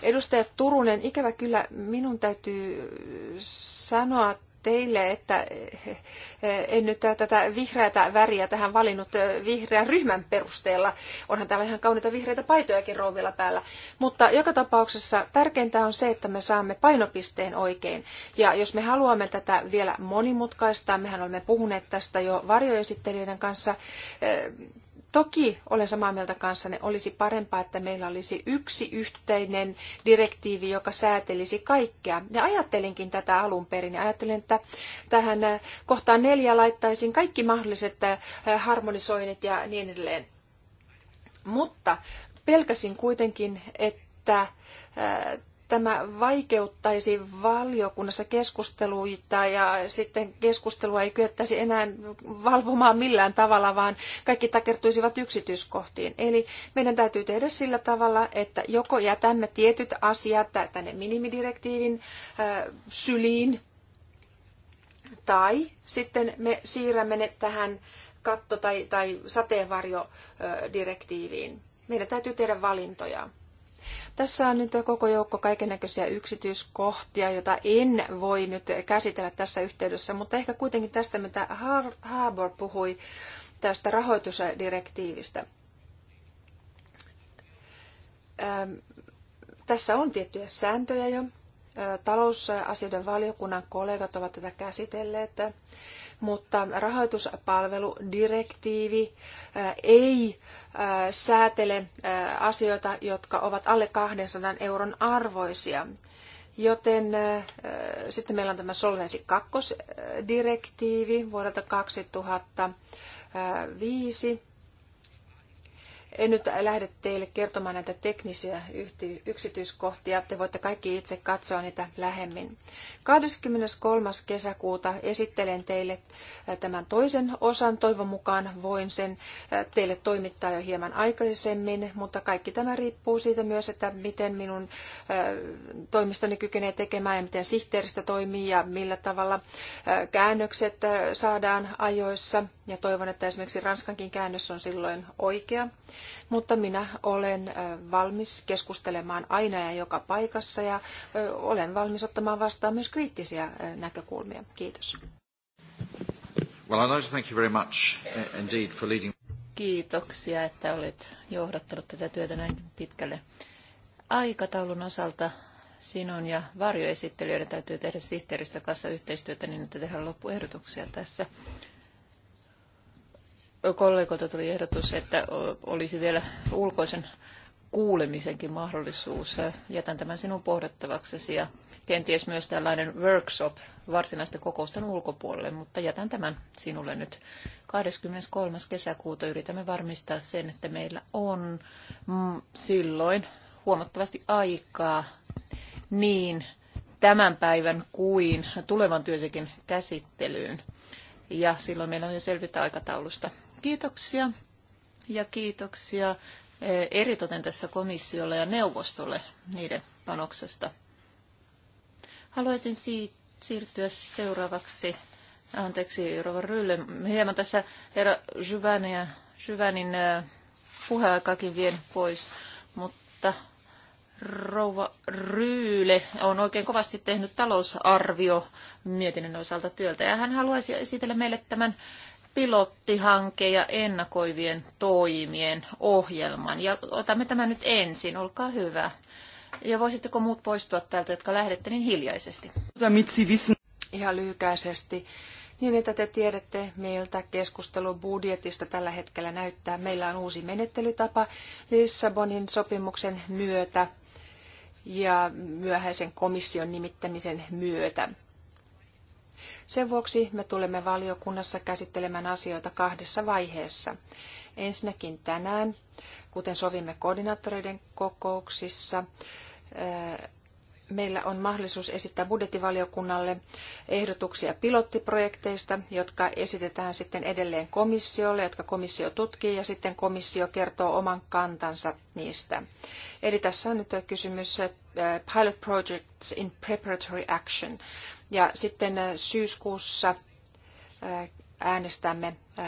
Edustaja Turunen, ikävä kyllä minun täytyy sanoa teille, että eh, en nyt eh, tätä vihreätä väriä tähän valinnut eh, vihreän ryhmän perusteella. Onhan täällä ihan kauniita vihreitä paitojakin rouvilla päällä. Mutta joka tapauksessa tärkeintä on se, että me saamme painopisteen oikein. Ja jos me haluamme tätä vielä monimutkaistaa, mehän olemme puhuneet tästä jo varjoesittelijöiden kanssa, Toki olen samaa mieltä kanssanne, olisi parempaa, että meillä olisi yksi yhteinen direktiivi, joka säätelisi kaikkea. Ja ajattelinkin tätä alun perin. Ajattelin, että tähän äh, kohtaan neljä laittaisin kaikki mahdolliset äh, harmonisoinnit ja niin edelleen. Mutta pelkäsin kuitenkin, että äh, tämä vaikeuttaisi valiokunnassa keskusteluita ja sitten keskustelua ei kyettäisi enää valvomaan millään tavalla, vaan kaikki takertuisivat yksityiskohtiin. Eli meidän täytyy tehdä sillä tavalla, että joko jätämme tietyt asiat tänne minimidirektiivin syliin, tai sitten me siirrämme ne tähän katto- tai, tai sateenvarjodirektiiviin. Meidän täytyy tehdä valintoja. Tässä on nyt koko joukko kaikennäköisiä yksityiskohtia, joita en voi nyt käsitellä tässä yhteydessä, mutta ehkä kuitenkin tästä, mitä Harbour puhui tästä rahoitusdirektiivistä. Ähm, tässä on tiettyjä sääntöjä jo. Äh, talousasioiden valiokunnan kollegat ovat tätä käsitelleet, äh, mutta rahoituspalveludirektiivi äh, ei säätele asioita, jotka ovat alle 200 euron arvoisia. Joten sitten meillä on tämä Solvensi 2-direktiivi vuodelta 2005. En nyt lähde teille kertomaan näitä teknisiä yksityiskohtia. Te voitte kaikki itse katsoa niitä lähemmin. 23. kesäkuuta esittelen teille äh, tämän toisen osan. Toivon mukaan voin sen äh, teille toimittaa jo hieman aikaisemmin, mutta kaikki tämä riippuu siitä myös, että miten minun äh, toimistoni kykenee tekemään ja miten sihteeristä toimii ja millä tavalla käännökset saadaan ajoissa – ja toivon, että esimerkiksi Ranskankin käännös on silloin oikea, mutta minä olen valmis keskustelemaan aina ja joka paikassa ja olen valmis ottamaan vastaan myös kriittisiä näkökulmia. Kiitos. Kiitoksia, että olet johdattanut tätä työtä näin pitkälle. Aikataulun osalta sinun ja varjoesittelijöiden täytyy tehdä sihteeristä kanssa yhteistyötä niin, että tehdään loppuehdotuksia tässä kollegoilta tuli ehdotus, että olisi vielä ulkoisen kuulemisenkin mahdollisuus. Jätän tämän sinun pohdittavaksesi ja kenties myös tällainen workshop varsinaisten kokousten ulkopuolelle, mutta jätän tämän sinulle nyt. 23. kesäkuuta yritämme varmistaa sen, että meillä on mm, silloin huomattavasti aikaa niin tämän päivän kuin tulevan työsekin käsittelyyn. Ja silloin meillä on jo selvitä aikataulusta. Kiitoksia ja kiitoksia eh, eritoten tässä komissiolle ja neuvostolle niiden panoksesta. Haluaisin siirtyä seuraavaksi, anteeksi Rova Rylle, hieman tässä herra Jyväniä, Jyvänin eh, puheaikakin vien pois, mutta Rouva Ryyle on oikein kovasti tehnyt talousarvio mietinnön osalta työtä ja hän haluaisi esitellä meille tämän pilottihanke ja ennakoivien toimien ohjelman. Ja otamme tämän nyt ensin, olkaa hyvä. Ja voisitteko muut poistua täältä, jotka lähdette niin hiljaisesti? Ihan lyhykäisesti, niin että te tiedätte, miltä keskustelu budjetista tällä hetkellä näyttää. Meillä on uusi menettelytapa Lissabonin sopimuksen myötä ja myöhäisen komission nimittämisen myötä. Sen vuoksi me tulemme valiokunnassa käsittelemään asioita kahdessa vaiheessa. Ensinnäkin tänään, kuten sovimme koordinaattoreiden kokouksissa, eh, meillä on mahdollisuus esittää budjettivaliokunnalle ehdotuksia pilottiprojekteista, jotka esitetään sitten edelleen komissiolle, jotka komissio tutkii ja sitten komissio kertoo oman kantansa niistä. Eli tässä on nyt kysymys eh, Pilot Projects in Preparatory Action. Ja sitten äh, syyskuussa äh, äänestämme äh,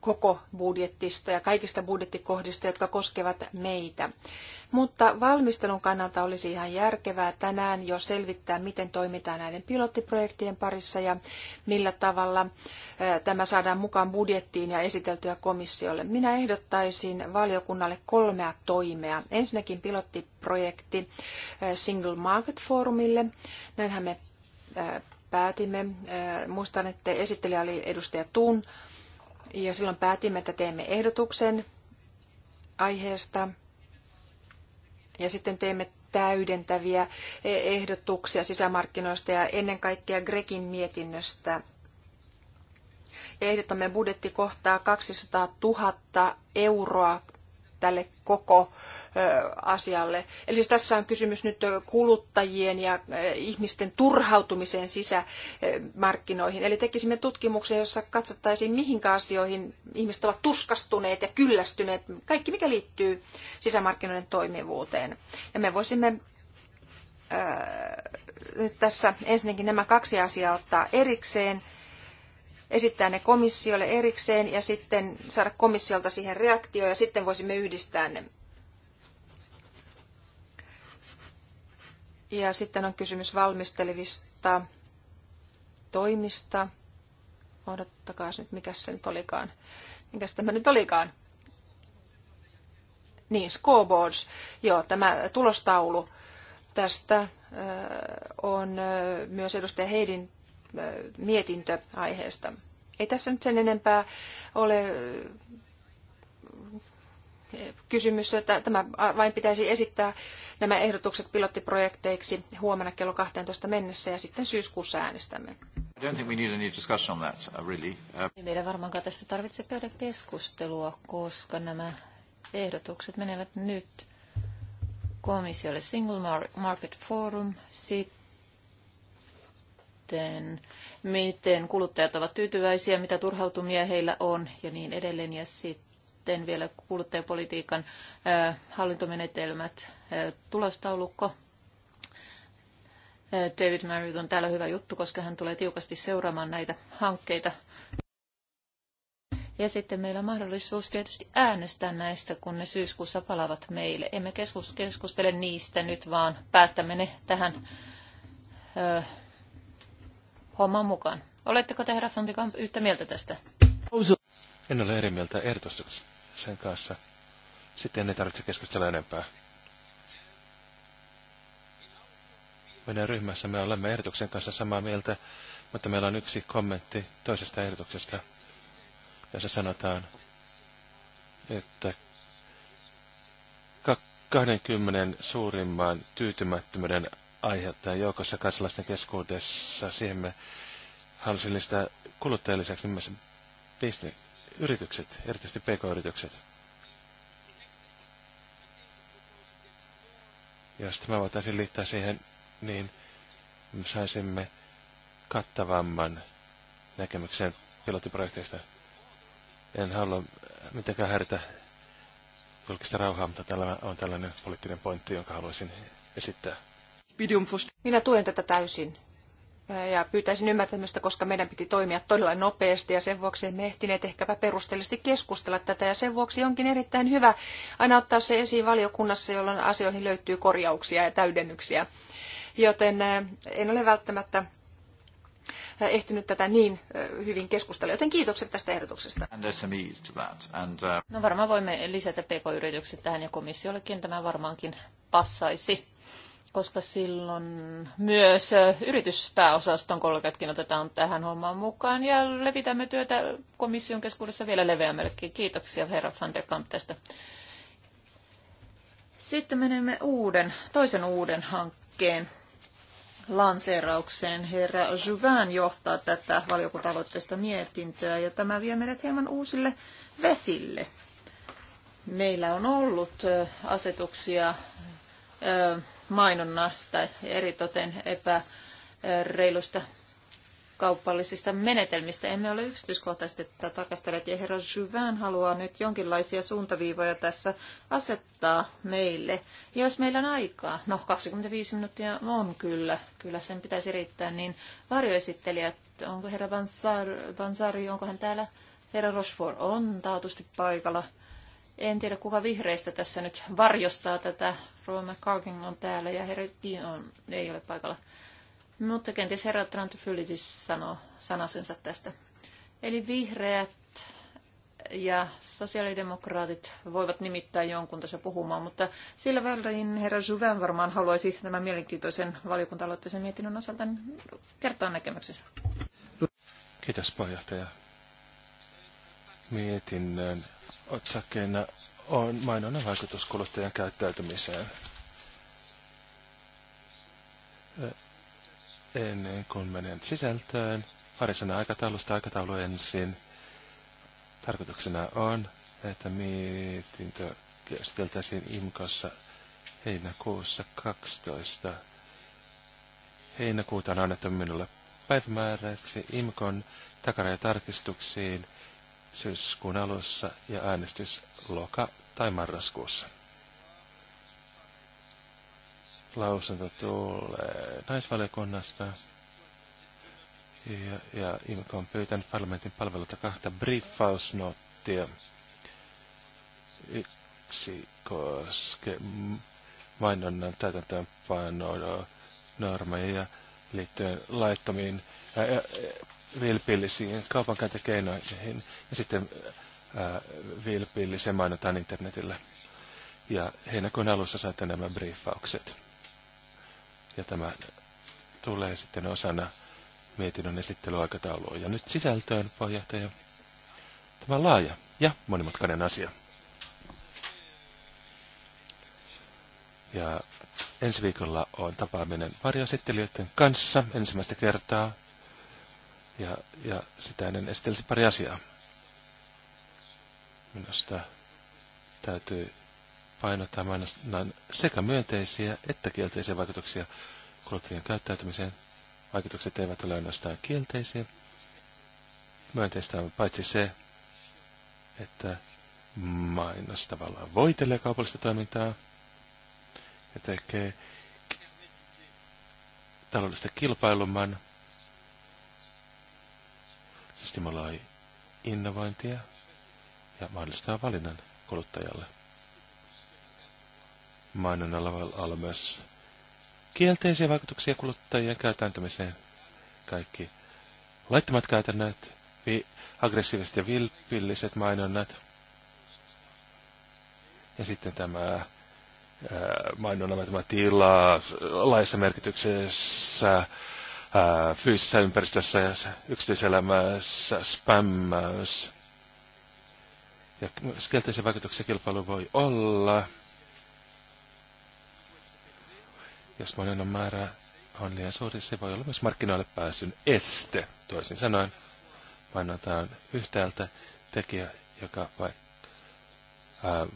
koko budjettista ja kaikista budjettikohdista, jotka koskevat meitä. Mutta valmistelun kannalta olisi ihan järkevää tänään jo selvittää, miten toimitaan näiden pilottiprojektien parissa ja millä tavalla tämä saadaan mukaan budjettiin ja esiteltyä komissiolle. Minä ehdottaisin valiokunnalle kolmea toimea. Ensinnäkin pilottiprojekti Single Market Forumille. Näinhän me päätimme, muistan, että esittelijä oli edustaja Tun, ja silloin päätimme, että teemme ehdotuksen aiheesta ja sitten teemme täydentäviä e- ehdotuksia sisämarkkinoista ja ennen kaikkea Grekin mietinnöstä. Ja ehdotamme budjettikohtaa 200 000 euroa tälle koko asialle. Eli siis tässä on kysymys nyt kuluttajien ja ihmisten turhautumiseen sisämarkkinoihin. Eli tekisimme tutkimuksen, jossa katsottaisiin, mihin asioihin ihmiset ovat tuskastuneet ja kyllästyneet, kaikki mikä liittyy sisämarkkinoiden toimivuuteen. Ja me voisimme nyt tässä ensinnäkin nämä kaksi asiaa ottaa erikseen – esittää ne komissiolle erikseen ja sitten saada komissiolta siihen reaktio ja sitten voisimme yhdistää ne. Ja sitten on kysymys valmistelevista toimista. Odottakaa nyt, mikä se nyt olikaan. Mikä tämä nyt olikaan? Niin, scoreboards. Joo, tämä tulostaulu. Tästä on myös edustaja Heidin mietintö aiheesta. Ei tässä nyt sen enempää ole eh, kysymys, että tämä vain pitäisi esittää nämä ehdotukset pilottiprojekteiksi huomenna kello 12 mennessä ja sitten syyskuussa äänestämme. I don't think we need any discussion on that, uh, really. Uh, meidän varmaankaan tästä tarvitse käydä keskustelua, koska nämä ehdotukset menevät nyt komissiolle Single Market Forum, sitten miten, miten kuluttajat ovat tyytyväisiä, mitä turhautumia heillä on ja niin edelleen. Ja sitten vielä kuluttajapolitiikan äh, hallintomenetelmät, äh, tulostaulukko. Äh, David Marriott on täällä hyvä juttu, koska hän tulee tiukasti seuraamaan näitä hankkeita. Ja sitten meillä on mahdollisuus tietysti äänestää näistä, kun ne syyskuussa palavat meille. Emme keskustele niistä nyt, vaan päästämme ne tähän homman mukaan. Oletteko te, herra Fantikamp, yhtä mieltä tästä? En ole eri mieltä ehdotusta sen kanssa. Sitten ei tarvitse keskustella enempää. Meidän ryhmässä me olemme ehdotuksen kanssa samaa mieltä, mutta meillä on yksi kommentti toisesta ehdotuksesta, jossa sanotaan, että 20 suurimman tyytymättömyyden aiheuttaa joukossa kansalaisten keskuudessa. Siihen me halusin listaa kuluttajan lisäksi myös business, yritykset, erityisesti pk-yritykset. Jos tämä voitaisiin liittää siihen, niin me saisimme kattavamman näkemyksen pilottiprojekteista. En halua mitenkään häiritä julkista rauhaa, mutta tällä on tällainen poliittinen pointti, jonka haluaisin esittää. Minä tuen tätä täysin. Ja pyytäisin ymmärtämystä, koska meidän piti toimia todella nopeasti ja sen vuoksi emme ehtineet ehkäpä perusteellisesti keskustella tätä. Ja sen vuoksi onkin erittäin hyvä aina ottaa se esiin valiokunnassa, jolloin asioihin löytyy korjauksia ja täydennyksiä. Joten eh, en ole välttämättä eh, ehtinyt tätä niin eh, hyvin keskustella, joten kiitokset tästä ehdotuksesta. Uh, no varmaan voimme lisätä pk-yritykset tähän ja komissiollekin tämä varmaankin passaisi koska silloin myös yrityspääosaston kollegatkin otetaan tähän hommaan mukaan ja levitämme työtä komission keskuudessa vielä leveämmällekin. Kiitoksia herra van der Kamp tästä. Sitten menemme uuden, toisen uuden hankkeen lanseeraukseen. Herra Juvain johtaa tätä valiokuntavoitteista mietintöä ja tämä vie meidät hieman uusille vesille. Meillä on ollut asetuksia mainonnasta, eritoten epäreilusta kaupallisista menetelmistä. Emme ole yksityiskohtaisesti tätä takastelleet ja herra Juvain haluaa nyt jonkinlaisia suuntaviivoja tässä asettaa meille. Ja jos meillä on aikaa, no 25 minuuttia on kyllä, kyllä sen pitäisi riittää, niin varjoesittelijät, onko herra Bansari, Bansari onko hän täällä? Herra Rochefort on taatusti paikalla. En tiedä, kuka vihreistä tässä nyt varjostaa tätä. Roy McCarkin on täällä ja herra Dion ei ole paikalla. Mutta kenties herra Trantafylidis sanoo sanasensa tästä. Eli vihreät ja sosiaalidemokraatit voivat nimittää jonkun tässä puhumaan, mutta sillä välin herra Juven varmaan haluaisi tämän mielenkiintoisen valiokunta-aloitteisen mietinnön osalta kertoa näkemyksensä. Kiitos puheenjohtaja. Mietinnön otsakkeena on mainonnan vaikutus kuluttajan käyttäytymiseen. Ennen kuin menen sisältöön, pari sanaa aikataulusta aikataulu ensin. Tarkoituksena on, että mietintö käsiteltäisiin IMKossa heinäkuussa 12. Heinäkuuta on annettu minulle päivämääräksi IMKon takarajatarkistuksiin – syyskuun alussa ja äänestys loka- tai marraskuussa. Lausunto tulee naisvaliokunnasta ja, ja IMCO on pyytänyt parlamentin palvelulta kahta briefausnottia. Yksi koske mainonnan täytäntöönpanoa normeja liittyen laittomiin vilpillisiin kaupankäyntikeinoihin ja sitten ää, äh, vilpillisen mainotaan internetillä. Ja heinäkuun alussa saatte nämä briefaukset. Ja tämä tulee sitten osana mietinnön esittelyaikataulua. Ja nyt sisältöön, puheenjohtaja. Tämä on laaja ja monimutkainen asia. Ja ensi viikolla on tapaaminen varjoesittelijöiden kanssa ensimmäistä kertaa ja, ja sitä ennen esitelisi pari asiaa. Minusta täytyy painottaa mainostaan sekä myönteisiä että kielteisiä vaikutuksia kuluttajien käyttäytymiseen. Vaikutukset eivät ole ainoastaan kielteisiä. Myönteistä on paitsi se, että mainos tavallaan voitelee kaupallista toimintaa ja tekee taloudellista kilpailumaan stimuloi innovointia ja mahdollistaa valinnan kuluttajalle. Mainonnalla voi olla myös kielteisiä vaikutuksia kuluttajien käytäntämiseen. Kaikki laittomat käytännöt, vi- aggressiiviset ja vilpilliset mainonnat. Ja sitten tämä mainonnan tämä tila laissa merkityksessä Äh, fyysisessä ympäristössä ja yksityiselämässä spämmäys. Ja kielteisiä vaikutuksia kilpailu voi olla, jos monen on määrä on liian suuri, se voi olla myös markkinoille pääsyn este. Toisin sanoen, Mainotaan yhtäältä tekijä, joka vai, ää, äh,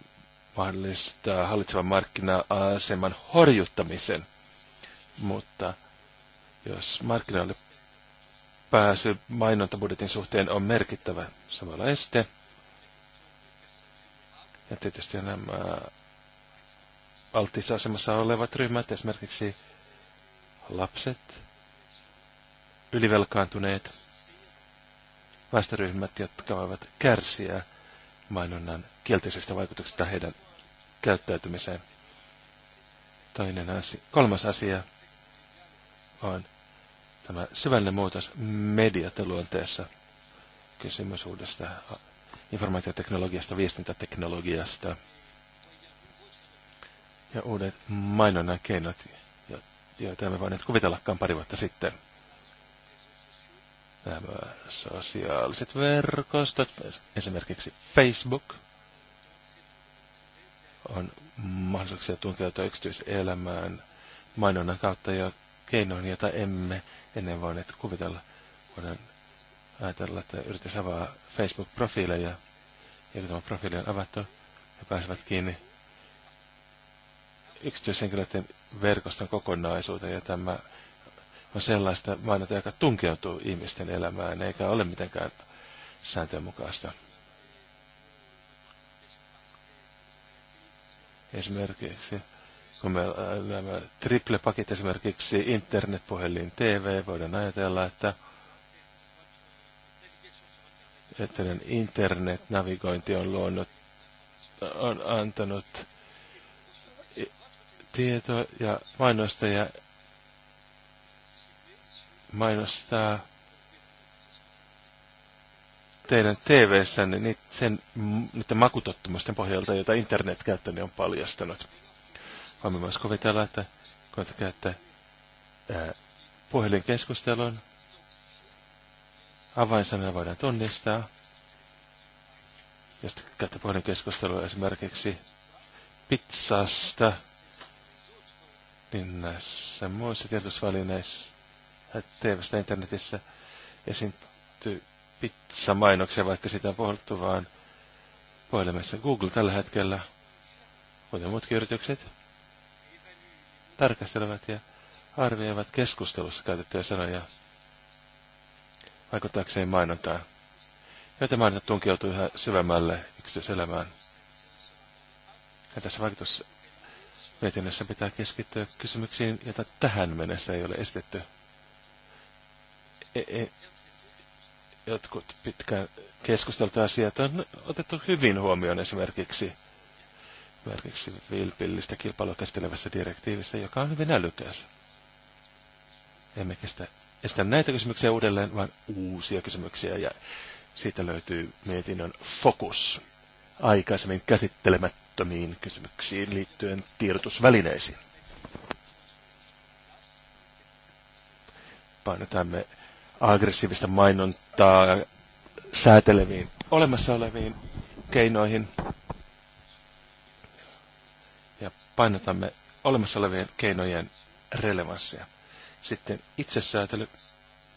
mahdollistaa hallitsevan markkina-aseman horjuttamisen, mutta jos markkinoille pääsy mainontabudjetin suhteen on merkittävä samalla este. Ja tietysti nämä alttiissa asemassa olevat ryhmät, esimerkiksi lapset, ylivelkaantuneet, väestöryhmät, jotka voivat kärsiä mainonnan kielteisestä vaikutuksesta heidän käyttäytymiseen. Toinen asia, kolmas asia on tämä syvällinen muutos mediateluonteessa kysymys uudesta informaatioteknologiasta, viestintäteknologiasta ja uudet mainonnan keinot, joita emme voineet kuvitellakaan pari vuotta sitten. Nämä sosiaaliset verkostot, esimerkiksi Facebook, on mahdollisuuksia tunkeutua yksityiselämään mainonnan kautta ja keinoin, jota emme ennen voineet kuvitella. Voidaan ajatella, että yritys avaa Facebook-profiileja, ja kun tämä profiili on avattu, he pääsevät kiinni yksityishenkilöiden verkoston kokonaisuuteen, ja tämä on sellaista mainota, joka tunkeutuu ihmisten elämään, eikä ole mitenkään sääntöjen mukaista. Esimerkiksi kun me nämä äh, triple Paket, esimerkiksi internetpuhelin, TV, voidaan ajatella, että että internet-navigointi on luonut, on antanut tietoa ja mainosta ja mainostaa teidän tv niin sen, niiden makutottumusten pohjalta, jota internet-käyttäjä on paljastanut me myös kuvitella, että kun te käytte puhelinkeskustelun, avainsanoja voidaan tunnistaa. Jos te käytte puhelinkeskustelua esimerkiksi pizzasta, niin näissä muissa tiedotusvälineissä, TVstä internetissä esiintyy pizzamainoksia, vaikka sitä on puhuttu vaan puhelimessa Google tällä hetkellä, kuten muutkin yritykset tarkastelevat ja arvioivat keskustelussa käytettyjä sanoja vaikuttaakseen mainontaan. Joten mainonta tunkeutuu yhä syvemmälle yksityiselämään. Ja tässä vaikutusmietinnössä pitää keskittyä kysymyksiin, joita tähän mennessä ei ole esitetty. E -e jotkut pitkään keskusteltu asiat on otettu hyvin huomioon esimerkiksi – esimerkiksi vilpillistä kilpailua käsittelevässä direktiivissä, joka on hyvin älykäs. Emme kestä, estä näitä kysymyksiä uudelleen, vaan uusia kysymyksiä, ja siitä löytyy mietinnön fokus aikaisemmin käsittelemättömiin kysymyksiin liittyen tiedotusvälineisiin. me aggressiivista mainontaa sääteleviin olemassa oleviin keinoihin ja painotamme olemassa olevien keinojen relevanssia. Sitten itsesäätely.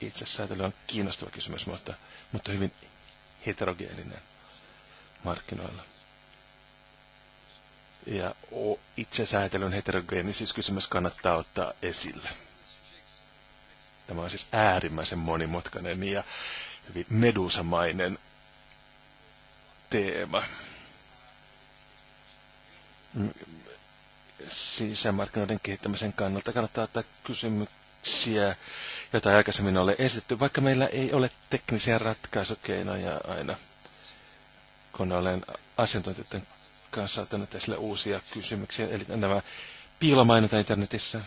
Itsesäätely on kiinnostava kysymys, mutta, mutta hyvin heterogeeninen markkinoilla. Ja itsesäätelyn heterogeenisyys kysymys kannattaa ottaa esille. Tämä on siis äärimmäisen monimutkainen ja hyvin medusamainen teema sisämarkkinoiden kehittämisen kannalta kannattaa ottaa kysymyksiä, joita ei aikaisemmin ole esitetty, vaikka meillä ei ole teknisiä ratkaisukeinoja aina, kun olen asiantuntijoiden kanssa ottanut esille uusia kysymyksiä, eli nämä piilomainonta internetissä.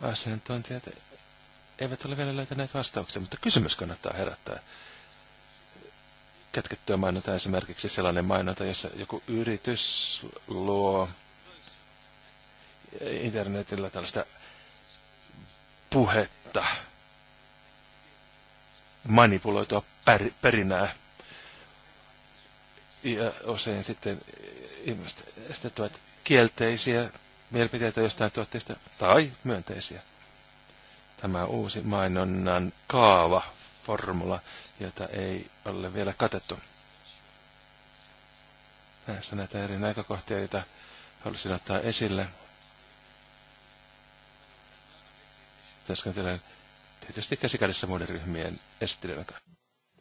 Asiantuntijat eivät ole vielä löytäneet vastauksia, mutta kysymys kannattaa herättää kätkettyä mainontaa, esimerkiksi sellainen mainonta, jossa joku yritys luo internetillä tällaista puhetta, manipuloitua per, perinää. Ja usein sitten ihmiset kielteisiä mielipiteitä jostain tuotteista tai myönteisiä. Tämä uusi mainonnan kaava, formula, jota ei ole vielä katettu. Tässä näitä eri näkökohtia, joita haluaisin ottaa esille. on tietysti käsikädessä muiden ryhmien esittelyiden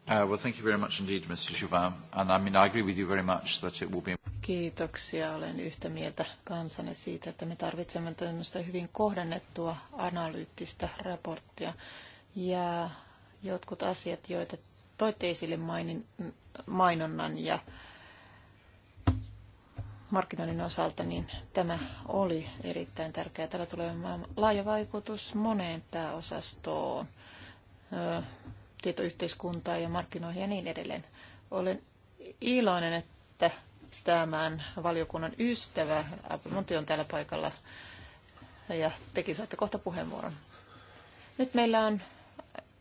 Uh, well, thank you very much indeed, Mr. Chauvin. And I mean, I agree with you very much that it will be... Kiitoksia. Olen yhtä mieltä kansanne siitä, että me tarvitsemme tämmöistä hyvin kohdennettua analyyttistä raporttia. Ja jotkut asiat, joita toitte esille mainin, mainonnan ja markkinoinnin osalta, niin tämä oli erittäin tärkeää. Tällä tulee olemaan laaja vaikutus moneen pääosastoon, tietoyhteiskuntaan ja markkinoihin ja niin edelleen. Olen iloinen, että tämän valiokunnan ystävä, Monti on täällä paikalla, ja tekin saatte kohta puheenvuoron. Nyt meillä on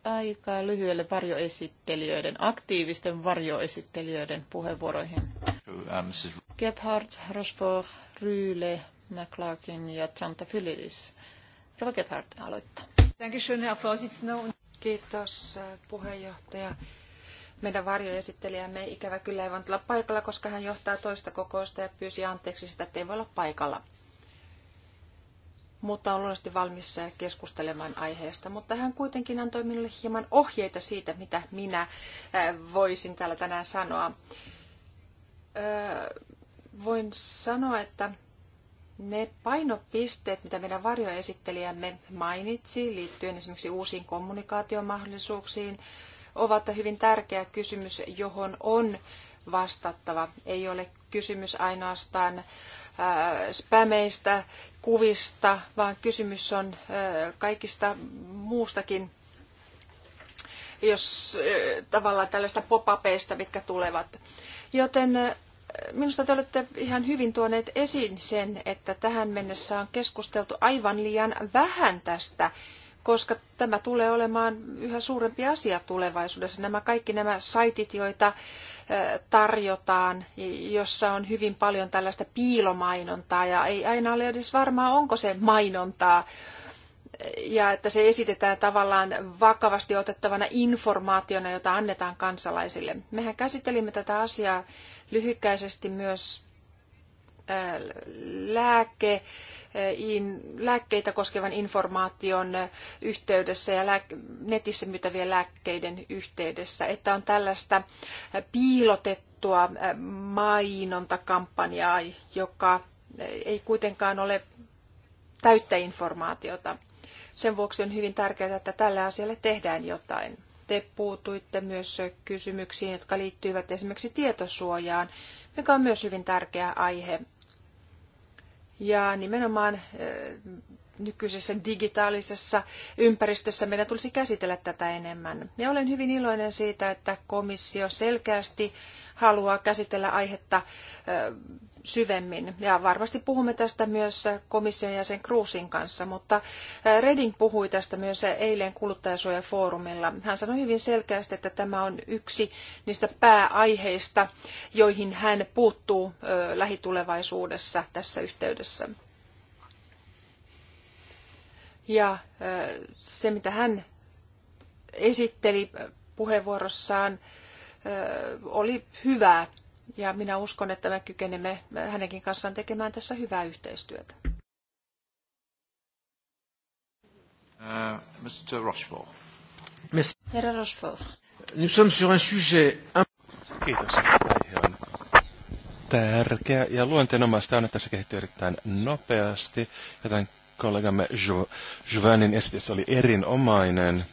aikaa lyhyelle varjoesittelijöiden, aktiivisten varjoesittelijöiden puheenvuoroihin. Uh, Gebhardt, Rosborg, Ryyle, McClarkin ja Fylidis. Rova Gebhardt aloittaa. Kiitos äh, puheenjohtaja. Meidän varjoesittelijämme ikävä kyllä ei voinut olla paikalla, koska hän johtaa toista kokousta ja pyysi anteeksi sitä, että ei voi olla paikalla mutta on luonnollisesti valmis eh, keskustelemaan aiheesta. Mutta hän kuitenkin antoi minulle hieman ohjeita siitä, mitä minä eh, voisin täällä tänään sanoa. Eh, voin sanoa, että ne painopisteet, mitä meidän varjoesittelijämme mainitsi liittyen esimerkiksi uusiin kommunikaatiomahdollisuuksiin, ovat hyvin tärkeä kysymys, johon on vastattava. Ei ole kysymys ainoastaan spämeistä kuvista, vaan kysymys on kaikista muustakin, jos tavallaan tällaista popapeista, mitkä tulevat. Joten minusta te olette ihan hyvin tuoneet esiin sen, että tähän mennessä on keskusteltu aivan liian vähän tästä koska tämä tulee olemaan yhä suurempi asia tulevaisuudessa. Nämä kaikki nämä saitit, joita tarjotaan, jossa on hyvin paljon tällaista piilomainontaa ja ei aina ole edes varmaa, onko se mainontaa. Ja että se esitetään tavallaan vakavasti otettavana informaationa, jota annetaan kansalaisille. Mehän käsittelimme tätä asiaa lyhykäisesti myös lääke, lääkkeitä koskevan informaation yhteydessä ja netissä myytävien lääkkeiden yhteydessä, että on tällaista piilotettua mainontakampanjaa, joka ei kuitenkaan ole täyttä informaatiota. Sen vuoksi on hyvin tärkeää, että tällä asialle tehdään jotain. Te puutuitte myös kysymyksiin, jotka liittyivät esimerkiksi tietosuojaan, mikä on myös hyvin tärkeä aihe ja nimenomaan eh, nykyisessä digitaalisessa ympäristössä meidän tulisi käsitellä tätä enemmän. Ja olen hyvin iloinen siitä, että komissio selkeästi haluaa käsitellä aihetta syvemmin. Ja varmasti puhumme tästä myös komission jäsen Kruusin kanssa, mutta Reding puhui tästä myös eilen kuluttajasuojafoorumilla. Hän sanoi hyvin selkeästi, että tämä on yksi niistä pääaiheista, joihin hän puuttuu lähitulevaisuudessa tässä yhteydessä. Ja se, mitä hän esitteli puheenvuorossaan, oli hyvää. Ja minä uskon, että me kykenemme hänenkin kanssaan tekemään tässä hyvää yhteistyötä. Uh, Mr. Rochefort. Herra Rochefort. Nous sommes sur un sujet... Kiitos. on tärkeä ja luonteenomaista on, että se kehittyy erittäin nopeasti, joten kollegamme Jovanin esitys oli erinomainen.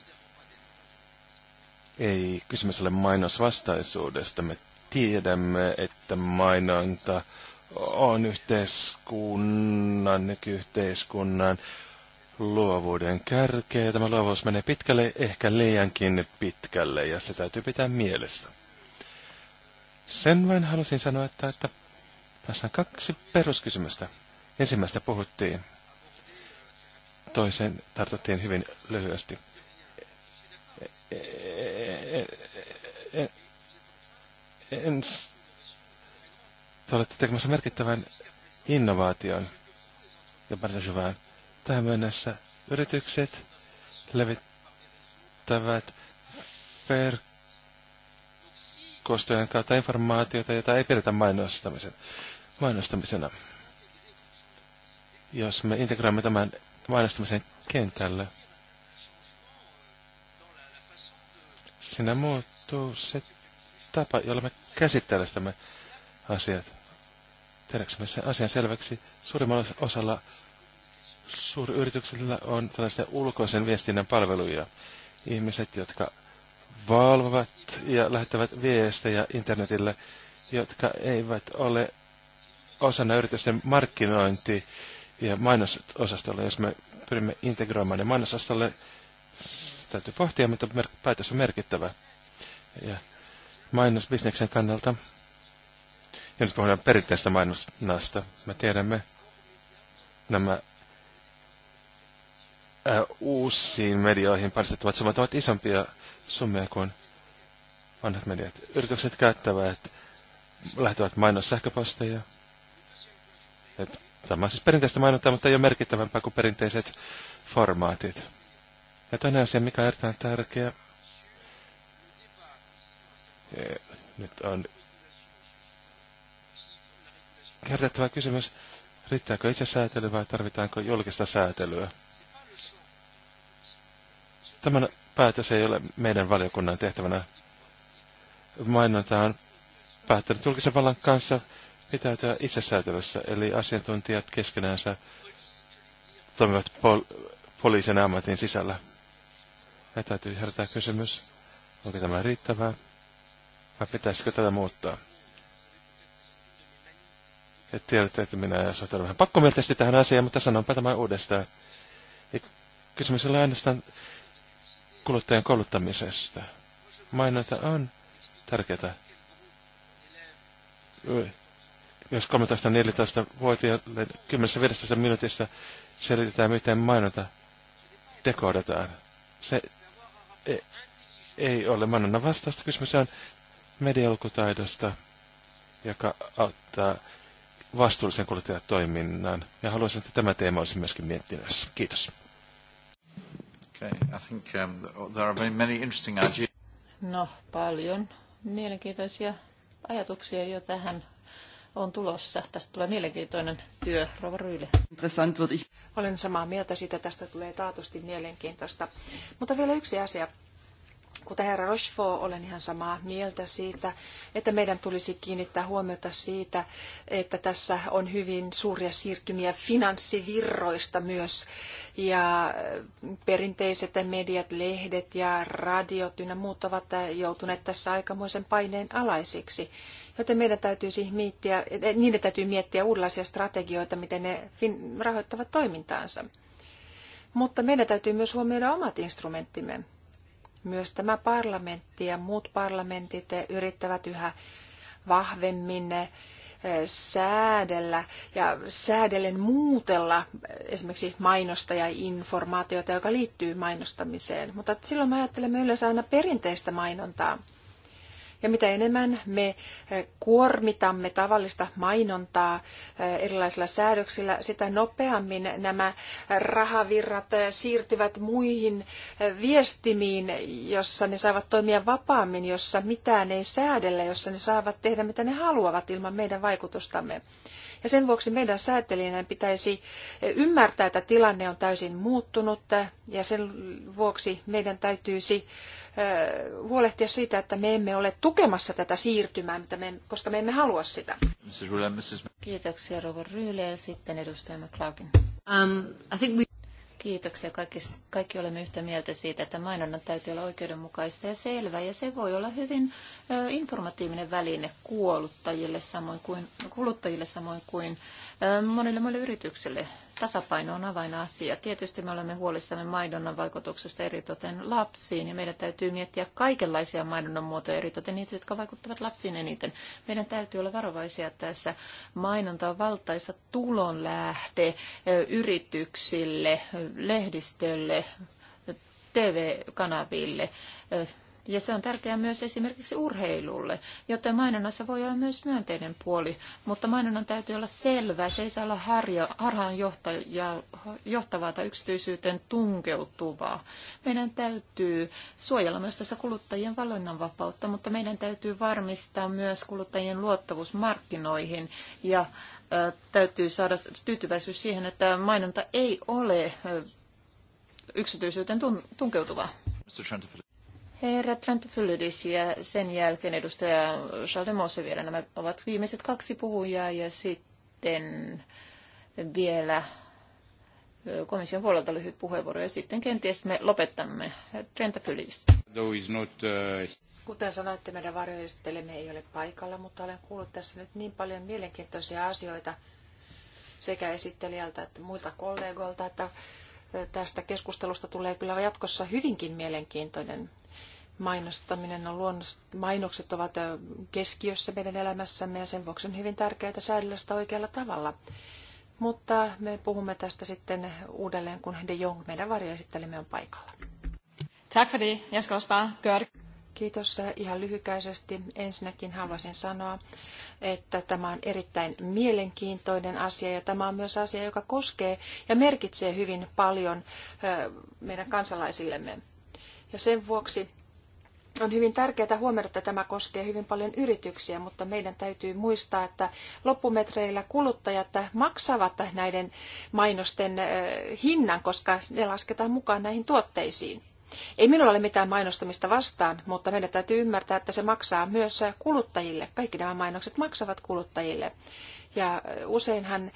Ei kysymys ole mainosvastaisuudesta. Me tiedämme, että mainonta on yhteiskunnan, nykyyhteiskunnan luovuuden kärkeä. Tämä luovuus menee pitkälle, ehkä liiankin pitkälle, ja se täytyy pitää mielessä. Sen vain halusin sanoa, että, että tässä on kaksi peruskysymystä. Ensimmäistä puhuttiin toiseen tartuttiin hyvin lyhyesti. En, te olette tekemässä merkittävän innovaation ja Bartajuvan. Tähän mennessä yritykset levittävät verkostojen kautta informaatiota, jota ei pidetä mainostamisen, mainostamisena. Jos me integroimme tämän mainostamisen kentällä. sinä muuttuu se tapa, jolla me käsittelemme asiat. Tehdäänkö sen asian selväksi? Suurimmalla osalla suuryrityksillä on tällaisia ulkoisen viestinnän palveluja. Ihmiset, jotka valvovat ja lähettävät viestejä internetille jotka eivät ole osana yritysten markkinointi ja mainososastolle, jos me pyrimme integroimaan, niin mainososastolle täytyy pohtia, mutta päätös on merkittävä. Ja mainosbisneksen kannalta, ja nyt puhutaan perinteistä mainosnasta, me tiedämme nämä ää, äh, uusiin medioihin panostettavat summat ovat isompia summia kuin vanhat mediat. Yritykset käyttävät, lähtevät mainos sähköposteja, että Tämä on siis perinteistä mainontaa, mutta ei ole merkittävämpää kuin perinteiset formaatit. Ja toinen asia, mikä on erittäin tärkeä, e, nyt on kertettävä kysymys, riittääkö itse säätely vai tarvitaanko julkista säätelyä? Tämän päätös ei ole meidän valiokunnan tehtävänä. Mainonta on päättänyt julkisen vallan kanssa pitäytyä itsesäätelyssä, eli asiantuntijat keskenäänsä toimivat pol- poliisin ammatin sisällä. Ja täytyy herättää kysymys, onko tämä riittävää vai pitäisikö tätä muuttaa. Et tiedätte, että minä suhtaudun vähän pakkomielteisesti tähän asiaan, mutta sanonpa tämä uudestaan. Et kysymys on ainoastaan kuluttajan kouluttamisesta. Mainonta on tärkeää jos 13-14-vuotiaille kymmenessä 15 minuutissa selitetään, miten mainonta dekodataan. Se ei, ei ole mainonnan vastausta. Kysymys on medialukutaidosta, joka auttaa vastuullisen kuluttajatoiminnan. Ja haluaisin, että tämä teema olisi myöskin miettinnässä. Kiitos. Okay, I think, um, there are many interesting ideas. No, paljon mielenkiintoisia ajatuksia jo tähän on tulossa. Tästä tulee mielenkiintoinen työ, Rova Ryyle. Olen samaa mieltä siitä, tästä tulee taatusti mielenkiintoista. Mutta vielä yksi asia. Kuten herra Rochefort, olen ihan samaa mieltä siitä, että meidän tulisi kiinnittää huomiota siitä, että tässä on hyvin suuria siirtymiä finanssivirroista myös. Ja perinteiset mediat, lehdet ja radiot ynnä muut ovat joutuneet tässä aikamoisen paineen alaisiksi. Joten meidän täytyisi miettiä, eh, niiden täytyy miettiä uudenlaisia strategioita, miten ne rahoittavat toimintaansa. Mutta meidän täytyy myös huomioida omat instrumenttimme. Myös tämä parlamentti ja muut parlamentit yrittävät yhä vahvemmin eh, säädellä ja säädellen muutella eh, esimerkiksi mainosta ja informaatiota, joka liittyy mainostamiseen. Mutta silloin me ajattelemme yleensä aina perinteistä mainontaa. Ja mitä enemmän me eh, kuormitamme tavallista mainontaa eh, erilaisilla säädöksillä, sitä nopeammin nämä eh, rahavirrat siirtyvät muihin viestimiin, jossa ne saavat toimia vapaammin, jossa mitään ei säädellä, jossa ne saavat tehdä mitä ne haluavat ilman meidän vaikutustamme. Ja sen vuoksi meidän säätelijänä pitäisi ymmärtää, että tilanne on täysin muuttunut ja sen vuoksi meidän täytyisi huolehtia siitä, että me emme ole tukemassa tätä siirtymää, koska me emme halua sitä. Kiitoksia Rova ja sitten edustaja McLaughlin. Um, I think we... Kiitoksia. Kaikki, kaikki olemme yhtä mieltä siitä, että mainonnan täytyy olla oikeudenmukaista ja selvää, ja se voi olla hyvin informatiivinen väline kuuluttajille samoin kuin, kuluttajille samoin kuin monille monille yrityksille. Tasapaino on avainasia. Tietysti me olemme huolissamme maidonnan vaikutuksesta eritoten lapsiin ja meidän täytyy miettiä kaikenlaisia maidonnan muotoja, eritoten niitä, jotka vaikuttavat lapsiin eniten. Meidän täytyy olla varovaisia tässä. Mainonta on valtaisa tulonlähde yrityksille, lehdistölle, TV-kanaville, ja se on tärkeää myös esimerkiksi urheilulle, joten mainonnassa voi olla myös myönteinen puoli, mutta mainonnan täytyy olla selvä. Se ei saa olla harhaan johtavaa tai yksityisyyteen tunkeutuvaa. Meidän täytyy suojella myös tässä kuluttajien valinnanvapautta, mutta meidän täytyy varmistaa myös kuluttajien luottavuus markkinoihin ja täytyy saada tyytyväisyys siihen, että mainonta ei ole yksityisyyteen tunkeutuvaa. Herra Trent Fyllidis ja sen jälkeen edustaja Schaldemose vielä. Nämä ovat viimeiset kaksi puhujaa ja sitten vielä komission puolelta lyhyt puheenvuoro ja sitten kenties me lopettamme Trent Fyllidis. Uh, Kuten sanoitte, meidän varjoistelemme ei ole paikalla, mutta olen kuullut tässä nyt niin paljon mielenkiintoisia asioita sekä esittelijältä että muilta kollegoilta, että tästä keskustelusta tulee kyllä jatkossa hyvinkin mielenkiintoinen. Mainostaminen on no, luonnos, mainokset ovat keskiössä meidän elämässämme ja sen vuoksi on hyvin tärkeää säädellä sitä oikealla tavalla. Mutta me puhumme tästä sitten uudelleen, kun De Jong, meidän varjoesittelimme, on paikalla. Tack för det. Jag ska Kiitos ihan lyhykäisesti. Ensinnäkin haluaisin sanoa, että tämä on erittäin mielenkiintoinen asia ja tämä on myös asia, joka koskee ja merkitsee hyvin paljon meidän kansalaisillemme. Ja sen vuoksi on hyvin tärkeää huomioida, että tämä koskee hyvin paljon yrityksiä, mutta meidän täytyy muistaa, että loppumetreillä kuluttajat maksavat näiden mainosten hinnan, koska ne lasketaan mukaan näihin tuotteisiin. Ei minulla ole mitään mainostamista vastaan, mutta meidän täytyy ymmärtää, että se maksaa myös kuluttajille. Kaikki nämä mainokset maksavat kuluttajille. Ja useinhan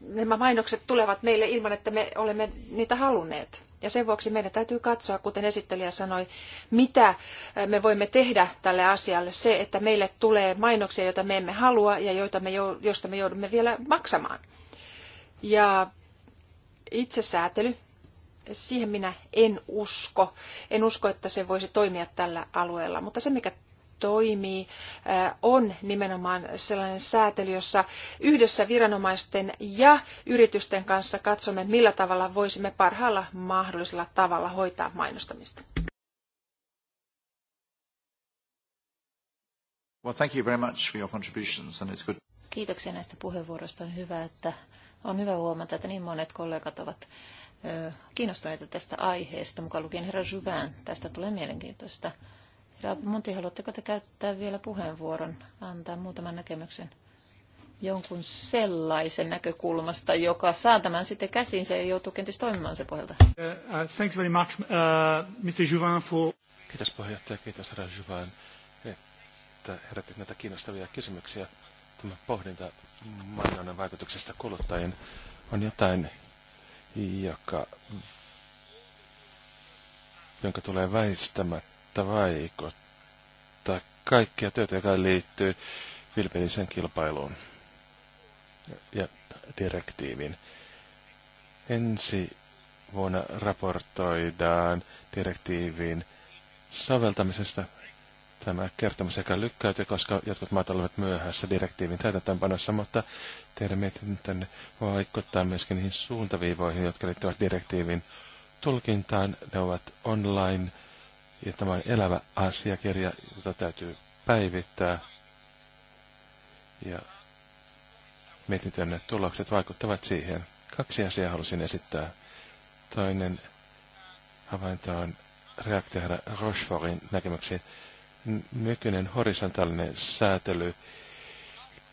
nämä mainokset tulevat meille ilman, että me olemme niitä halunneet. Ja sen vuoksi meidän täytyy katsoa, kuten esittelijä sanoi, mitä me voimme tehdä tälle asialle. Se, että meille tulee mainoksia, joita me emme halua ja joita me, joista me joudumme vielä maksamaan. Ja itsesäätely, siihen minä en usko. En usko, että se voisi toimia tällä alueella, mutta se mikä toimii, äh, on nimenomaan sellainen säätely, jossa yhdessä viranomaisten ja yritysten kanssa katsomme, millä tavalla voisimme parhaalla mahdollisella tavalla hoitaa mainostamista. Well, thank you very much for your contributions and it's good. Kiitoksia näistä puheenvuoroista. On hyvä, että on hyvä huomata, että niin monet kollegat ovat kiinnostuneita tästä aiheesta, mukaan lukien herra Juvin. Tästä tulee mielenkiintoista. Herra Monti, haluatteko te käyttää vielä puheenvuoron, antaa muutaman näkemyksen jonkun sellaisen näkökulmasta, joka saa tämän sitten käsin, se joutuu kenties toimimaan se pohjalta. Uh, uh, thanks very much, uh, Mr. Juvin, for... Kiitos puheenjohtaja, kiitos herra Juvin, että herätit näitä kiinnostavia kysymyksiä. Tämä pohdinta mainonnan vaikutuksesta kuluttajien on jotain, joka, jonka tulee väistämättä vaikuttaa kaikkia työtä, joka liittyy vilpillisen kilpailuun ja direktiivin. Ensi vuonna raportoidaan direktiivin soveltamisesta. Tämä kertomus sekä lykkäytyy, koska jotkut maat olivat myöhässä direktiivin täytäntöönpanossa, mutta teidän mietintänne vaikuttaa myöskin niihin suuntaviivoihin, jotka liittyvät direktiivin tulkintaan. Ne ovat online ja tämä on elävä asiakirja, jota täytyy päivittää. Ja mietintönne tulokset vaikuttavat siihen. Kaksi asiaa halusin esittää. Toinen havainto on reaktioida Rochefortin näkemyksiin. Nykyinen horisontaalinen säätely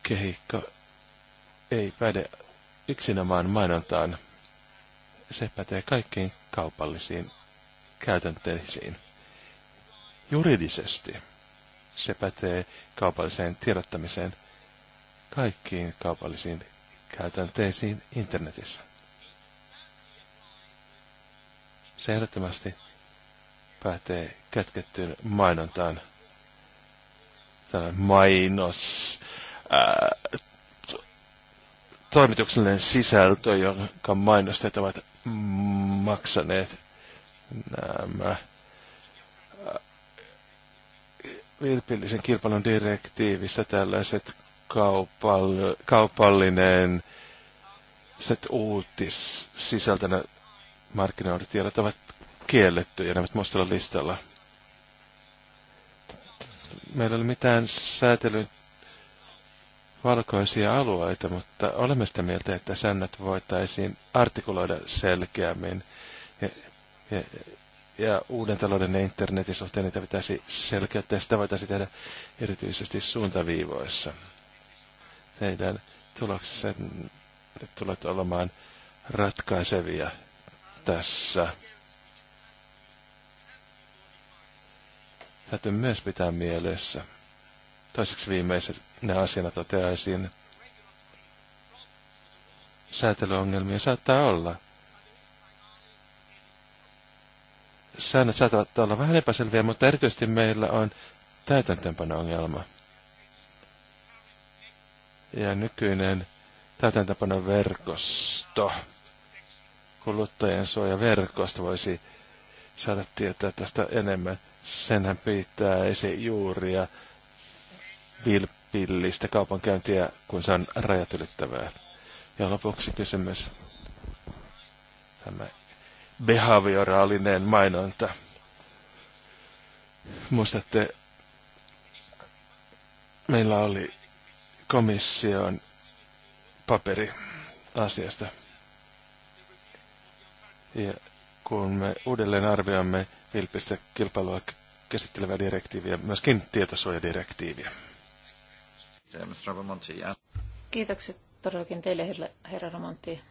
kehikko ei päde yksinomaan mainontaan. Se pätee kaikkiin kaupallisiin käytänteisiin. Juridisesti se pätee kaupalliseen tiedottamiseen kaikkiin kaupallisiin käytänteisiin internetissä. Se ehdottomasti pätee kätkettyyn mainontaan. Tämä mainos ää, toimituksellinen sisältö, jonka mainostajat ovat maksaneet nämä äh, vilpillisen kilpailun direktiivissä tällaiset kaupall, kaupallinen uutis sisältönä markkinointitiedot ovat kielletty ja nämä mustalla listalla. Meillä ei ole mitään säätelyä valkoisia alueita, mutta olemme sitä mieltä, että säännöt voitaisiin artikuloida selkeämmin. Ja, ja, ja uuden talouden ja internetin suhteen niitä pitäisi selkeyttää, ja sitä voitaisiin tehdä erityisesti suuntaviivoissa. Teidän tulokset tulet olemaan ratkaisevia tässä. Täytyy myös pitää mielessä. Toiseksi viimeiset ne asiana toteaisin. Säätelyongelmia saattaa olla. Säännöt saattavat olla vähän epäselviä, mutta erityisesti meillä on täytäntöönpano-ongelma. Ja nykyinen täytäntöönpano-verkosto, kuluttajien suojaverkosto voisi saada tietää tästä enemmän. Senhän juuri ja vilp villlistä kaupankäyntiä, kun se on rajat ylittävää. Ja lopuksi kysymys. Tämä behavioraalinen mainonta. Muistatte, meillä oli komission paperi asiasta. Ja kun me uudelleen arvioimme vilpistä kilpailua käsittelevää direktiiviä, myöskin tietosuojadirektiiviä. Kiitokset todellakin teille, herra Romantti.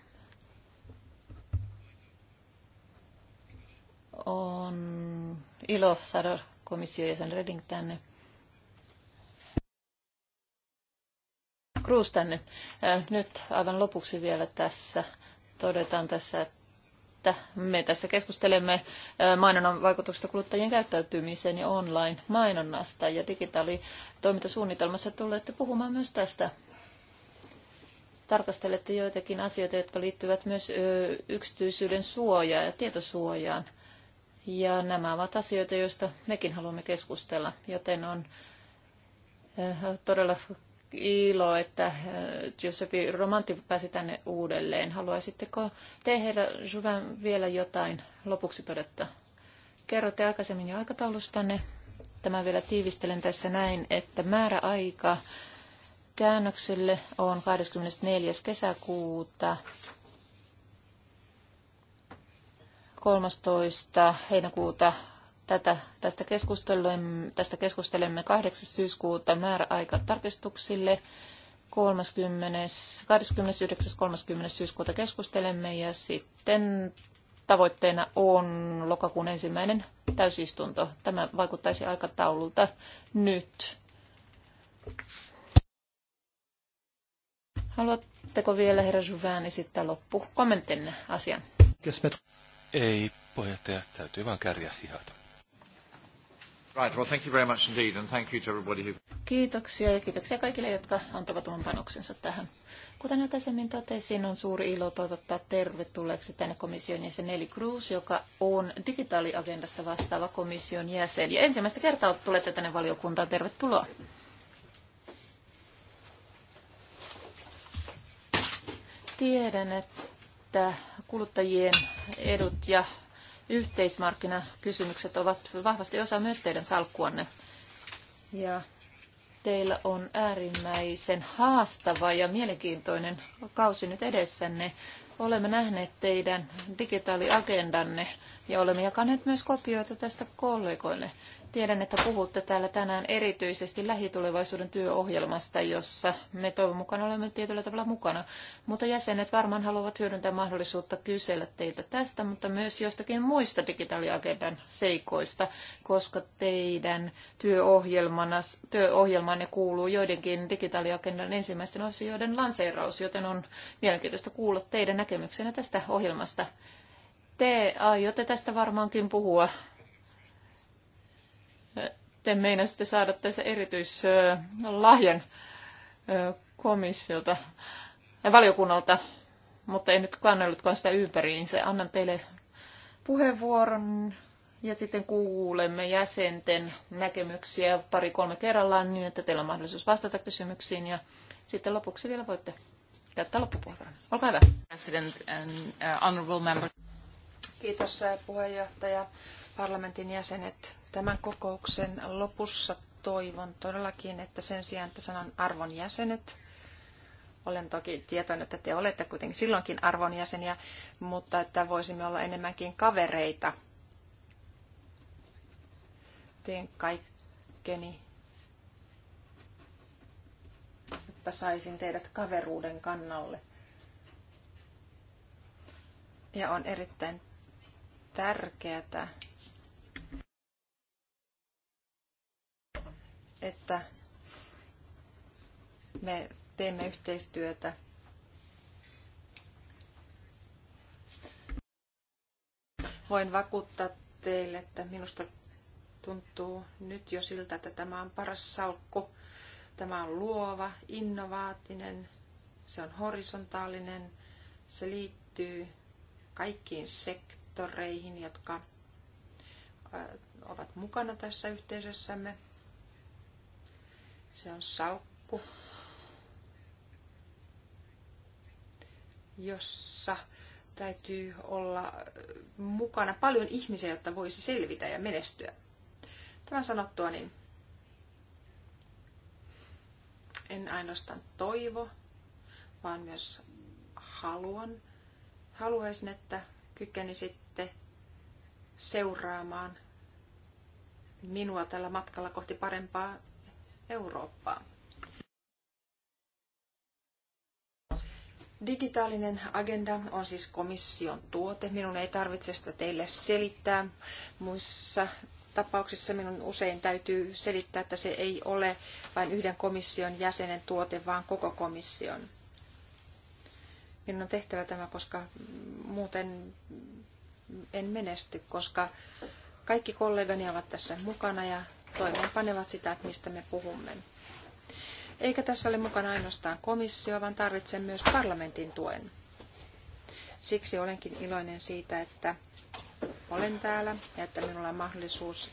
On ilo saada komission jäsen Reding tänne. Cruz tänne. Äh, nyt aivan lopuksi vielä tässä todetaan tässä, että että me tässä keskustelemme mainonnan vaikutuksesta kuluttajien käyttäytymiseen ja online-mainonnasta ja digitaalitoimintasuunnitelmassa tulette puhumaan myös tästä. Tarkastelette joitakin asioita, jotka liittyvät myös yksityisyyden suojaan ja tietosuojaan. Ja nämä ovat asioita, joista mekin haluamme keskustella, joten on todella ilo, että äh, Giuseppe Romanti pääsi tänne uudelleen. Haluaisitteko te, herra vielä jotain lopuksi todetta? Kerrotte aikaisemmin jo aikataulustanne. Tämä vielä tiivistelen tässä näin, että määräaika käännökselle on 24. kesäkuuta 13. heinäkuuta Tätä, tästä, keskustelemme, tästä keskustelemme 8. syyskuuta määräaika tarkistuksille. 29. 30. syyskuuta keskustelemme ja sitten tavoitteena on lokakuun ensimmäinen täysistunto. Tämä vaikuttaisi aikataululta nyt. Haluatteko vielä, herra Juvään, esittää loppu kommentin asian? Ei, puheenjohtaja, täytyy vain kärjää hihata. Right, well, thank you very much indeed, and thank you to everybody who... Kiitoksia ja kiitoksia kaikille, jotka antavat oman panoksensa tähän. Kuten aikaisemmin totesin, on suuri ilo toivottaa tervetulleeksi tänne komission jäsen Nelly Cruz, joka on digitaaliagendasta vastaava komission jäsen. Ja ensimmäistä kertaa tulette tänne valiokuntaan. Tervetuloa. Tiedän, että kuluttajien edut ja yhteismarkkinakysymykset ovat vahvasti osa myös teidän salkkuanne. Ja teillä on äärimmäisen haastava ja mielenkiintoinen kausi nyt edessänne. Olemme nähneet teidän digitaaliagendanne ja olemme jakaneet myös kopioita tästä kollegoille. Tiedän, että puhutte täällä tänään erityisesti lähitulevaisuuden työohjelmasta, jossa me toivon mukaan olemme tietyllä tavalla mukana. Mutta jäsenet varmaan haluavat hyödyntää mahdollisuutta kysellä teiltä tästä, mutta myös jostakin muista digitaaliagendan seikoista, koska teidän työohjelmanne kuuluu joidenkin digitaaliagendan ensimmäisten osioiden lanseeraus, joten on mielenkiintoista kuulla teidän näkemyksenne tästä ohjelmasta. Te aiotte tästä varmaankin puhua te meinasitte saada tässä erityislahjan komissiolta ja äh, valiokunnalta, mutta en nyt kannellutkaan sitä se Annan teille puheenvuoron ja sitten kuulemme jäsenten näkemyksiä pari-kolme kerrallaan niin, että teillä on mahdollisuus vastata kysymyksiin ja sitten lopuksi vielä voitte käyttää loppupuheenvuoron. Olkaa hyvä. President and, uh, honorable member. Kiitos äh, puheenjohtaja parlamentin jäsenet, tämän kokouksen lopussa toivon todellakin, että sen sijaan, että sanon arvon jäsenet, olen toki tietoinen, että te olette kuitenkin silloinkin arvon jäseniä, mutta että voisimme olla enemmänkin kavereita. Teen kaikkeni, että saisin teidät kaveruuden kannalle. Ja on erittäin tärkeää, että me teemme yhteistyötä Voin vakuuttaa teille, että minusta tuntuu nyt jo siltä, että tämä on paras salkku. Tämä on luova, innovaatinen, se on horisontaalinen, se liittyy kaikkiin sektoreihin, jotka ovat mukana tässä yhteisössämme. Se on salkku, jossa täytyy olla mukana paljon ihmisiä, jotta voisi selvitä ja menestyä. Tämän sanottua, niin en ainoastaan toivo, vaan myös haluan. Haluaisin, että sitten seuraamaan minua tällä matkalla kohti parempaa Eurooppaa. Digitaalinen agenda on siis komission tuote. Minun ei tarvitse sitä teille selittää. Muissa tapauksissa minun usein täytyy selittää, että se ei ole vain yhden komission jäsenen tuote, vaan koko komission. Minun on tehtävä tämä, koska muuten en menesty, koska kaikki kollegani ovat tässä mukana ja toimeenpanevat sitä, mistä me puhumme. Eikä tässä ole mukana ainoastaan komissio, vaan tarvitsen myös parlamentin tuen. Siksi olenkin iloinen siitä, että olen täällä ja että minulla on mahdollisuus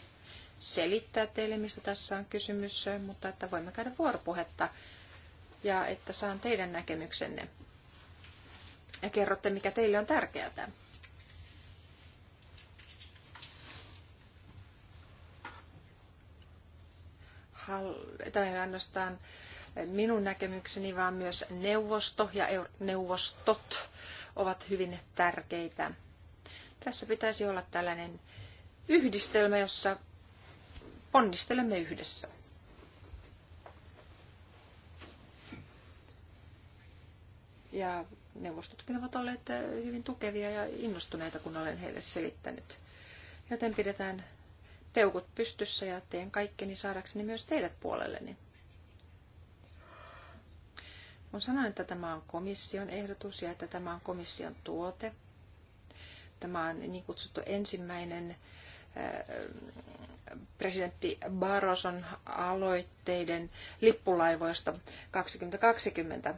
selittää teille, mistä tässä on kysymys, mutta että voimme käydä vuoropuhetta ja että saan teidän näkemyksenne ja kerrotte, mikä teille on tärkeää. tai ainoastaan minun näkemykseni, vaan myös neuvosto ja neuvostot ovat hyvin tärkeitä. Tässä pitäisi olla tällainen yhdistelmä, jossa ponnistelemme yhdessä. Ja neuvostotkin ovat olleet hyvin tukevia ja innostuneita, kun olen heille selittänyt. Joten pidetään peukut pystyssä ja teen kaikkeni saadakseni myös teidät puolelleni. Kun sanoin, että tämä on komission ehdotus ja että tämä on komission tuote, tämä on niin kutsuttu ensimmäinen äh, presidentti Baroson aloitteiden lippulaivoista 2020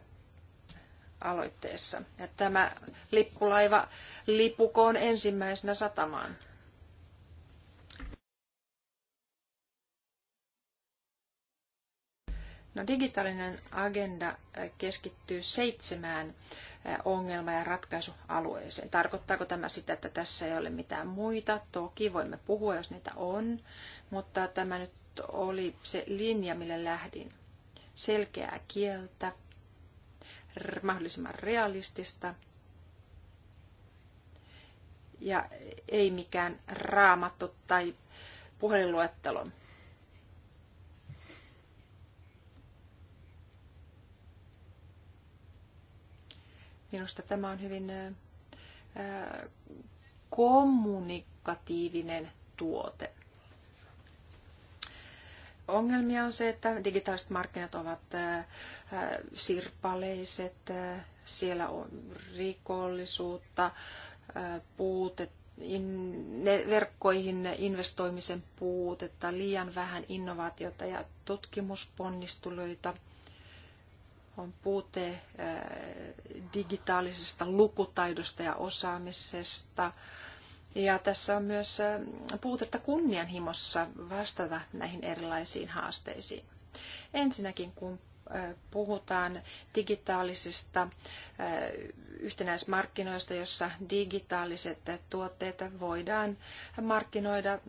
aloitteessa. Ja tämä lippulaiva lipukoon ensimmäisenä satamaan. No, digitaalinen agenda äh, keskittyy seitsemään äh, ongelma- ja ratkaisualueeseen. Tarkoittaako tämä sitä, että tässä ei ole mitään muita? Toki voimme puhua, jos niitä on, mutta tämä nyt oli se linja, millä lähdin. Selkeää kieltä, mahdollisimman realistista ja ei mikään raamattu tai puhelinluettelo. Minusta tämä on hyvin kommunikatiivinen tuote. Ongelmia on se, että digitaaliset markkinat ovat sirpaleiset, siellä on rikollisuutta, puutetta verkkoihin investoimisen puutetta, liian vähän innovaatiota ja tutkimusponnisteluita on puute äh, digitaalisesta lukutaidosta ja osaamisesta. Ja tässä on myös äh, puutetta kunnianhimossa vastata näihin erilaisiin haasteisiin. Ensinnäkin kun äh, puhutaan digitaalisista yhtenäismarkkinoista, jossa digitaaliset tuotteet voidaan markkinoida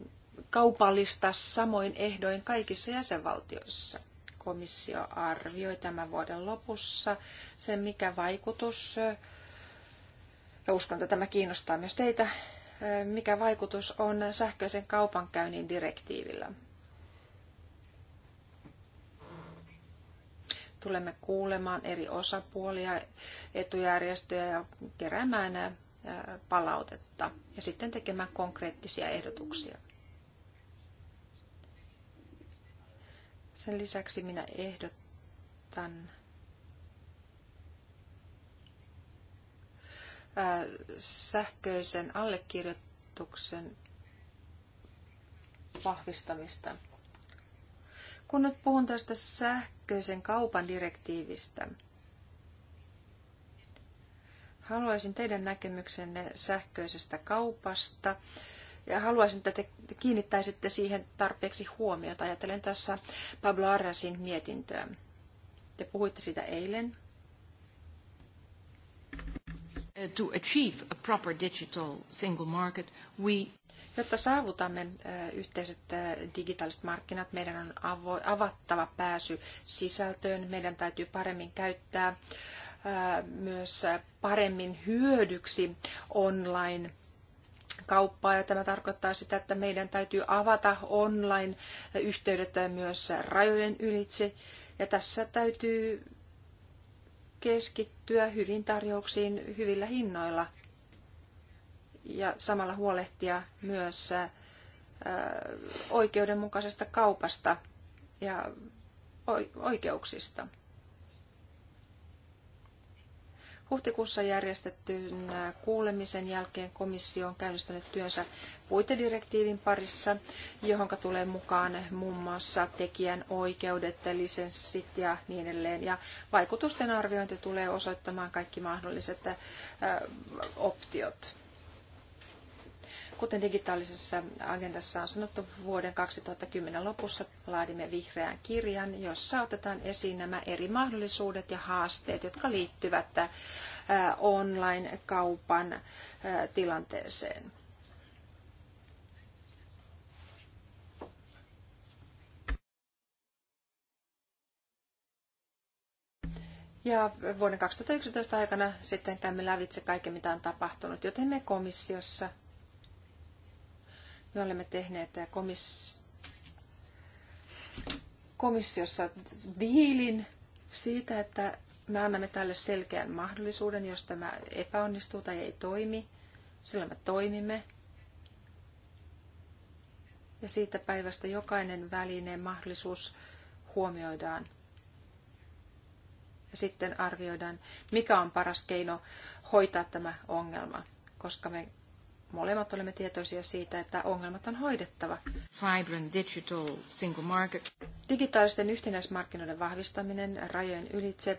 kaupallista samoin ehdoin kaikissa jäsenvaltioissa komissio arvioi tämän vuoden lopussa sen, mikä vaikutus, ja uskon, että tämä kiinnostaa myös teitä, mikä vaikutus on sähköisen kaupankäynnin direktiivillä. Tulemme kuulemaan eri osapuolia, etujärjestöjä ja keräämään palautetta ja sitten tekemään konkreettisia ehdotuksia. Sen lisäksi minä ehdotan sähköisen allekirjoituksen vahvistamista. Kun nyt puhun tästä sähköisen kaupan direktiivistä, haluaisin teidän näkemyksenne sähköisestä kaupasta ja haluaisin, että te kiinnittäisitte siihen tarpeeksi huomiota. Ajattelen tässä Pablo Arrasin mietintöä. Te puhuitte sitä eilen. Uh, to achieve a proper digital single market, we Jotta saavutamme uh, yhteiset uh, digitaaliset markkinat, meidän on avattava pääsy sisältöön. Meidän täytyy paremmin käyttää myös paremmin hyödyksi online kauppaa ja tämä tarkoittaa sitä, että meidän täytyy avata online-yhteydet myös rajojen ylitse. Ja tässä täytyy keskittyä hyvin tarjouksiin hyvillä hinnoilla ja samalla huolehtia myös oikeudenmukaisesta kaupasta ja oikeuksista. Huhtikuussa järjestetyn kuulemisen jälkeen komissio on käynnistänyt työnsä puitedirektiivin parissa, johon tulee mukaan muun muassa tekijän oikeudet, lisenssit ja niin edelleen. Ja vaikutusten arviointi tulee osoittamaan kaikki mahdolliset optiot. Kuten digitaalisessa agendassa on sanottu, vuoden 2010 lopussa laadimme vihreän kirjan, jossa otetaan esiin nämä eri mahdollisuudet ja haasteet, jotka liittyvät äh, online-kaupan äh, tilanteeseen. Ja vuoden 2011 aikana sitten käymme lävitse kaiken, mitä on tapahtunut, joten me komissiossa me olemme tehneet äh, komis- komissiossa diilin siitä, että me annamme tälle selkeän mahdollisuuden, jos tämä epäonnistuu tai ei toimi. Silloin me toimimme. Ja siitä päivästä jokainen välineen mahdollisuus huomioidaan. Ja sitten arvioidaan, mikä on paras keino hoitaa tämä ongelma, koska me molemmat olemme tietoisia siitä, että ongelmat on hoidettava. digital single market. Digitaalisten yhtenäismarkkinoiden vahvistaminen rajojen ylitse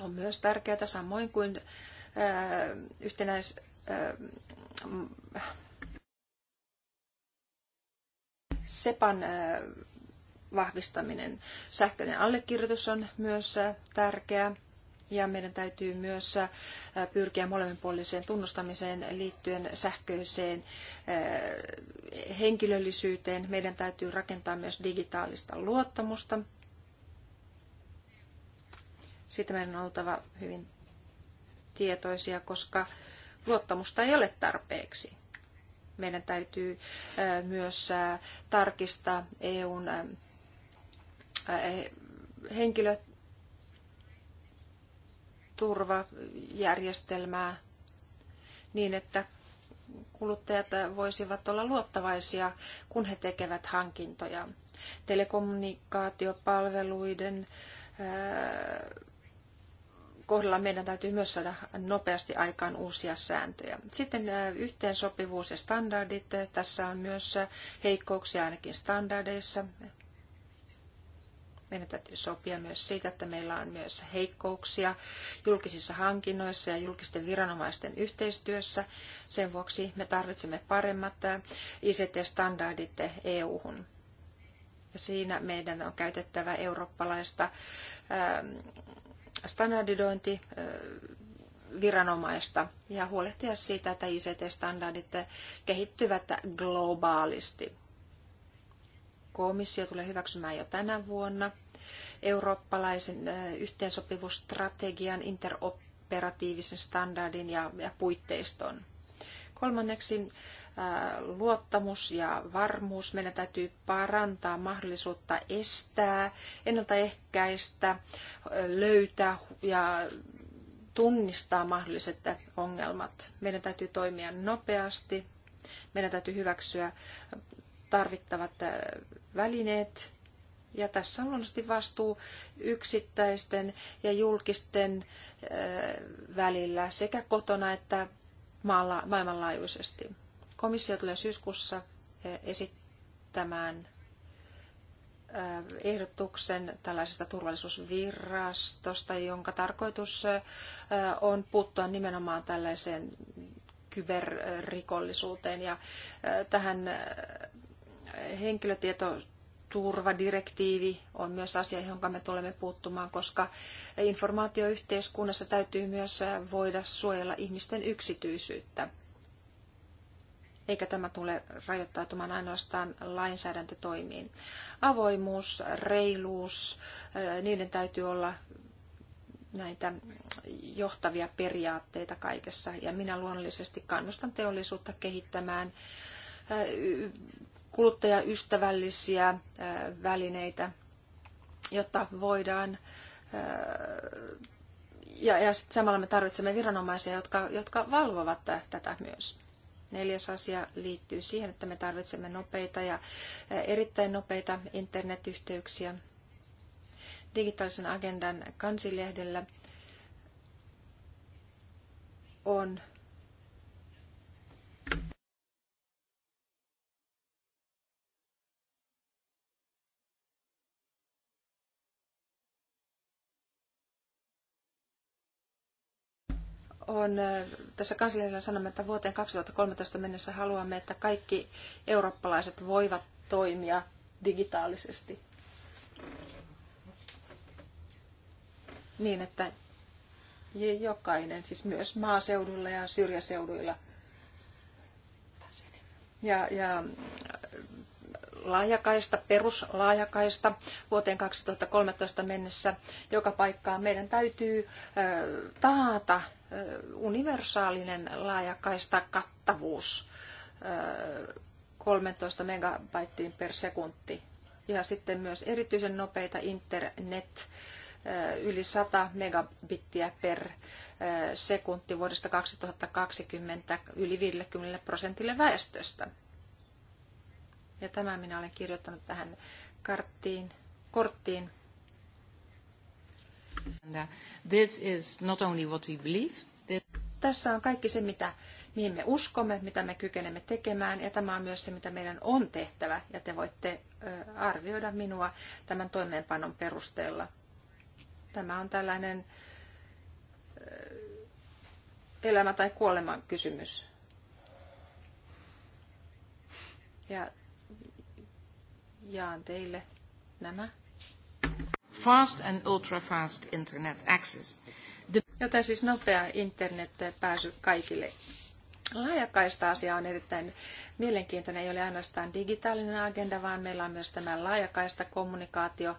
on myös tärkeää, samoin kuin ää, yhtenäis, ää, SEPAN ää, vahvistaminen. Sähköinen allekirjoitus on myös tärkeä ja meidän täytyy myös äh, pyrkiä molemminpuoliseen tunnustamiseen liittyen sähköiseen äh, henkilöllisyyteen. Meidän täytyy rakentaa myös digitaalista luottamusta. Siitä meidän on oltava hyvin tietoisia, koska luottamusta ei ole tarpeeksi. Meidän täytyy äh, myös tarkistaa EUn henkilöt turvajärjestelmää niin, että kuluttajat voisivat olla luottavaisia, kun he tekevät hankintoja. Telekommunikaatiopalveluiden äh, kohdalla meidän täytyy myös saada nopeasti aikaan uusia sääntöjä. Sitten äh, yhteensopivuus ja standardit. Tässä on myös heikkouksia ainakin standardeissa. Meidän täytyy sopia myös siitä, että meillä on myös heikkouksia julkisissa hankinnoissa ja julkisten viranomaisten yhteistyössä. Sen vuoksi me tarvitsemme paremmat ICT-standardit EU-hun. Ja siinä meidän on käytettävä eurooppalaista standardidointi viranomaista ja huolehtia siitä, että ICT-standardit kehittyvät globaalisti. Komissio tulee hyväksymään jo tänä vuonna eurooppalaisen yhteensopivuusstrategian, interoperatiivisen standardin ja, ja puitteiston. Kolmanneksi luottamus ja varmuus. Meidän täytyy parantaa mahdollisuutta estää, ennaltaehkäistä, löytää ja tunnistaa mahdolliset ongelmat. Meidän täytyy toimia nopeasti. Meidän täytyy hyväksyä tarvittavat välineet ja tässä on luonnollisesti vastuu yksittäisten ja julkisten äh, välillä sekä kotona että maalla, maailmanlaajuisesti. Komissio tulee syyskuussa äh, esittämään äh, ehdotuksen tällaisesta turvallisuusvirastosta, jonka tarkoitus on puuttua nimenomaan tällaiseen kyberrikollisuuteen ja tähän henkilötieto tietoturvadirektiivi on myös asia, jonka me tulemme puuttumaan, koska informaatioyhteiskunnassa täytyy myös voida suojella ihmisten yksityisyyttä. Eikä tämä tule rajoittautumaan ainoastaan lainsäädäntötoimiin. Avoimuus, reiluus, niiden täytyy olla näitä johtavia periaatteita kaikessa. Ja minä luonnollisesti kannustan teollisuutta kehittämään kuluttajaystävällisiä äh, välineitä, jotta voidaan äh, ja, ja sit samalla me tarvitsemme viranomaisia, jotka, jotka valvovat äh, tätä myös. Neljäs asia liittyy siihen, että me tarvitsemme nopeita ja erittäin nopeita internetyhteyksiä. Digitaalisen agendan kansilehdellä on on tässä kansallisella sanomme, että vuoteen 2013 mennessä haluamme, että kaikki eurooppalaiset voivat toimia digitaalisesti. Niin, että jokainen, siis myös maaseudulla ja syrjäseuduilla. Ja, ja laajakaista, peruslaajakaista vuoteen 2013 mennessä joka paikkaan. Meidän täytyy taata universaalinen laajakaista kattavuus 13 megabaittiin per sekunti. Ja sitten myös erityisen nopeita internet yli 100 megabittiä per sekunti vuodesta 2020 yli 50 prosentille väestöstä. Ja tämän minä olen kirjoittanut tähän karttiin, korttiin. Uh, this is not only what we believe, tässä on kaikki se, mitä, mihin me uskomme, mitä me kykenemme tekemään, ja tämä on myös se, mitä meidän on tehtävä, ja te voitte arvioida minua tämän toimeenpanon perusteella. Tämä on tällainen elämä tai kuoleman kysymys. Ja jaan teille nämä. Fast and ultra fast internet access. The... siis nopea internet-pääsy kaikille. Laajakaista-asia on erittäin mielenkiintoinen. Ei ole ainoastaan digitaalinen agenda, vaan meillä on myös tämä laajakaista kommunikaatio,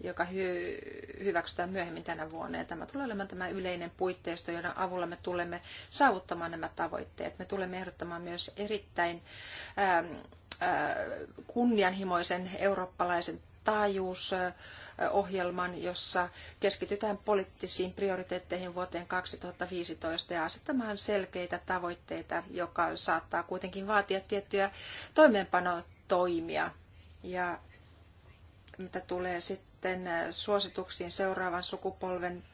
joka hy- hyväksytään myöhemmin tänä vuonna. Ja tämä tulee olemaan tämä yleinen puitteisto, jonka avulla me tulemme saavuttamaan nämä tavoitteet. Me tulemme ehdottamaan myös erittäin ähm, kunnianhimoisen eurooppalaisen taajuusohjelman, jossa keskitytään poliittisiin prioriteetteihin vuoteen 2015 ja asettamaan selkeitä tavoitteita, joka saattaa kuitenkin vaatia tiettyjä toimeenpanotoimia. Ja mitä tulee sitten suosituksiin seuraavan sukupolven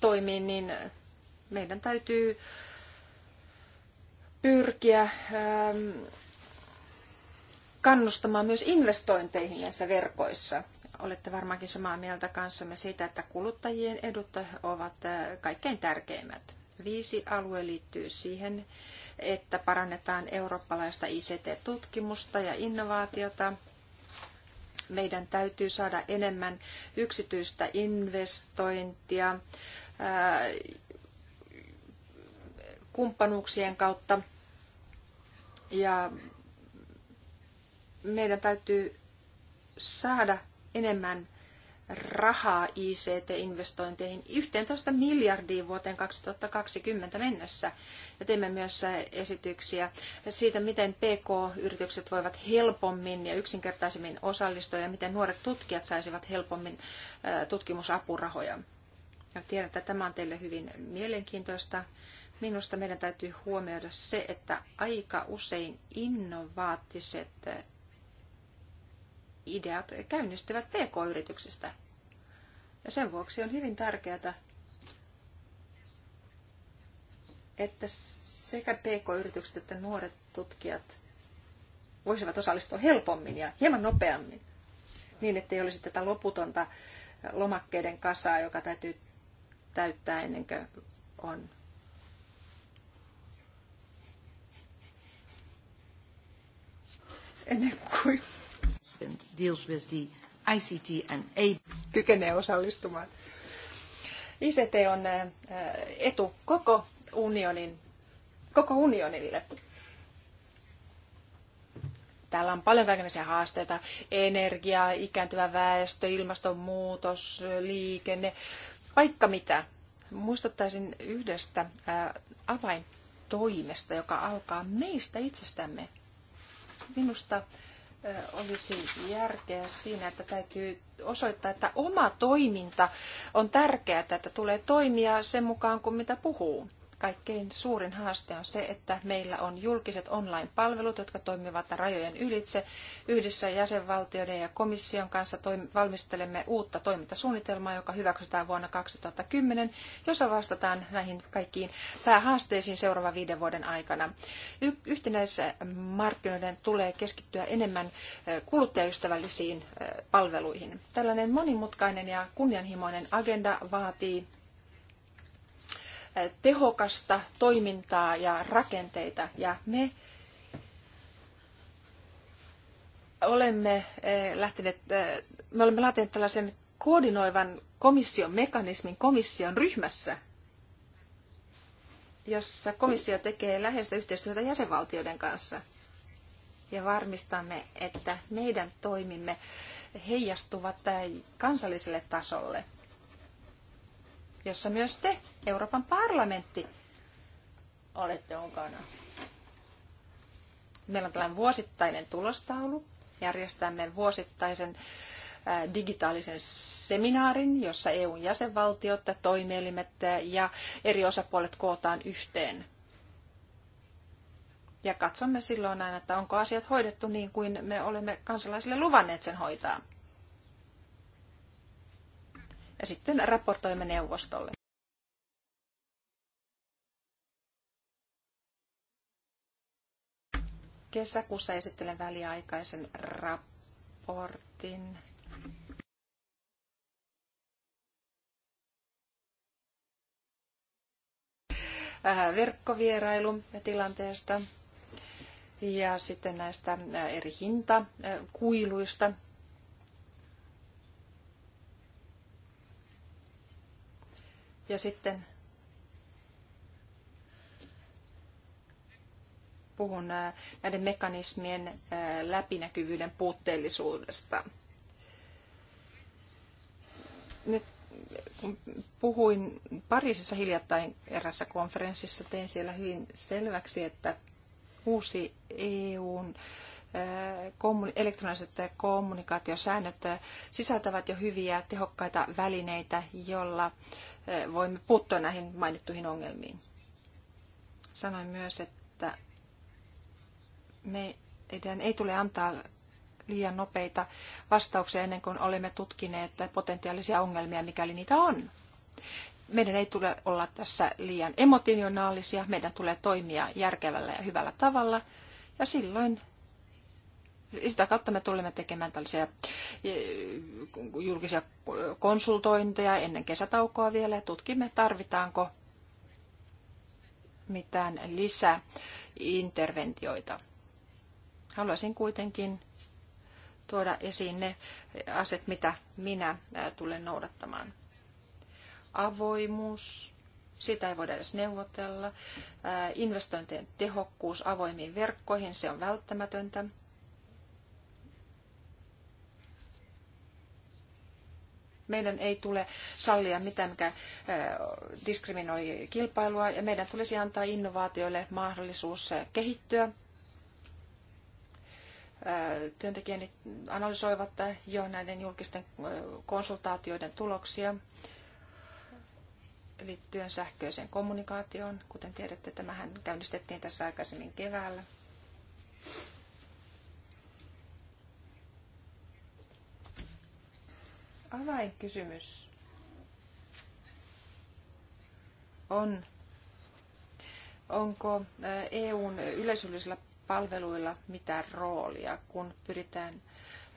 toimiin, niin meidän täytyy pyrkiä ähm, kannustamaan myös investointeihin näissä verkoissa. Olette varmaankin samaa mieltä kanssamme siitä, että kuluttajien edut ovat äh, kaikkein tärkeimmät. Viisi alue liittyy siihen, että parannetaan eurooppalaista ICT-tutkimusta ja innovaatiota. Meidän täytyy saada enemmän yksityistä investointia äh, kumppanuuksien kautta ja meidän täytyy saada enemmän rahaa ICT-investointeihin 11 miljardiin vuoteen 2020 mennessä. Ja teemme myös esityksiä siitä, miten PK-yritykset voivat helpommin ja yksinkertaisemmin osallistua ja miten nuoret tutkijat saisivat helpommin tutkimusapurahoja. Ja tiedän, että tämä on teille hyvin mielenkiintoista. Minusta meidän täytyy huomioida se, että aika usein innovaattiset eh, ideat käynnistyvät pk-yrityksistä. Ja sen vuoksi on hyvin tärkeää, että sekä pk-yritykset että nuoret tutkijat voisivat osallistua helpommin ja hieman nopeammin, niin ettei olisi tätä loputonta lomakkeiden kasaa, joka täytyy täyttää ennen kuin on deals with the ICT and A. kykenee osallistumaan. ICT on etu koko unionin, koko unionille. Täällä on paljon kaikenlaisia haasteita. Energia, ikääntyvä väestö, ilmastonmuutos, liikenne, vaikka mitä. Muistuttaisin yhdestä avaintoimesta, joka alkaa meistä itsestämme. Minusta olisi järkeä siinä, että täytyy osoittaa, että oma toiminta on tärkeää, että tulee toimia sen mukaan kuin mitä puhuu kaikkein suurin haaste on se, että meillä on julkiset online-palvelut, jotka toimivat rajojen ylitse. Yhdessä jäsenvaltioiden ja komission kanssa valmistelemme uutta toimintasuunnitelmaa, joka hyväksytään vuonna 2010, jossa vastataan näihin kaikkiin päähaasteisiin seuraavan viiden vuoden aikana. Y- yhtenäismarkkinoiden tulee keskittyä enemmän kuluttajaystävällisiin palveluihin. Tällainen monimutkainen ja kunnianhimoinen agenda vaatii tehokasta toimintaa ja rakenteita. Ja me olemme eh, lähteneet, eh, me olemme laatineet tällaisen koordinoivan komission mekanismin komission ryhmässä, jossa komissio tekee läheistä yhteistyötä jäsenvaltioiden kanssa. Ja varmistamme, että meidän toimimme heijastuvat eh, kansalliselle tasolle jossa myös te, Euroopan parlamentti, olette mukana. Meillä on tällainen vuosittainen tulostaulu. Järjestämme vuosittaisen digitaalisen seminaarin, jossa EUn jäsenvaltiot, toimielimet ja eri osapuolet kootaan yhteen. Ja katsomme silloin aina, että onko asiat hoidettu niin kuin me olemme kansalaisille luvanneet sen hoitaa ja sitten raportoimme neuvostolle. Kesäkuussa esittelen väliaikaisen raportin äh, Verkkovierailu tilanteesta ja sitten näistä äh, eri hintakuiluista Ja sitten puhun äh, näiden mekanismien äh, läpinäkyvyyden puutteellisuudesta. Nyt kun puhuin Pariisissa hiljattain erässä konferenssissa, tein siellä hyvin selväksi, että uusi EUn äh, elektroniset kommunikaatiosäännöt sisältävät jo hyviä tehokkaita välineitä, jolla Eh, voimme puuttua näihin mainittuihin ongelmiin. Sanoin myös, että meidän ei tule antaa liian nopeita vastauksia ennen kuin olemme tutkineet potentiaalisia ongelmia, mikäli niitä on. Meidän ei tule olla tässä liian emotionaalisia, meidän tulee toimia järkevällä ja hyvällä tavalla, ja silloin sitä kautta me tulemme tekemään tällaisia eh, julkisia konsultointeja ennen kesätaukoa vielä ja tutkimme, tarvitaanko mitään lisäinterventioita. Haluaisin kuitenkin tuoda esiin ne aset, mitä minä eh, tulen noudattamaan. Avoimuus, sitä ei voida edes neuvotella. Eh, investointien tehokkuus avoimiin verkkoihin, se on välttämätöntä. Meidän ei tule sallia mitään, mikä diskriminoi kilpailua ja meidän tulisi antaa innovaatioille mahdollisuus kehittyä. Työntekijät analysoivat jo näiden julkisten konsultaatioiden tuloksia liittyen sähköiseen kommunikaatioon. Kuten tiedätte, tämähän käynnistettiin tässä aikaisemmin keväällä. avainkysymys on, onko äh, EUn yleisöllisillä palveluilla mitään roolia, kun pyritään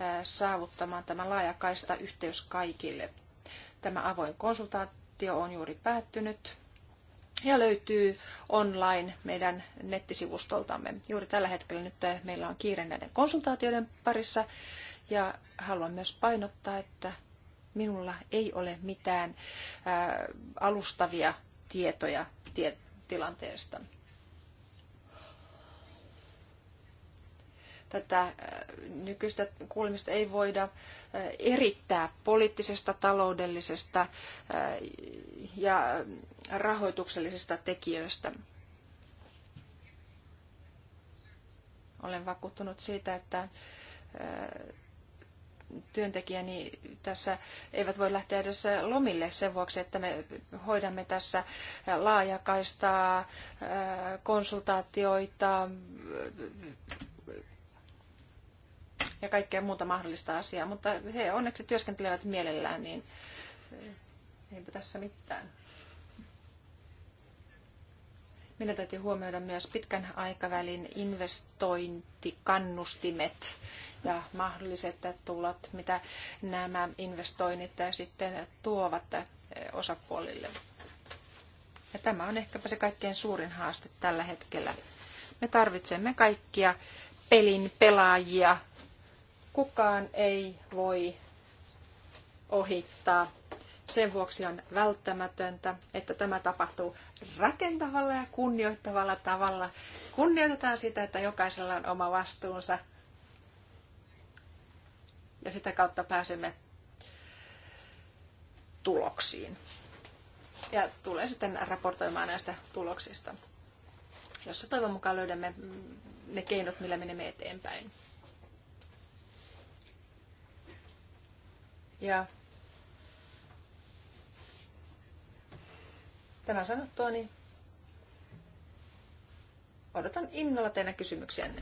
äh, saavuttamaan tämä laajakaista yhteys kaikille. Tämä avoin konsultaatio on juuri päättynyt ja löytyy online meidän nettisivustoltamme. Juuri tällä hetkellä nyt äh, meillä on kiire näiden konsultaatioiden parissa ja haluan myös painottaa, että Minulla ei ole mitään äh, alustavia tietoja tie- tilanteesta. Tätä äh, nykyistä kuulemista ei voida äh, erittää poliittisesta, taloudellisesta ja rahoituksellisista tekijöistä. Olen vakuuttunut siitä, että työntekijäni tässä eivät voi lähteä edes lomille sen vuoksi, että me hoidamme tässä laajakaistaa, äh, konsultaatioita äh, ja kaikkea muuta mahdollista asiaa, mutta he onneksi työskentelevät mielellään, niin äh, eipä tässä mitään. Meidän täytyy huomioida myös pitkän aikavälin investointikannustimet ja mahdolliset tulot, mitä nämä investoinnit sitten tuovat osapuolille. Ja tämä on ehkäpä se kaikkein suurin haaste tällä hetkellä. Me tarvitsemme kaikkia pelin pelaajia. Kukaan ei voi ohittaa. Sen vuoksi on välttämätöntä, että tämä tapahtuu rakentavalla ja kunnioittavalla tavalla. Kunnioitetaan sitä, että jokaisella on oma vastuunsa ja sitä kautta pääsemme tuloksiin. Ja tulee sitten raportoimaan näistä tuloksista, jossa toivon mukaan löydämme ne keinot, millä menemme eteenpäin. Ja Tänään sanottua, niin odotan innolla teidän kysymyksiänne.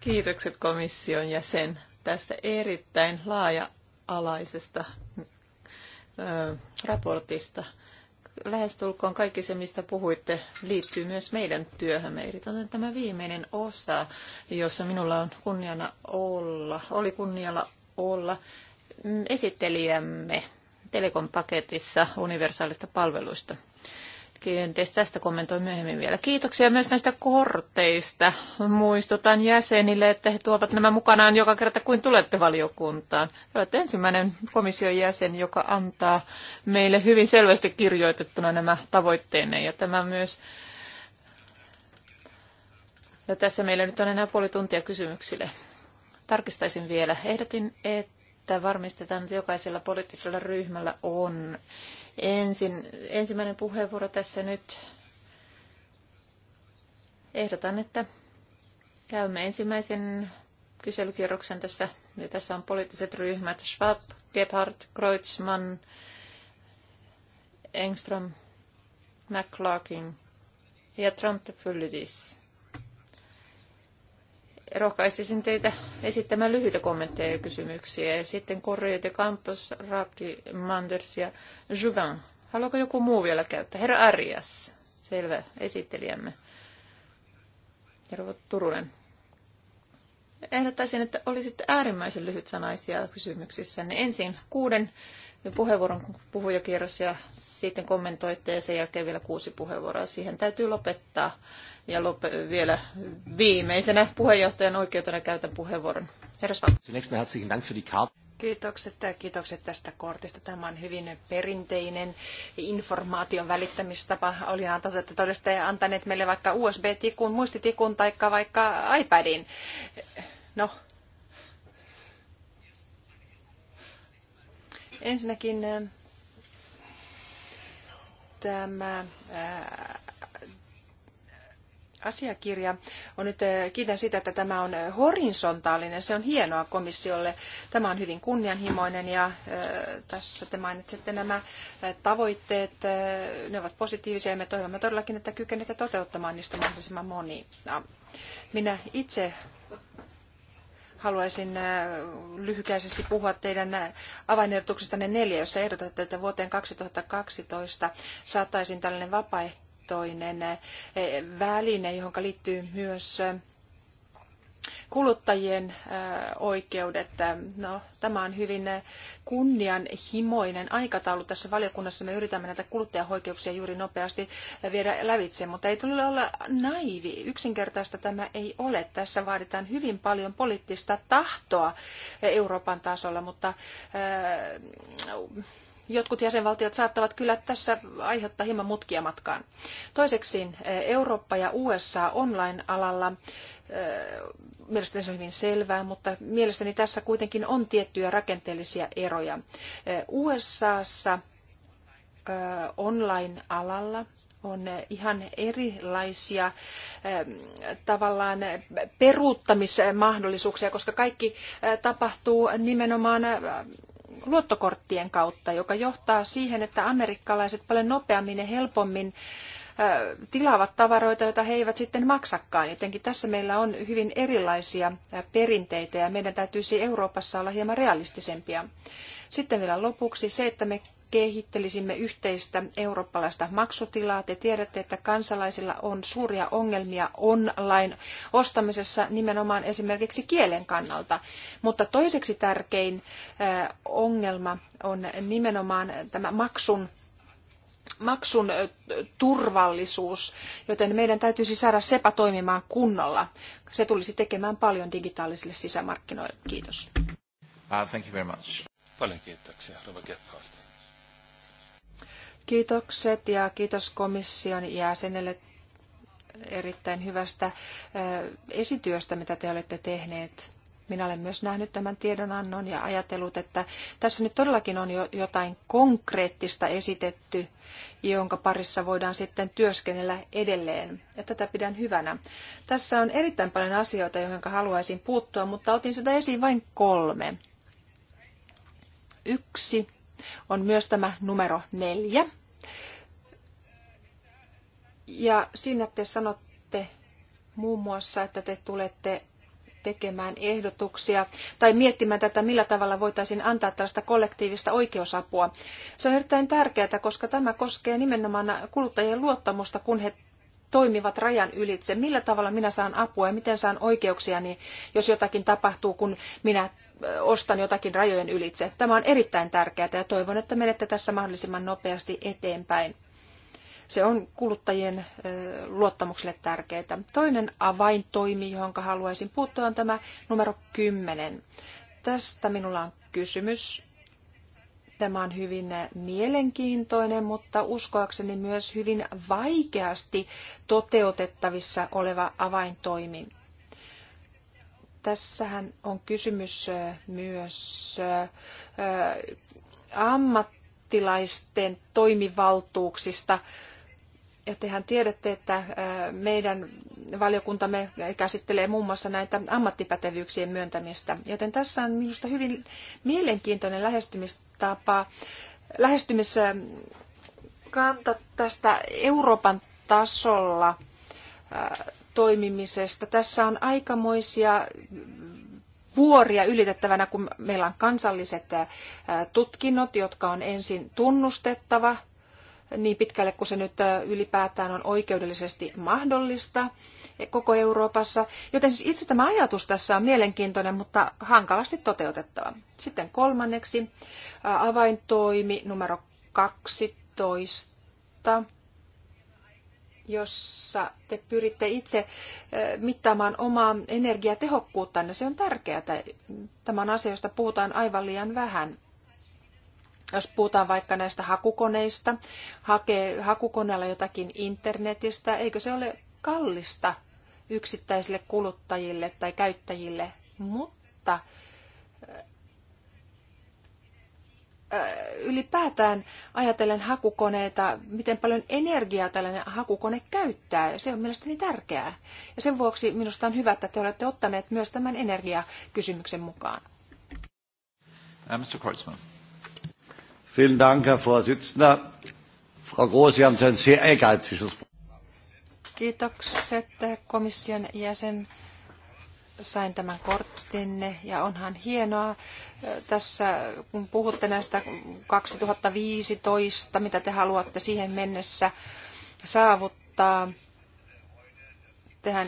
Kiitokset komission jäsen tästä erittäin laaja-alaisesta uh, raportista. Lähestulkoon kaikki se, mistä puhuitte, liittyy myös meidän työhömme. Eritoten tämä viimeinen osa, jossa minulla on kunniana olla, oli kunnialla olla esittelijämme Telekom-paketissa universaalista palveluista kenties tästä kommentoin myöhemmin vielä. Kiitoksia myös näistä korteista. Muistutan jäsenille, että he tuovat nämä mukanaan joka kerta, kuin tulette valiokuntaan. Te olette ensimmäinen komission jäsen, joka antaa meille hyvin selvästi kirjoitettuna nämä tavoitteenne. Ja tämä myös... Ja tässä meillä nyt on enää puoli tuntia kysymyksille. Tarkistaisin vielä. Ehdotin, että varmistetaan, että jokaisella poliittisella ryhmällä on Ensin, ensimmäinen puheenvuoro tässä nyt. Ehdotan, että käymme ensimmäisen kyselykierroksen tässä. Ja tässä on poliittiset ryhmät Schwab, Gebhardt, Kreutzmann, Engström, McClarkin ja Trump Fyllidis rohkaisisin teitä esittämään lyhyitä kommentteja ja kysymyksiä. Ja sitten Correa de Campos, Rapti, Manders ja Juvin. Haluaako joku muu vielä käyttää? Herra Arias, selvä, esittelijämme. Tervo Turunen. Ehdottaisin, että olisitte äärimmäisen lyhytsanaisia kysymyksissänne. Ensin kuuden puheenvuoron puhujakierros ja sitten kommentoitte ja sen jälkeen vielä kuusi puheenvuoroa. Siihen täytyy lopettaa. Ja lop- vielä viimeisenä puheenjohtajan oikeutena käytän puheenvuoron. Herra Kiitokset ja kiitokset tästä kortista. Tämä on hyvin perinteinen informaation välittämistapa. Oli että todiste antaneet meille vaikka USB-tikun, muistitikun tai vaikka iPadin. No, Ensinnäkin äh, tämä äh, asiakirja on nyt, äh, kiitän sitä, että tämä on horisontaalinen, se on hienoa komissiolle. Tämä on hyvin kunnianhimoinen ja tässä te mainitsette nämä tavoitteet, ne ovat positiivisia ja me toivomme todellakin, että kykenette toteuttamaan niistä mahdollisimman monia. Minä itse haluaisin äh, lyhykäisesti puhua teidän äh, avainehdotuksestanne neljä, jossa ehdotatte, että vuoteen 2012 saataisiin tällainen vapaaehtoinen äh, väline, johon liittyy myös kuluttajien äh, oikeudet. No, tämä on hyvin äh, kunnianhimoinen aikataulu tässä valiokunnassa. Me yritämme näitä kuluttajahoikeuksia juuri nopeasti äh, viedä lävitse, mutta ei tule olla naivi. Yksinkertaista tämä ei ole. Tässä vaaditaan hyvin paljon poliittista tahtoa Euroopan tasolla, mutta äh, jotkut jäsenvaltiot saattavat kyllä tässä aiheuttaa hieman mutkia matkaan. Toiseksi eh, Eurooppa ja USA online-alalla eh, mielestäni se on hyvin selvää, mutta mielestäni tässä kuitenkin on tiettyjä rakenteellisia eroja. Eh, USAssa online-alalla on ihan erilaisia tavallaan peruuttamismahdollisuuksia, koska kaikki tapahtuu nimenomaan luottokorttien kautta, joka johtaa siihen, että amerikkalaiset paljon nopeammin ja helpommin tilaavat tavaroita, joita he eivät sitten maksakaan. Jotenkin tässä meillä on hyvin erilaisia perinteitä ja meidän täytyisi Euroopassa olla hieman realistisempia. Sitten vielä lopuksi se, että me kehittelisimme yhteistä eurooppalaista maksutilaa. Te tiedätte, että kansalaisilla on suuria ongelmia online ostamisessa nimenomaan esimerkiksi kielen kannalta. Mutta toiseksi tärkein ongelma on nimenomaan tämä maksun maksun turvallisuus, joten meidän täytyisi saada SEPA toimimaan kunnolla. Se tulisi tekemään paljon digitaalisille sisämarkkinoille. Kiitos. Uh, thank you very much. Paljon kiitoksia, Kiitokset ja kiitos komission jäsenelle erittäin hyvästä esityöstä, mitä te olette tehneet minä olen myös nähnyt tämän tiedonannon ja ajatellut, että tässä nyt todellakin on jo jotain konkreettista esitetty, jonka parissa voidaan sitten työskennellä edelleen. Ja tätä pidän hyvänä. Tässä on erittäin paljon asioita, joihin haluaisin puuttua, mutta otin sitä esiin vain kolme. Yksi on myös tämä numero neljä. Ja siinä te sanotte muun muassa, että te tulette tekemään ehdotuksia tai miettimään tätä, millä tavalla voitaisiin antaa tällaista kollektiivista oikeusapua. Se on erittäin tärkeää, koska tämä koskee nimenomaan kuluttajien luottamusta, kun he toimivat rajan ylitse. Millä tavalla minä saan apua ja miten saan oikeuksiani, niin jos jotakin tapahtuu, kun minä ostan jotakin rajojen ylitse. Tämä on erittäin tärkeää ja toivon, että menette tässä mahdollisimman nopeasti eteenpäin. Se on kuluttajien luottamukselle tärkeää. Toinen avaintoimi, johon haluaisin puuttua, on tämä numero 10. Tästä minulla on kysymys. Tämä on hyvin mielenkiintoinen, mutta uskoakseni myös hyvin vaikeasti toteutettavissa oleva avaintoimi. Tässähän on kysymys myös ammattilaisten toimivaltuuksista ja tehän tiedätte, että äh, meidän valiokuntamme käsittelee muun muassa näitä ammattipätevyyksien myöntämistä. Joten tässä on minusta hyvin mielenkiintoinen lähestymistapa, lähestymiskanta tästä Euroopan tasolla äh, toimimisesta. Tässä on aikamoisia vuoria ylitettävänä, kun meillä on kansalliset äh, tutkinnot, jotka on ensin tunnustettava niin pitkälle kuin se nyt ylipäätään on oikeudellisesti mahdollista koko Euroopassa. Joten siis itse tämä ajatus tässä on mielenkiintoinen, mutta hankalasti toteutettava. Sitten kolmanneksi avaintoimi numero 12, jossa te pyritte itse mittaamaan omaa energiatehokkuuttanne. Se on tärkeää. Tämä on asia, josta puhutaan aivan liian vähän jos puhutaan vaikka näistä hakukoneista, hakee hakukoneella jotakin internetistä, eikö se ole kallista yksittäisille kuluttajille tai käyttäjille, mutta ylipäätään ajatellen hakukoneita, miten paljon energiaa tällainen hakukone käyttää, se on mielestäni tärkeää. Ja sen vuoksi minusta on hyvä, että te olette ottaneet myös tämän energiakysymyksen mukaan. Uh, Mr. Kreutzmann. Vielen Dank, Herr Vorsitzender. Frau Groß, Sie haben ein sehr ehrgeiziges Kiitokset komission jäsen. Sain tämän korttinne ja onhan hienoa äh, tässä, kun puhutte näistä 2015, mitä te haluatte siihen mennessä saavuttaa. Tehän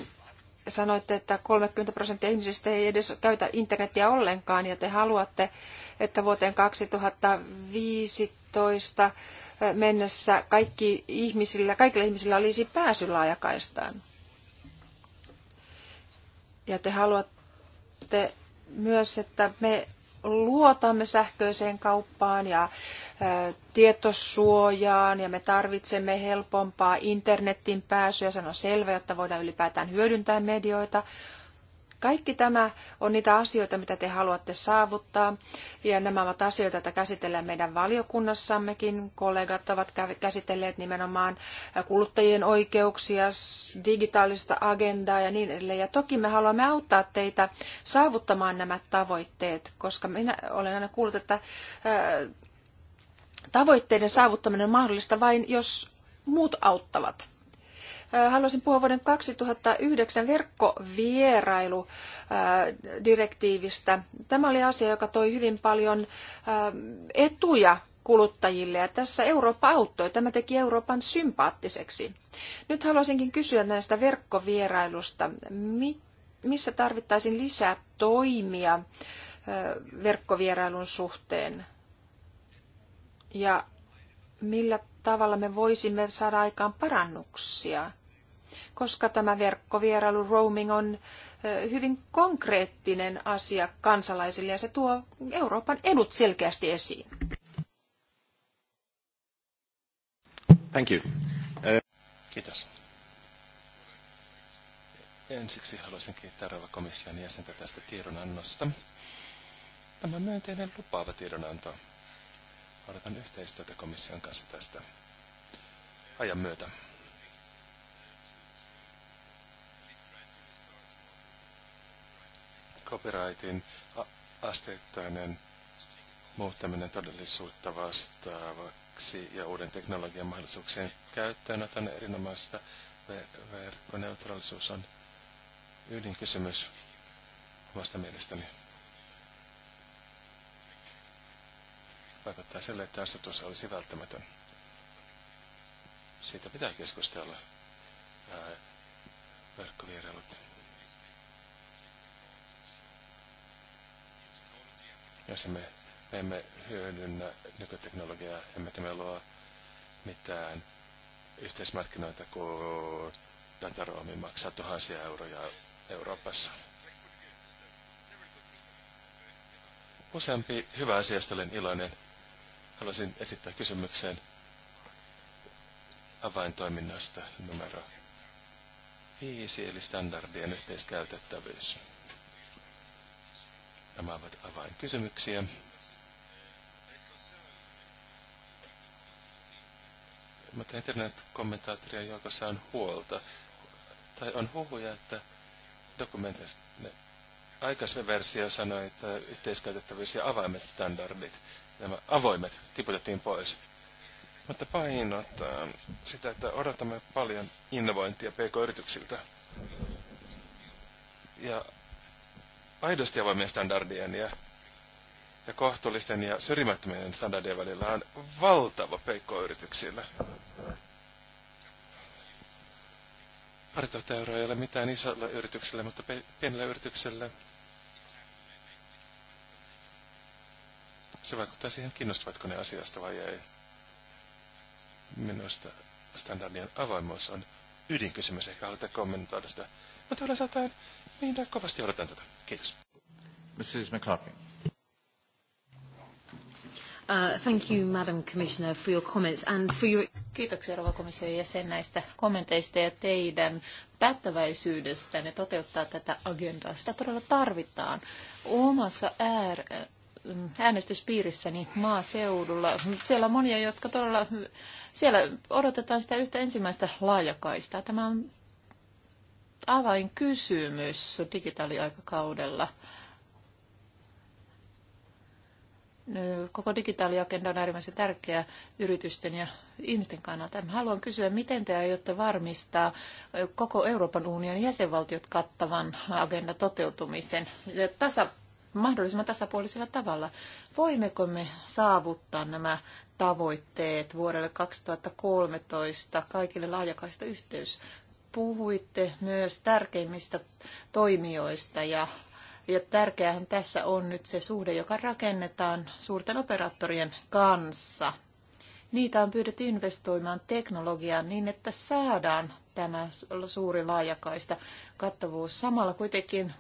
sanoitte, että 30 prosenttia ihmisistä ei edes käytä internetiä ollenkaan ja te haluatte, että vuoteen 2015 mennessä kaikki ihmisillä, kaikilla ihmisillä olisi pääsy laajakaistaan. Ja te haluatte myös, että me luotamme sähköiseen kauppaan ja tietosuojaan ja me tarvitsemme helpompaa internetin pääsyä, se on selvä, jotta voidaan ylipäätään hyödyntää medioita, kaikki tämä on niitä asioita, mitä te haluatte saavuttaa, ja nämä ovat asioita, joita käsitellään meidän valiokunnassammekin. Kollegat ovat käsitelleet nimenomaan kuluttajien oikeuksia, digitaalista agendaa ja niin edelleen. Ja toki me haluamme auttaa teitä saavuttamaan nämä tavoitteet, koska minä olen aina kuullut, että tavoitteiden saavuttaminen on mahdollista vain, jos muut auttavat. Haluaisin puhua vuoden 2009 verkkovierailudirektiivistä. Äh, Tämä oli asia, joka toi hyvin paljon äh, etuja kuluttajille ja tässä Eurooppa auttoi. Tämä teki Euroopan sympaattiseksi. Nyt haluaisinkin kysyä näistä verkkovierailusta. missä tarvittaisiin lisää toimia äh, verkkovierailun suhteen? Ja millä tavalla me voisimme saada aikaan parannuksia? koska tämä verkkovierailu roaming on hyvin konkreettinen asia kansalaisille ja se tuo Euroopan edut selkeästi esiin. Thank you. Kiitos. Ensiksi haluaisin kiittää Rova komission jäsentä tästä tiedonannosta. Tämä on myönteinen lupaava tiedonanto. Odotan yhteistyötä komission kanssa tästä ajan myötä. copyrightin asteittainen muuttaminen todellisuutta vastaavaksi ja uuden teknologian mahdollisuuksien on erinomaista verkkoneutraalisuus on ydinkysymys omasta mielestäni. Vaikuttaa sille, että asetus olisi välttämätön. Siitä pitää keskustella verkkovierailut jos me, me emme hyödynnä nykyteknologiaa, emmekä me luo mitään yhteismarkkinoita, kun dataroomi maksaa tuhansia euroja Euroopassa. Useampi hyvä asiasta olen iloinen. Haluaisin esittää kysymyksen avaintoiminnasta numero viisi, eli standardien yhteiskäytettävyys. Nämä ovat avainkysymyksiä. Mutta internet kommentaattoria joukossa on huolta. Tai on huhuja, että dokumentissa aikaisemmin versio sanoi, että yhteiskäytettävyys ja avaimet standardit, nämä avoimet, tiputettiin pois. Mutta painottaa sitä, että odotamme paljon innovointia pk-yrityksiltä. Ja aidosti avoimien standardien ja, ja kohtuullisten ja syrjimättömien standardien välillä on valtava peikko yrityksillä. Pari tuhatta euroa ei ole mitään isolla yrityksellä, mutta pe- yrityksellä se vaikuttaa siihen, kiinnostavatko ne asiasta vai ei. Minusta standardien avoimuus on ydinkysymys, ehkä haluatte kommentoida sitä. Mutta yleensä jotain, niin kovasti odotan tätä case. Mrs. McLaughlin. Uh, thank you, Madam Commissioner, for your comments and for your... Kiitoksia rouva komission jäsen näistä kommenteista ja teidän päättäväisyydestä ne toteuttaa tätä agendaa. Sitä todella tarvitaan. Omassa äär, äh, äänestyspiirissäni maaseudulla. Siellä on monia, jotka todella, siellä odotetaan sitä yhtä ensimmäistä laajakaista. Tämä on avainkysymys digitaaliaikakaudella. Koko digitaaliagenda on äärimmäisen tärkeä yritysten ja ihmisten kannalta. Haluan kysyä, miten te aiotte varmistaa koko Euroopan unionin jäsenvaltiot kattavan agendan toteutumisen tasa, mahdollisimman tasapuolisella tavalla? Voimmeko me saavuttaa nämä tavoitteet vuodelle 2013 kaikille laajakaista yhteys puhuitte myös tärkeimmistä toimijoista ja ja tärkeähän tässä on nyt se suhde, joka rakennetaan suurten operaattorien kanssa. Niitä on pyydetty investoimaan teknologiaan niin, että saadaan tämä suuri laajakaista kattavuus. Samalla kuitenkin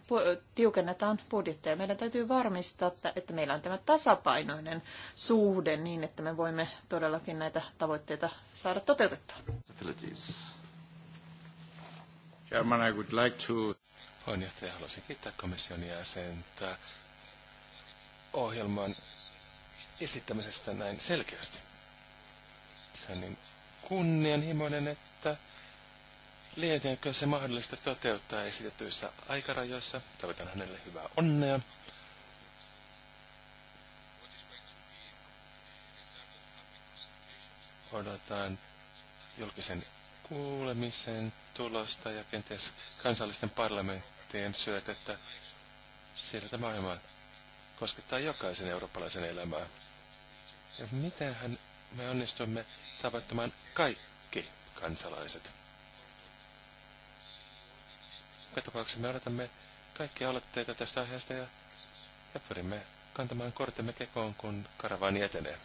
tiukennetaan budjetteja. Meidän täytyy varmistaa, että meillä on tämä tasapainoinen suhde niin, että me voimme todellakin näitä tavoitteita saada toteutettua. Chairman, I would like to... Puheenjohtaja, haluaisin kiittää komission jäsentä ohjelman esittämisestä näin selkeästi. Se on niin kunnianhimoinen, että lieneekö se mahdollista toteuttaa esitetyissä aikarajoissa. Toivotan hänelle hyvää onnea. Odotan julkisen kuulemisen tulosta ja kenties kansallisten parlamenttien syötettä. Siellä tämä ohjelma koskettaa jokaisen eurooppalaisen elämää. Ja mitenhän me onnistumme tavoittamaan kaikki kansalaiset? tapauksessa me odotamme kaikkia aloitteita tästä aiheesta ja, ja pyrimme kantamaan kortemme kekoon, kun karavaani etenee.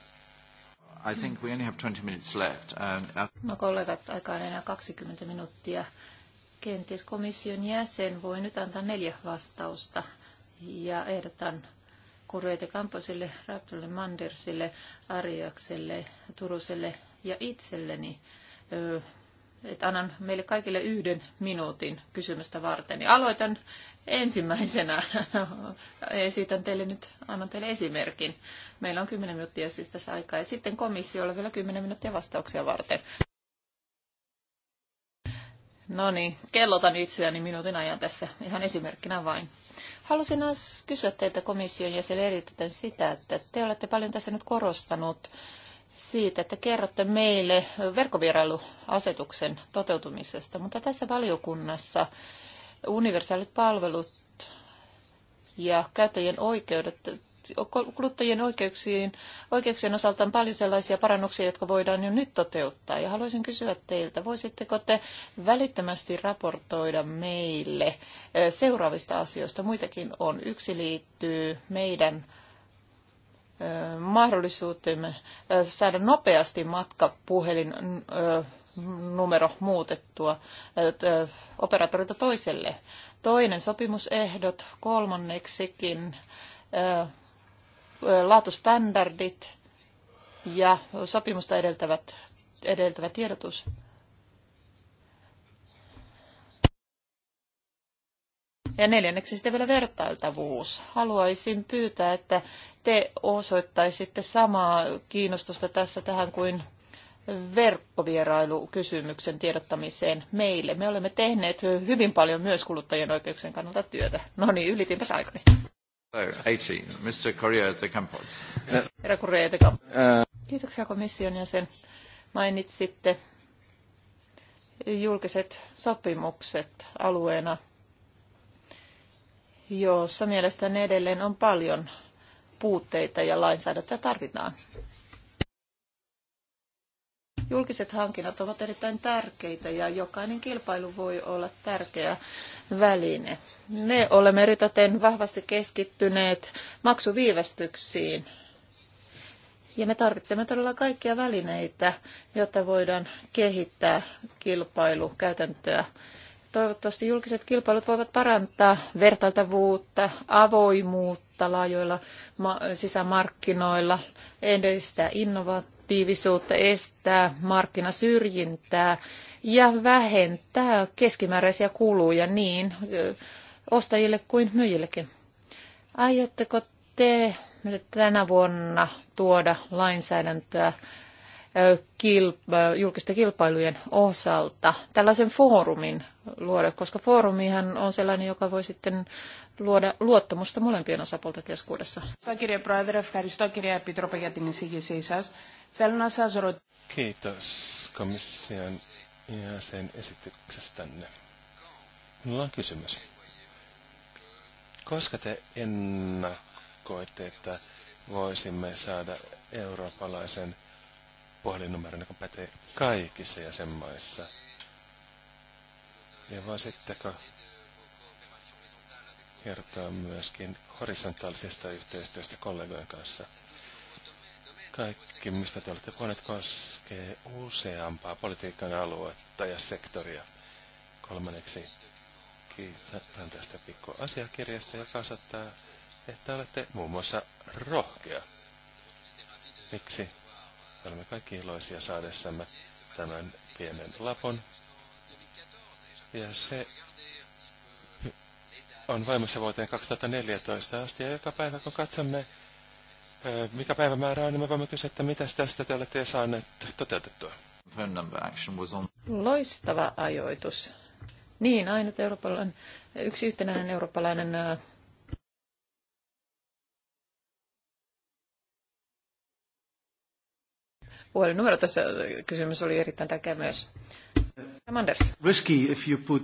I think we only have 20 minutes left. Um, no kollegat, on enää 20 minuuttia. Kenties komission jäsen voi nyt antaa neljä vastausta ja ehdotan Kurveite Kamposille, Raptolle Mandersille, Arjakselle, Turuselle ja itselleni että annan meille kaikille yhden minuutin kysymystä varten. Ja aloitan ensimmäisenä. Esitän teille nyt, annan teille esimerkin. Meillä on 10 minuuttia siis tässä aikaa ja sitten komissiolla vielä 10 minuuttia vastauksia varten. No niin, kellotan itseäni minuutin ajan tässä ihan esimerkkinä vain. Halusin kysyä teiltä komission jäsen erityisen sitä, että te olette paljon tässä nyt korostanut siitä, että kerrotte meille verkkovierailuasetuksen toteutumisesta, mutta tässä valiokunnassa universaalit palvelut ja käyttäjien oikeudet kuluttajien oikeuksien, oikeuksien osalta on paljon sellaisia parannuksia, jotka voidaan jo nyt toteuttaa. Ja haluaisin kysyä teiltä, voisitteko te välittömästi raportoida meille eh, seuraavista asioista? Muitakin on. Yksi liittyy meidän mahdollisuutemme saada nopeasti matkapuhelin numero muutettua operaattorilta toiselle. Toinen sopimusehdot, kolmanneksikin laatustandardit ja sopimusta edeltävät, edeltävä tiedotus Ja neljänneksi sitten vielä vertailtavuus. Haluaisin pyytää, että te osoittaisitte samaa kiinnostusta tässä tähän kuin verkkovierailukysymyksen tiedottamiseen meille. Me olemme tehneet hyvin paljon myös kuluttajien oikeuksien kannalta työtä. No niin, ylitinpäs aikani. 18. Mr. Correa de Campos. de Campos. Kiitoksia komission jäsen. Mainitsitte julkiset sopimukset alueena jossa mielestäni edelleen on paljon puutteita ja lainsäädäntöä tarvitaan. Julkiset hankinnat ovat erittäin tärkeitä ja jokainen kilpailu voi olla tärkeä väline. Me olemme eritoten vahvasti keskittyneet maksuviivästyksiin. Ja me tarvitsemme todella kaikkia välineitä, jotta voidaan kehittää kilpailukäytäntöä Toivottavasti julkiset kilpailut voivat parantaa vertailtavuutta, avoimuutta laajoilla sisämarkkinoilla, edistää innovatiivisuutta, estää markkinasyrjintää ja vähentää keskimääräisiä kuluja niin ostajille kuin myyjillekin. Aiotteko te tänä vuonna tuoda lainsäädäntöä julkisten kilpailujen osalta tällaisen foorumin luoda, koska foorumihan on sellainen, joka voi sitten luoda luottamusta molempien osapuolten keskuudessa. Kiitos komission jäsen esityksestänne. Minulla on kysymys. Koska te ennakoitte, että voisimme saada eurooppalaisen puhelinnumeron, joka pätee kaikissa jäsenmaissa – ja voisitteko kertoa myöskin horisontaalisesta yhteistyöstä kollegojen kanssa? Kaikki, mistä te olette puhuneet, koskee useampaa politiikan aluetta ja sektoria. Kolmanneksi kiitän tästä pikku asiakirjasta, joka osoittaa, että olette muun muassa rohkea. Miksi? Olemme kaikki iloisia saadessamme tämän pienen lapon ja se on voimassa vuoteen 2014 asti. Ja joka päivä kun katsomme, mikä päivämäärä on, niin me voimme kysyä, että mitä tästä te olette saaneet toteutettua. Loistava ajoitus. Niin, ainut eurooppalainen, yksi yhtenäinen eurooppalainen puhelinnumero tässä kysymys oli erittäin tärkeä myös. Uh,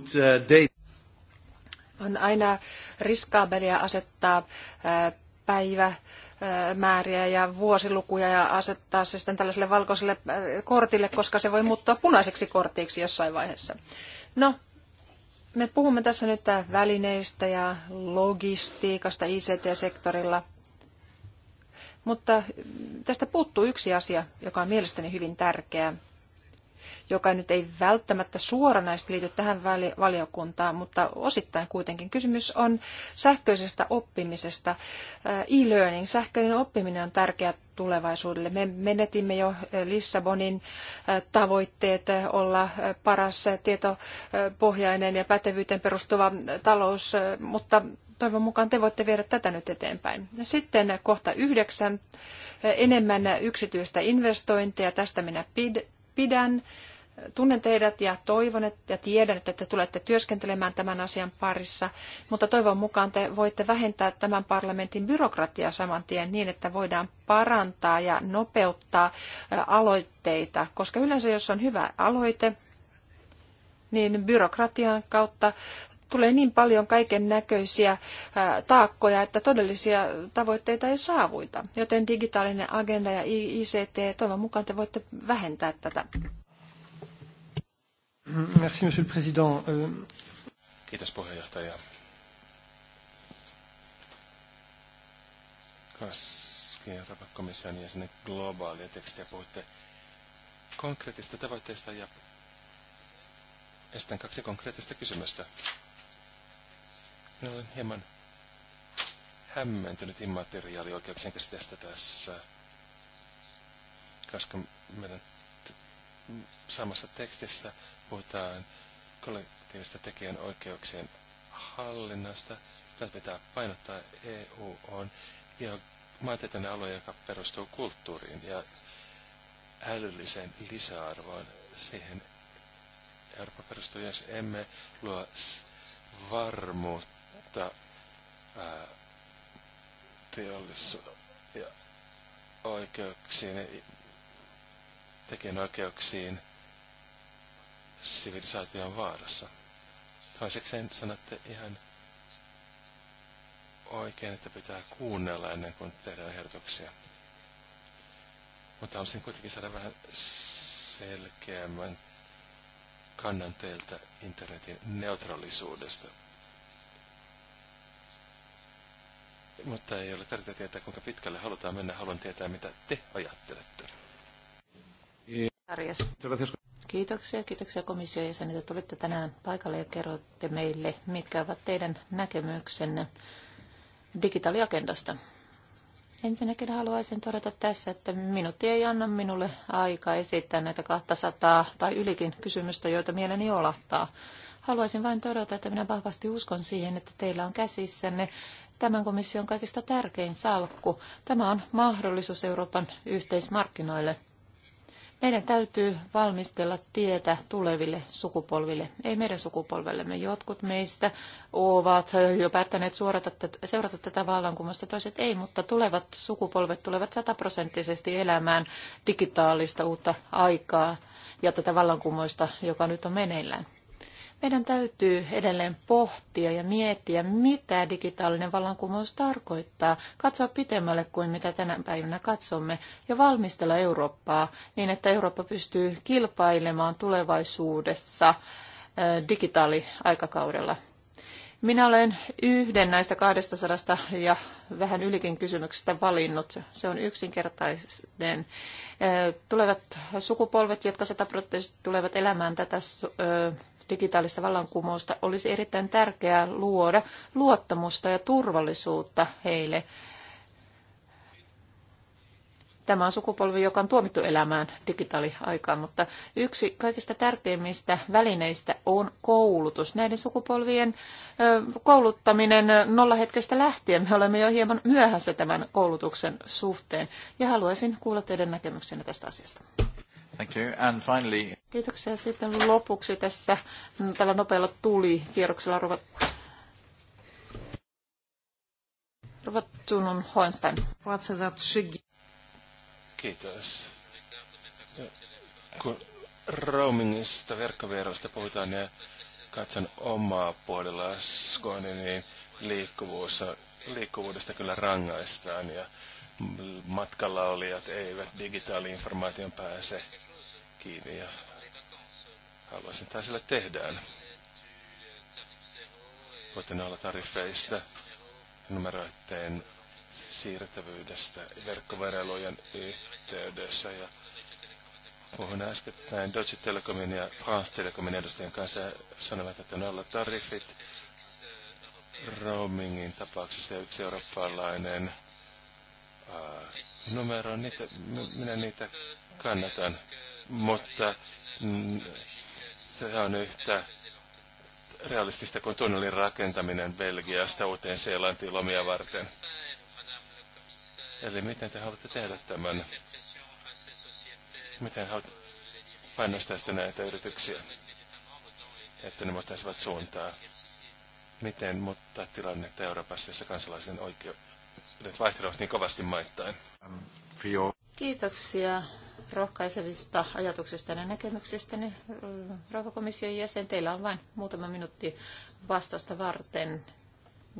on aina riskaabelia asettaa uh, päivämääriä ja vuosilukuja ja asettaa se sitten tällaiselle valkoiselle uh, kortille, koska se voi muuttua punaiseksi kortiksi jossain vaiheessa. No, me puhumme tässä nyt välineistä ja logistiikasta ICT-sektorilla, mutta tästä puuttuu yksi asia, joka on mielestäni hyvin tärkeä – joka nyt ei välttämättä suoranaisesti liity tähän valiokuntaan, mutta osittain kuitenkin. Kysymys on sähköisestä oppimisesta. Äh, e-learning, sähköinen oppiminen on tärkeä tulevaisuudelle. Me menetimme jo äh, Lissabonin äh, tavoitteet olla paras tietopohjainen ja pätevyyteen perustuva talous, mutta toivon mukaan te voitte viedä tätä nyt eteenpäin. Sitten kohta yhdeksän, enemmän yksityistä investointeja, tästä minä pidän, tunnen teidät ja toivon että, ja tiedän, että te tulette työskentelemään tämän asian parissa, mutta toivon mukaan te voitte vähentää tämän parlamentin byrokratiaa saman tien niin, että voidaan parantaa ja nopeuttaa aloitteita, koska yleensä jos on hyvä aloite, niin byrokratian kautta tulee niin paljon kaiken näköisiä taakkoja, että todellisia tavoitteita ei saavuita. Joten digitaalinen agenda ja ICT, toivon mukaan te voitte vähentää tätä. Merci, monsieur le président. Euh, Kiitos puheenjohtaja. Koskien komission jäsenen globaalia tekstiä puhutte konkreettista tavoitteista ja esitän kaksi konkreettista kysymystä. Minä no, olen hieman hämmentynyt immateriaalioikeuksien käsitteestä tässä, koska meidän samassa tekstissä puhutaan kollektiivista tekijän oikeuksien hallinnasta. Tätä pitää painottaa EU on maantieteellinen alue, joka perustuu kulttuuriin ja älylliseen lisäarvoon. Siihen Eurooppa perustuu, jos emme luo varmuutta että ää, teollisuus ja oikeuksiin, tekijänoikeuksiin sivilisaatio on vaarassa. Toiseksi en sanotte ihan oikein, että pitää kuunnella ennen kuin tehdään ehdotuksia. Mutta haluaisin kuitenkin saada vähän selkeämmän kannan teiltä internetin neutraalisuudesta. Mutta ei ole tärkeää tietää, kuinka pitkälle halutaan mennä. Haluan tietää, mitä te ajattelette. Arjas. Kiitoksia, kiitoksia komission jäsenet, että tulitte tänään paikalle ja kerrotte meille, mitkä ovat teidän näkemyksenne digitaaliagendasta. Ensinnäkin haluaisin todeta tässä, että minuutti ei anna minulle aikaa esittää näitä 200 tai ylikin kysymystä, joita mieleni olahtaa. Haluaisin vain todeta, että minä vahvasti uskon siihen, että teillä on käsissänne tämän komission kaikista tärkein salkku. Tämä on mahdollisuus Euroopan yhteismarkkinoille. Meidän täytyy valmistella tietä tuleville sukupolville, ei meidän sukupolvellemme. Jotkut meistä ovat jo päättäneet seurata tätä vallankumousta, toiset ei, mutta tulevat sukupolvet tulevat sataprosenttisesti elämään digitaalista uutta aikaa ja tätä vallankumousta, joka nyt on meneillään. Meidän täytyy edelleen pohtia ja miettiä, mitä digitaalinen vallankumous tarkoittaa, katsoa pitemmälle kuin mitä tänä päivänä katsomme, ja valmistella Eurooppaa niin, että Eurooppa pystyy kilpailemaan tulevaisuudessa digitaaliaikakaudella. Minä olen yhden näistä 200 ja vähän ylikin kysymyksestä valinnut. Se on yksinkertainen. Tulevat sukupolvet, jotka sataprosenttisesti tulevat elämään tätä digitaalista vallankumousta, olisi erittäin tärkeää luoda luottamusta ja turvallisuutta heille. Tämä on sukupolvi, joka on tuomittu elämään digitaaliaikaan, mutta yksi kaikista tärkeimmistä välineistä on koulutus. Näiden sukupolvien kouluttaminen nollahetkestä lähtien. Me olemme jo hieman myöhässä tämän koulutuksen suhteen ja haluaisin kuulla teidän näkemyksenne tästä asiasta. Thank you. And finally... Kiitoksia. Sitten lopuksi tässä mm, tällä nopealla tuli kierroksella ruvat Ruvattunun Hoenstein. Kiitos. Kun roamingista verkkovierailusta puhutaan ja katson omaa puolella Skoni, niin liikkuvuus, liikkuvuudesta kyllä rangaistaan ja matkalla olijat eivät digitaaliinformaation pääse kiinni ja haluaisin, että sille tehdään. Voitte olla tariffeista, numeroitteen siirtävyydestä verkkoverelujen yhteydessä ja puhun äskettäin Deutsche Telekomin ja France Telekomin edustajien kanssa ja sanovat, että nolla tariffit roamingin tapauksessa yksi eurooppalainen numero, niitä, minä niitä kannatan mutta mm, se on yhtä realistista kuin tunnelin rakentaminen Belgiasta uuteen Seelantiin lomia varten. Eli miten te haluatte tehdä tämän? Miten haluatte painostaa sitten näitä yrityksiä, että ne muuttaisivat suuntaa? Miten muuttaa tilannetta Euroopassa, jossa kansalaisen oikeudet vaihtelevat niin kovasti maittain? Kiitoksia rohkaisevista ajatuksista ja näkemyksistäni. Niin, Rauhakomission jäsen, teillä on vain muutama minuutti vastausta varten.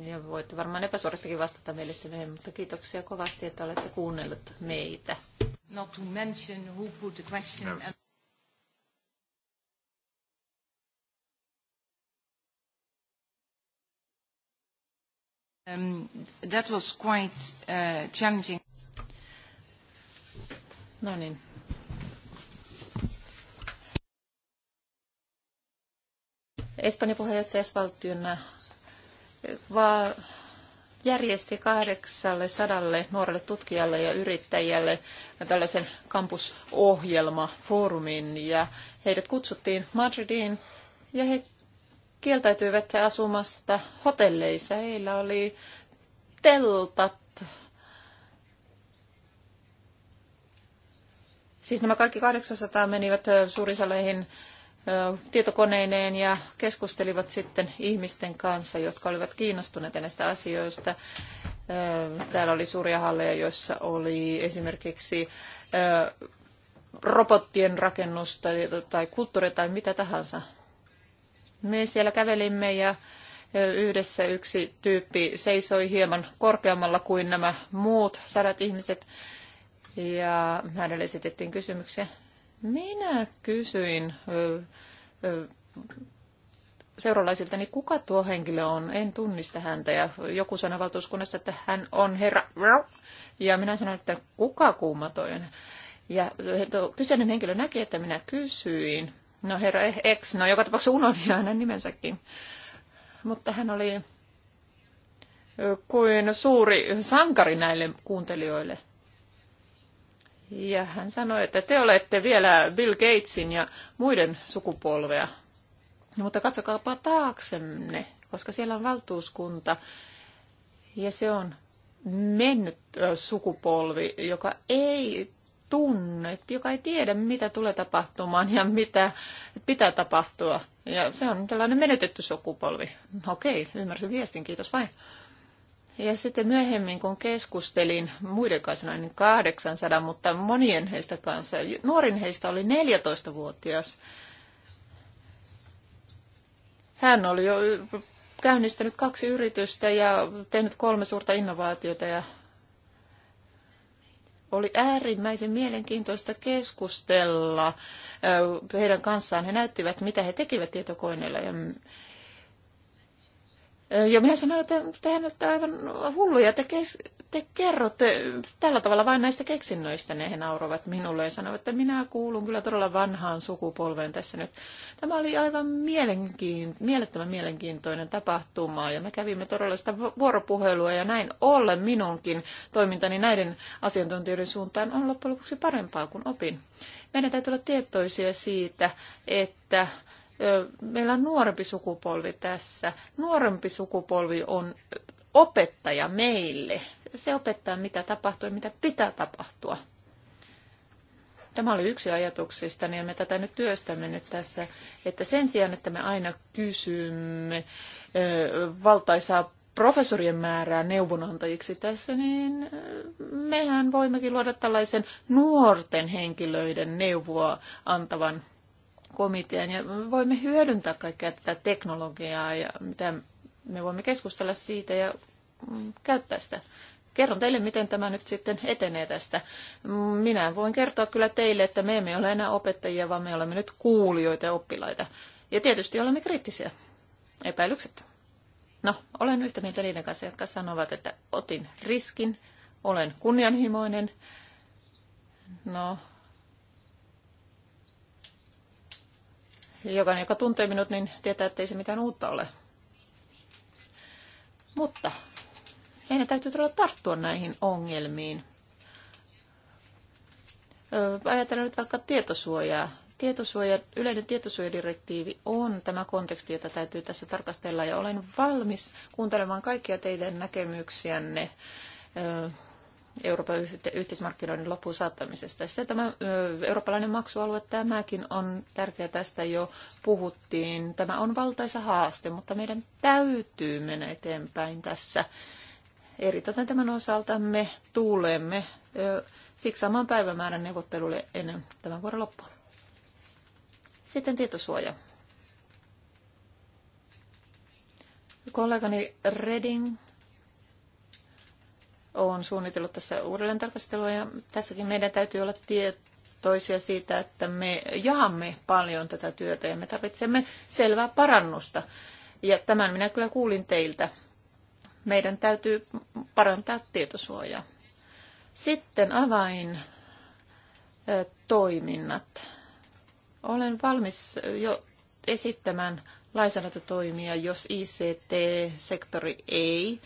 Ja voitte varmaan epäsuorastakin vastata mielestäni, mutta kiitoksia kovasti, että olette kuunnellut meitä. Not to mention who put the question. No. Um, that was quite uh, challenging. No niin, Espanjan puheenjohtajasvaltiona eh, järjesti 800 nuorelle tutkijalle ja yrittäjälle tällaisen kampusohjelmafoorumin ja heidät kutsuttiin Madridiin ja he kieltäytyivät asumasta hotelleissa. Heillä oli teltat. Siis nämä kaikki 800 menivät eh, suurisaleihin tietokoneineen ja keskustelivat sitten ihmisten kanssa, jotka olivat kiinnostuneita näistä asioista. Täällä oli suuria halleja, joissa oli esimerkiksi robottien rakennusta tai kulttuuri tai mitä tahansa. Me siellä kävelimme ja yhdessä yksi tyyppi seisoi hieman korkeammalla kuin nämä muut sadat ihmiset. Ja hänelle esitettiin kysymyksiä. Minä kysyin ö, ö, seuralaisilta, niin kuka tuo henkilö on? En tunnista häntä. Ja joku sanoi valtuuskunnassa, että hän on herra. Ja minä sanoin, että kuka kuuma toi on? Ja kyseinen henkilö näki, että minä kysyin. No herra X, e, no joka tapauksessa unohdin hänen nimensäkin. Mutta hän oli kuin suuri sankari näille kuuntelijoille. Ja hän sanoi, että te olette vielä Bill Gatesin ja muiden sukupolvea. Mutta katsokaapa taaksenne, koska siellä on valtuuskunta ja se on mennyt sukupolvi, joka ei tunne, joka ei tiedä, mitä tulee tapahtumaan ja mitä pitää tapahtua. Ja se on tällainen menetetty sukupolvi. Okei, ymmärsin viestin, kiitos vain. Ja sitten myöhemmin, kun keskustelin muiden kanssa, noin 800, mutta monien heistä kanssa, nuorin heistä oli 14-vuotias. Hän oli jo käynnistänyt kaksi yritystä ja tehnyt kolme suurta innovaatiota ja oli äärimmäisen mielenkiintoista keskustella heidän kanssaan. He näyttivät, mitä he tekivät tietokoneella ja ja minä sanoin, että tehän olette aivan hulluja, te, kes, te kerrotte tällä tavalla vain näistä keksinnöistä, ne he nauroivat minulle ja sanoivat, että minä kuulun kyllä todella vanhaan sukupolveen tässä nyt. Tämä oli aivan mielenkiin, mielettömän mielenkiintoinen tapahtuma ja me kävimme todella sitä vuoropuhelua ja näin ollen minunkin toimintani näiden asiantuntijoiden suuntaan on loppujen lopuksi parempaa kuin opin. Meidän täytyy olla tietoisia siitä, että meillä on nuorempi sukupolvi tässä. Nuorempi sukupolvi on opettaja meille. Se opettaa, mitä tapahtuu ja mitä pitää tapahtua. Tämä oli yksi ajatuksista, ja me tätä nyt työstämme nyt tässä, että sen sijaan, että me aina kysymme valtaisaa professorien määrää neuvonantajiksi tässä, niin mehän voimmekin luoda tällaisen nuorten henkilöiden neuvoa antavan komitean ja voimme hyödyntää kaikkea tätä teknologiaa ja mitä me voimme keskustella siitä ja mm, käyttää sitä. Kerron teille, miten tämä nyt sitten etenee tästä. Minä voin kertoa kyllä teille, että me emme ole enää opettajia, vaan me olemme nyt kuulijoita ja oppilaita. Ja tietysti olemme kriittisiä, epäilykset. No, olen yhtä mieltä niiden kanssa, jotka sanovat, että otin riskin, olen kunnianhimoinen. No, Jokainen, joka tuntee minut, niin tietää, että ei se mitään uutta ole. Mutta meidän täytyy todella tarttua näihin ongelmiin. Ajatellaan nyt vaikka tietosuojaa. Tietosuoja, yleinen tietosuojadirektiivi on tämä konteksti, jota täytyy tässä tarkastella, ja olen valmis kuuntelemaan kaikkia teidän näkemyksiänne Euroopan yhteismarkkinoiden loppuun saattamisesta. Sitten tämä eurooppalainen maksualue, tämäkin on tärkeä, tästä jo puhuttiin. Tämä on valtaisa haaste, mutta meidän täytyy mennä eteenpäin tässä. Eritoten tämän osalta me tulemme fiksaamaan päivämäärän neuvottelulle ennen tämän vuoden loppua. Sitten tietosuoja. Kollegani Reding on suunnitellut tässä uudelleen tarkastelua ja tässäkin meidän täytyy olla tietoisia siitä, että me jaamme paljon tätä työtä ja me tarvitsemme selvää parannusta. Ja tämän minä kyllä kuulin teiltä. Meidän täytyy parantaa tietosuojaa. Sitten avain toiminnat. Olen valmis jo esittämään lainsäädäntötoimia, jos ICT-sektori ei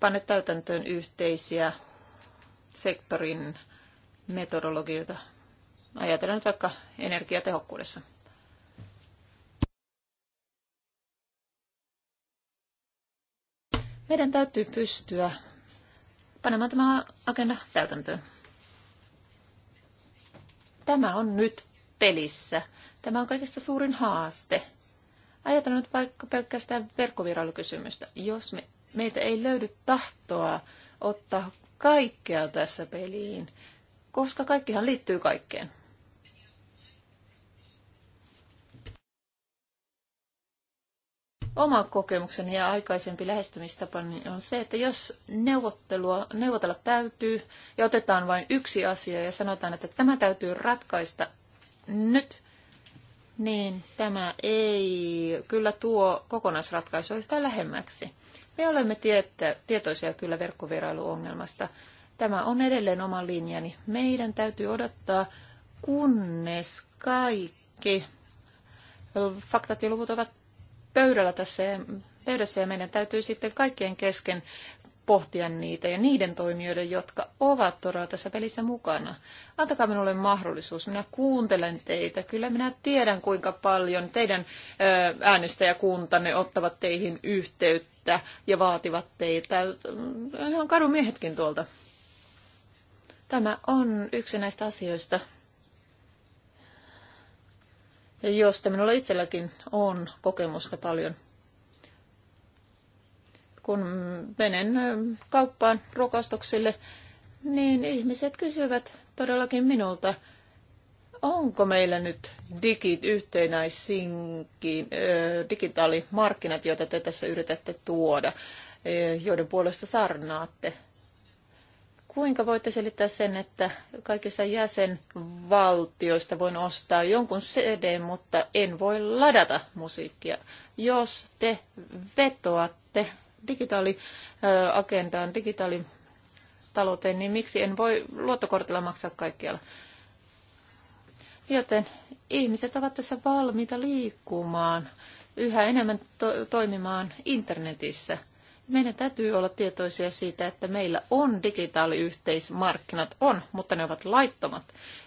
panna täytäntöön yhteisiä sektorin metodologioita. Ajatellaan nyt vaikka energiatehokkuudessa. Meidän täytyy pystyä panemaan tämä agenda täytäntöön. Tämä on nyt pelissä. Tämä on kaikista suurin haaste. Ajatellaan nyt vaikka pelkästään verkkovirallikysymystä. Jos me Meitä ei löydy tahtoa ottaa kaikkea tässä peliin, koska kaikkihan liittyy kaikkeen. Oma kokemukseni ja aikaisempi lähestymistapani on se, että jos neuvottelua, neuvotella täytyy ja otetaan vain yksi asia ja sanotaan, että tämä täytyy ratkaista nyt, niin tämä ei kyllä tuo kokonaisratkaisua yhtään lähemmäksi. Me olemme tietä, tietoisia kyllä verkkovierailuongelmasta. Tämä on edelleen oma linjani. Meidän täytyy odottaa, kunnes kaikki faktat ja luvut ovat pöydällä tässä ja pöydässä ja meidän täytyy sitten kaikkien kesken pohtia niitä ja niiden toimijoiden, jotka ovat todella tässä pelissä mukana. Antakaa minulle mahdollisuus, minä kuuntelen teitä. Kyllä minä tiedän, kuinka paljon teidän äänestäjäkuntanne ottavat teihin yhteyttä ja vaativat teitä. Ihan miehetkin tuolta. Tämä on yksi näistä asioista, josta minulla itselläkin on kokemusta paljon – kun menen kauppaan rukastuksille, niin ihmiset kysyvät todellakin minulta, onko meillä nyt digit digitaalimarkkinat, joita te tässä yritätte tuoda, joiden puolesta sarnaatte? Kuinka voitte selittää sen, että kaikissa jäsenvaltioista voin ostaa jonkun CD, mutta en voi ladata musiikkia, jos te vetoatte digitaaliagendaan, digitaalitalouteen, niin miksi en voi luottokortilla maksaa kaikkialla? Joten ihmiset ovat tässä valmiita liikkumaan, yhä enemmän to- toimimaan internetissä – meidän täytyy olla tietoisia siitä, että meillä on digitaaliyhteismarkkinat, on, mutta ne ovat laittomat.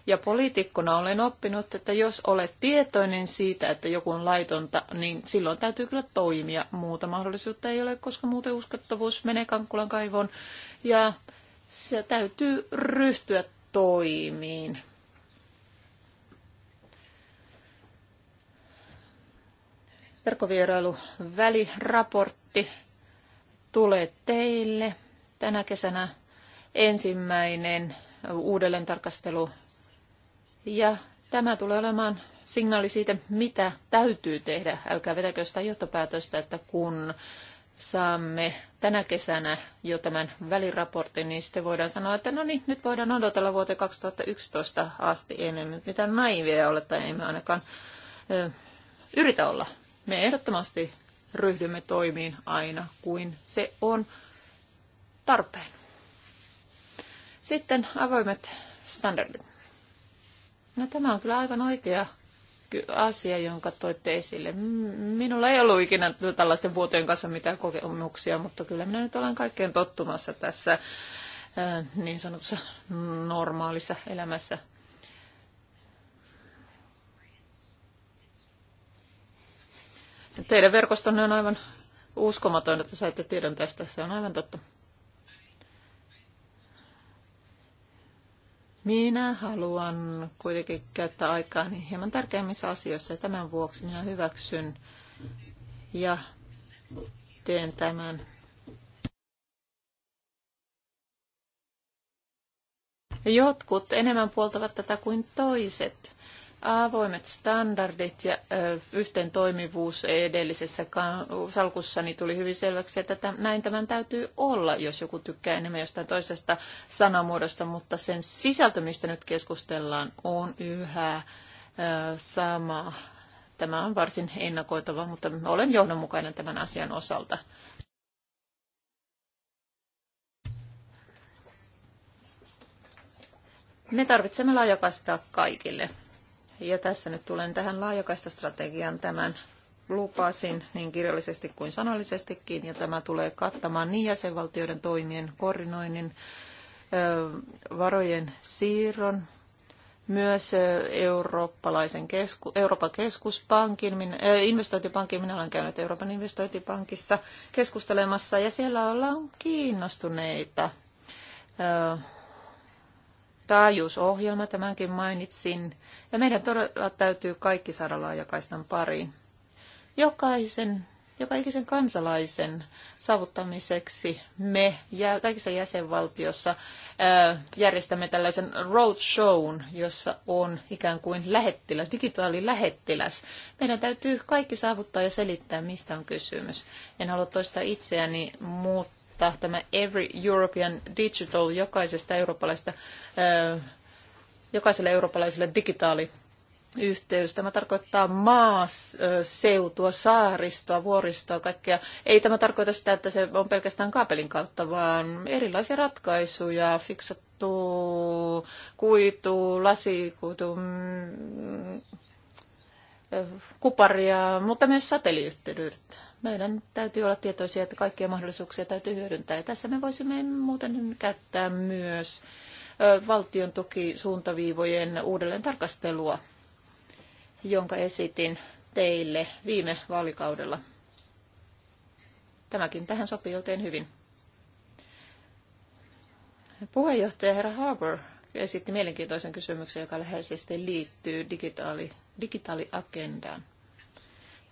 Ja poliitikkona olen oppinut, että jos olet tietoinen siitä, että joku on laitonta, niin silloin täytyy kyllä toimia. Muuta mahdollisuutta ei ole, koska muuten uskottavuus menee kankkulan kaivoon. Ja se täytyy ryhtyä toimiin. Verkkovierailu väliraportti tule teille tänä kesänä ensimmäinen uudelleen tarkastelu. Ja tämä tulee olemaan signaali siitä, mitä täytyy tehdä. Älkää vetäkö sitä johtopäätöstä, että kun saamme tänä kesänä jo tämän väliraportin, niin sitten voidaan sanoa, että no niin, nyt voidaan odotella vuoteen 2011 asti. Emme nyt mitään naivia ole tai me ainakaan ö, yritä olla. Me ehdottomasti ryhdymme toimiin aina, kuin se on tarpeen. Sitten avoimet standardit. No tämä on kyllä aivan oikea asia, jonka toitte esille. Minulla ei ollut ikinä tällaisten vuotojen kanssa mitään kokemuksia, mutta kyllä minä nyt olen kaikkeen tottumassa tässä niin sanotussa normaalissa elämässä. Teidän verkostonne on aivan uskomaton, että saitte tiedon tästä. Se on aivan totta. Minä haluan kuitenkin käyttää aikaani hieman tärkeimmissä asioissa ja tämän vuoksi minä hyväksyn ja teen tämän. Jotkut enemmän puoltavat tätä kuin toiset avoimet standardit ja yhteen toimivuus edellisessä niin tuli hyvin selväksi, että tämän, näin tämän täytyy olla, jos joku tykkää enemmän jostain toisesta sanamuodosta, mutta sen sisältö, mistä nyt keskustellaan, on yhä sama. Tämä on varsin ennakoitava, mutta olen johdonmukainen tämän asian osalta. Me tarvitsemme laajakastaa kaikille. Ja tässä nyt tulen tähän laajakaistastrategian tämän lupasin niin kirjallisesti kuin sanallisestikin, ja tämä tulee kattamaan niin jäsenvaltioiden toimien koordinoinnin, varojen siirron, myös eurooppalaisen kesku, Euroopan keskuspankin, minä, investointipankin, minä olen käynyt Euroopan investointipankissa keskustelemassa, ja siellä ollaan kiinnostuneita taajuusohjelma, tämänkin mainitsin. Ja meidän todella täytyy kaikki saada laajakaistan pariin. Jokaisen, joka ikisen kansalaisen saavuttamiseksi me ja kaikissa jäsenvaltiossa järjestämme tällaisen roadshown, jossa on ikään kuin lähettiläs, digitaalilähettiläs. Meidän täytyy kaikki saavuttaa ja selittää, mistä on kysymys. En halua toistaa itseäni, mutta ottaa tämä Every European Digital jokaisesta eurooppalaisesta, jokaiselle eurooppalaiselle digitaali yhteys. Tämä tarkoittaa maaseutua, saaristoa, vuoristoa, kaikkea. Ei tämä tarkoita sitä, että se on pelkästään kaapelin kautta, vaan erilaisia ratkaisuja, fiksattu kuitu, lasikuitu, mm, kuparia, mutta myös satelliittiyhteydet meidän täytyy olla tietoisia, että kaikkia mahdollisuuksia täytyy hyödyntää. Ja tässä me voisimme muuten käyttää myös valtion tukisuuntaviivojen uudelleen tarkastelua, jonka esitin teille viime vaalikaudella. Tämäkin tähän sopii oikein hyvin. Puheenjohtaja herra Harbour esitti mielenkiintoisen kysymyksen, joka läheisesti liittyy digitaali, digitaaliagendaan.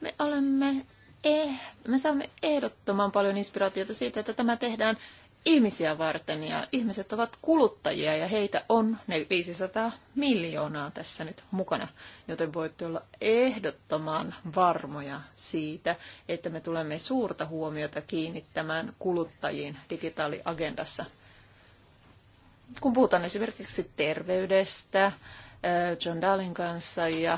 Me olemme eh, me saamme ehdottoman paljon inspiraatiota siitä, että tämä tehdään ihmisiä varten ja ihmiset ovat kuluttajia ja heitä on 500 miljoonaa tässä nyt mukana, joten voitte olla ehdottoman varmoja siitä, että me tulemme suurta huomiota kiinnittämään kuluttajiin digitaaliagendassa. Kun puhutaan esimerkiksi terveydestä, John Dallin kanssa ja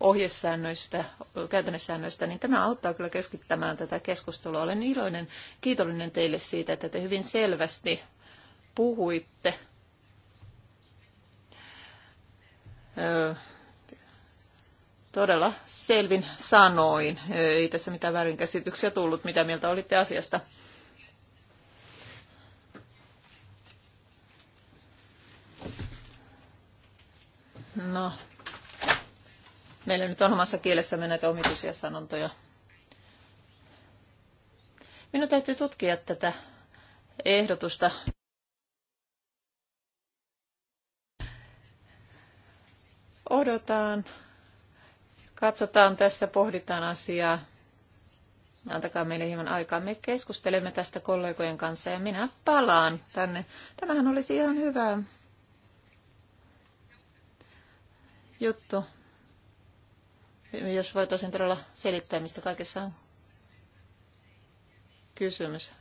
ohjesäännöistä, käytännössäännöistä, niin tämä auttaa kyllä keskittämään tätä keskustelua. Olen iloinen, kiitollinen teille siitä, että te hyvin selvästi puhuitte todella selvin sanoin. Ei tässä mitään väärinkäsityksiä tullut, mitä mieltä olitte asiasta. No, meillä nyt on omassa kielessämme näitä omituisia sanontoja. Minun täytyy tutkia tätä ehdotusta. Odotaan. Katsotaan tässä, pohditaan asiaa. Antakaa meille hieman aikaa. Me keskustelemme tästä kollegojen kanssa ja minä palaan tänne. Tämähän olisi ihan hyvä juttu. Jos voitaisiin todella selittää, mistä kaikessa on kysymys.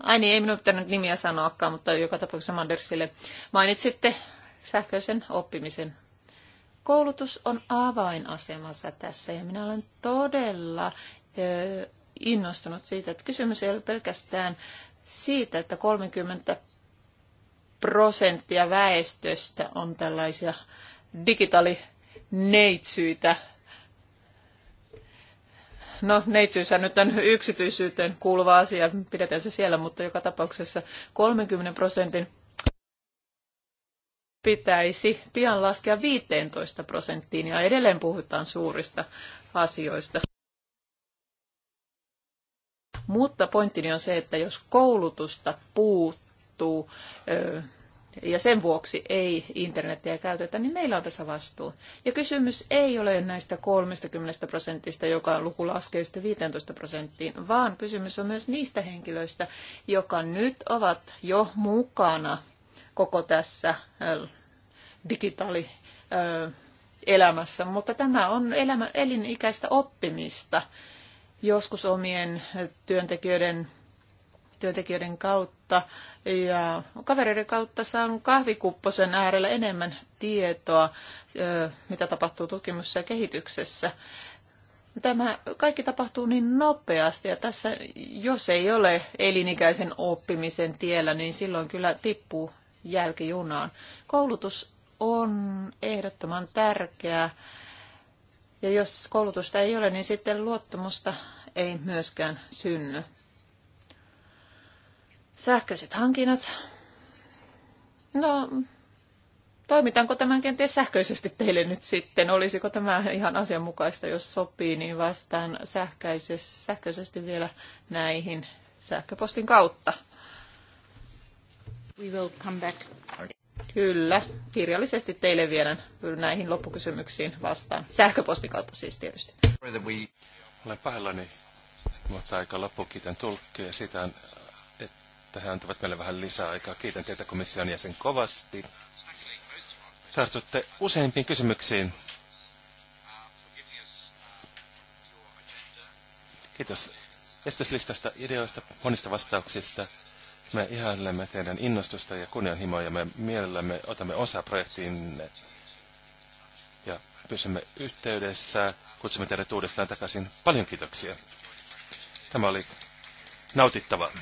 Ai niin, ei minun pitänyt nimiä sanoakaan, mutta joka tapauksessa Mandersille mainitsitte sähköisen oppimisen. Koulutus on avainasemassa tässä ja minä olen todella innostunut siitä, että kysymys ei ole pelkästään siitä, että 30 prosenttia väestöstä on tällaisia digitaalineitsyitä. No, on nyt on yksityisyyteen kuuluva asia, pidetään se siellä, mutta joka tapauksessa 30 prosentin pitäisi pian laskea 15 prosenttiin ja edelleen puhutaan suurista asioista. Mutta pointtini on se, että jos koulutusta puuttuu, tapahtuu ja sen vuoksi ei internetiä käytetä, niin meillä on tässä vastuu. Ja kysymys ei ole näistä 30 prosentista, joka luku laskee sitten 15 prosenttiin, vaan kysymys on myös niistä henkilöistä, jotka nyt ovat jo mukana koko tässä digitaali elämässä, mutta tämä on elämä, elinikäistä oppimista. Joskus omien työntekijöiden työntekijöiden kautta ja kavereiden kautta saanut kahvikupposen äärellä enemmän tietoa, mitä tapahtuu tutkimuksessa ja kehityksessä. Tämä kaikki tapahtuu niin nopeasti ja tässä, jos ei ole elinikäisen oppimisen tiellä, niin silloin kyllä tippuu jälkijunaan. Koulutus on ehdottoman tärkeää. Ja jos koulutusta ei ole, niin sitten luottamusta ei myöskään synny. Sähköiset hankinnat. No, toimitanko tämän kenties sähköisesti teille nyt sitten? Olisiko tämä ihan asianmukaista, jos sopii, niin vastaan sähköisesti vielä näihin sähköpostin kautta. We will come back. Kyllä, kirjallisesti teille vielä näihin loppukysymyksiin vastaan. Sähköpostin kautta siis tietysti. Olen pahoillani, mutta aika loppukiten tulkki ja Sitä on tähän antavat meille vähän lisää aikaa. Kiitän teitä komission jäsen kovasti. Tartutte useimpiin kysymyksiin. Kiitos esityslistasta, ideoista, monista vastauksista. Me ihailemme teidän innostusta ja kunnianhimoa ja me mielellämme otamme osa projektiin. ja pysymme yhteydessä. Kutsumme teidät uudestaan takaisin. Paljon kiitoksia. Tämä oli nautittava.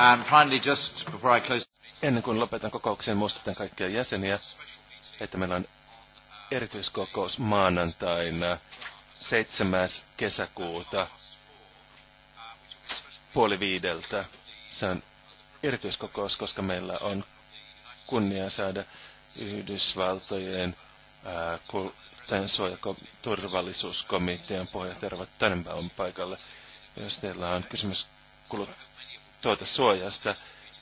And finally, just before I close... Ennen kuin lopetan kokouksen, muistutan kaikkia jäseniä, että meillä on erityiskokous maanantaina 7. kesäkuuta puoli viideltä. Se on erityiskokous, koska meillä on kunnia saada Yhdysvaltojen turvallisuuskomitean puheenjohtaja Tannenbaum paikalle. Jos teillä on kysymys kulut tuotesuojasta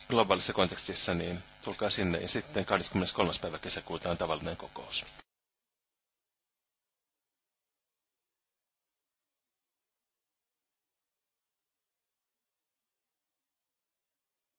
globaalissa kontekstissa, niin tulkaa sinne. Ja sitten 23. päivä kesäkuuta on tavallinen kokous.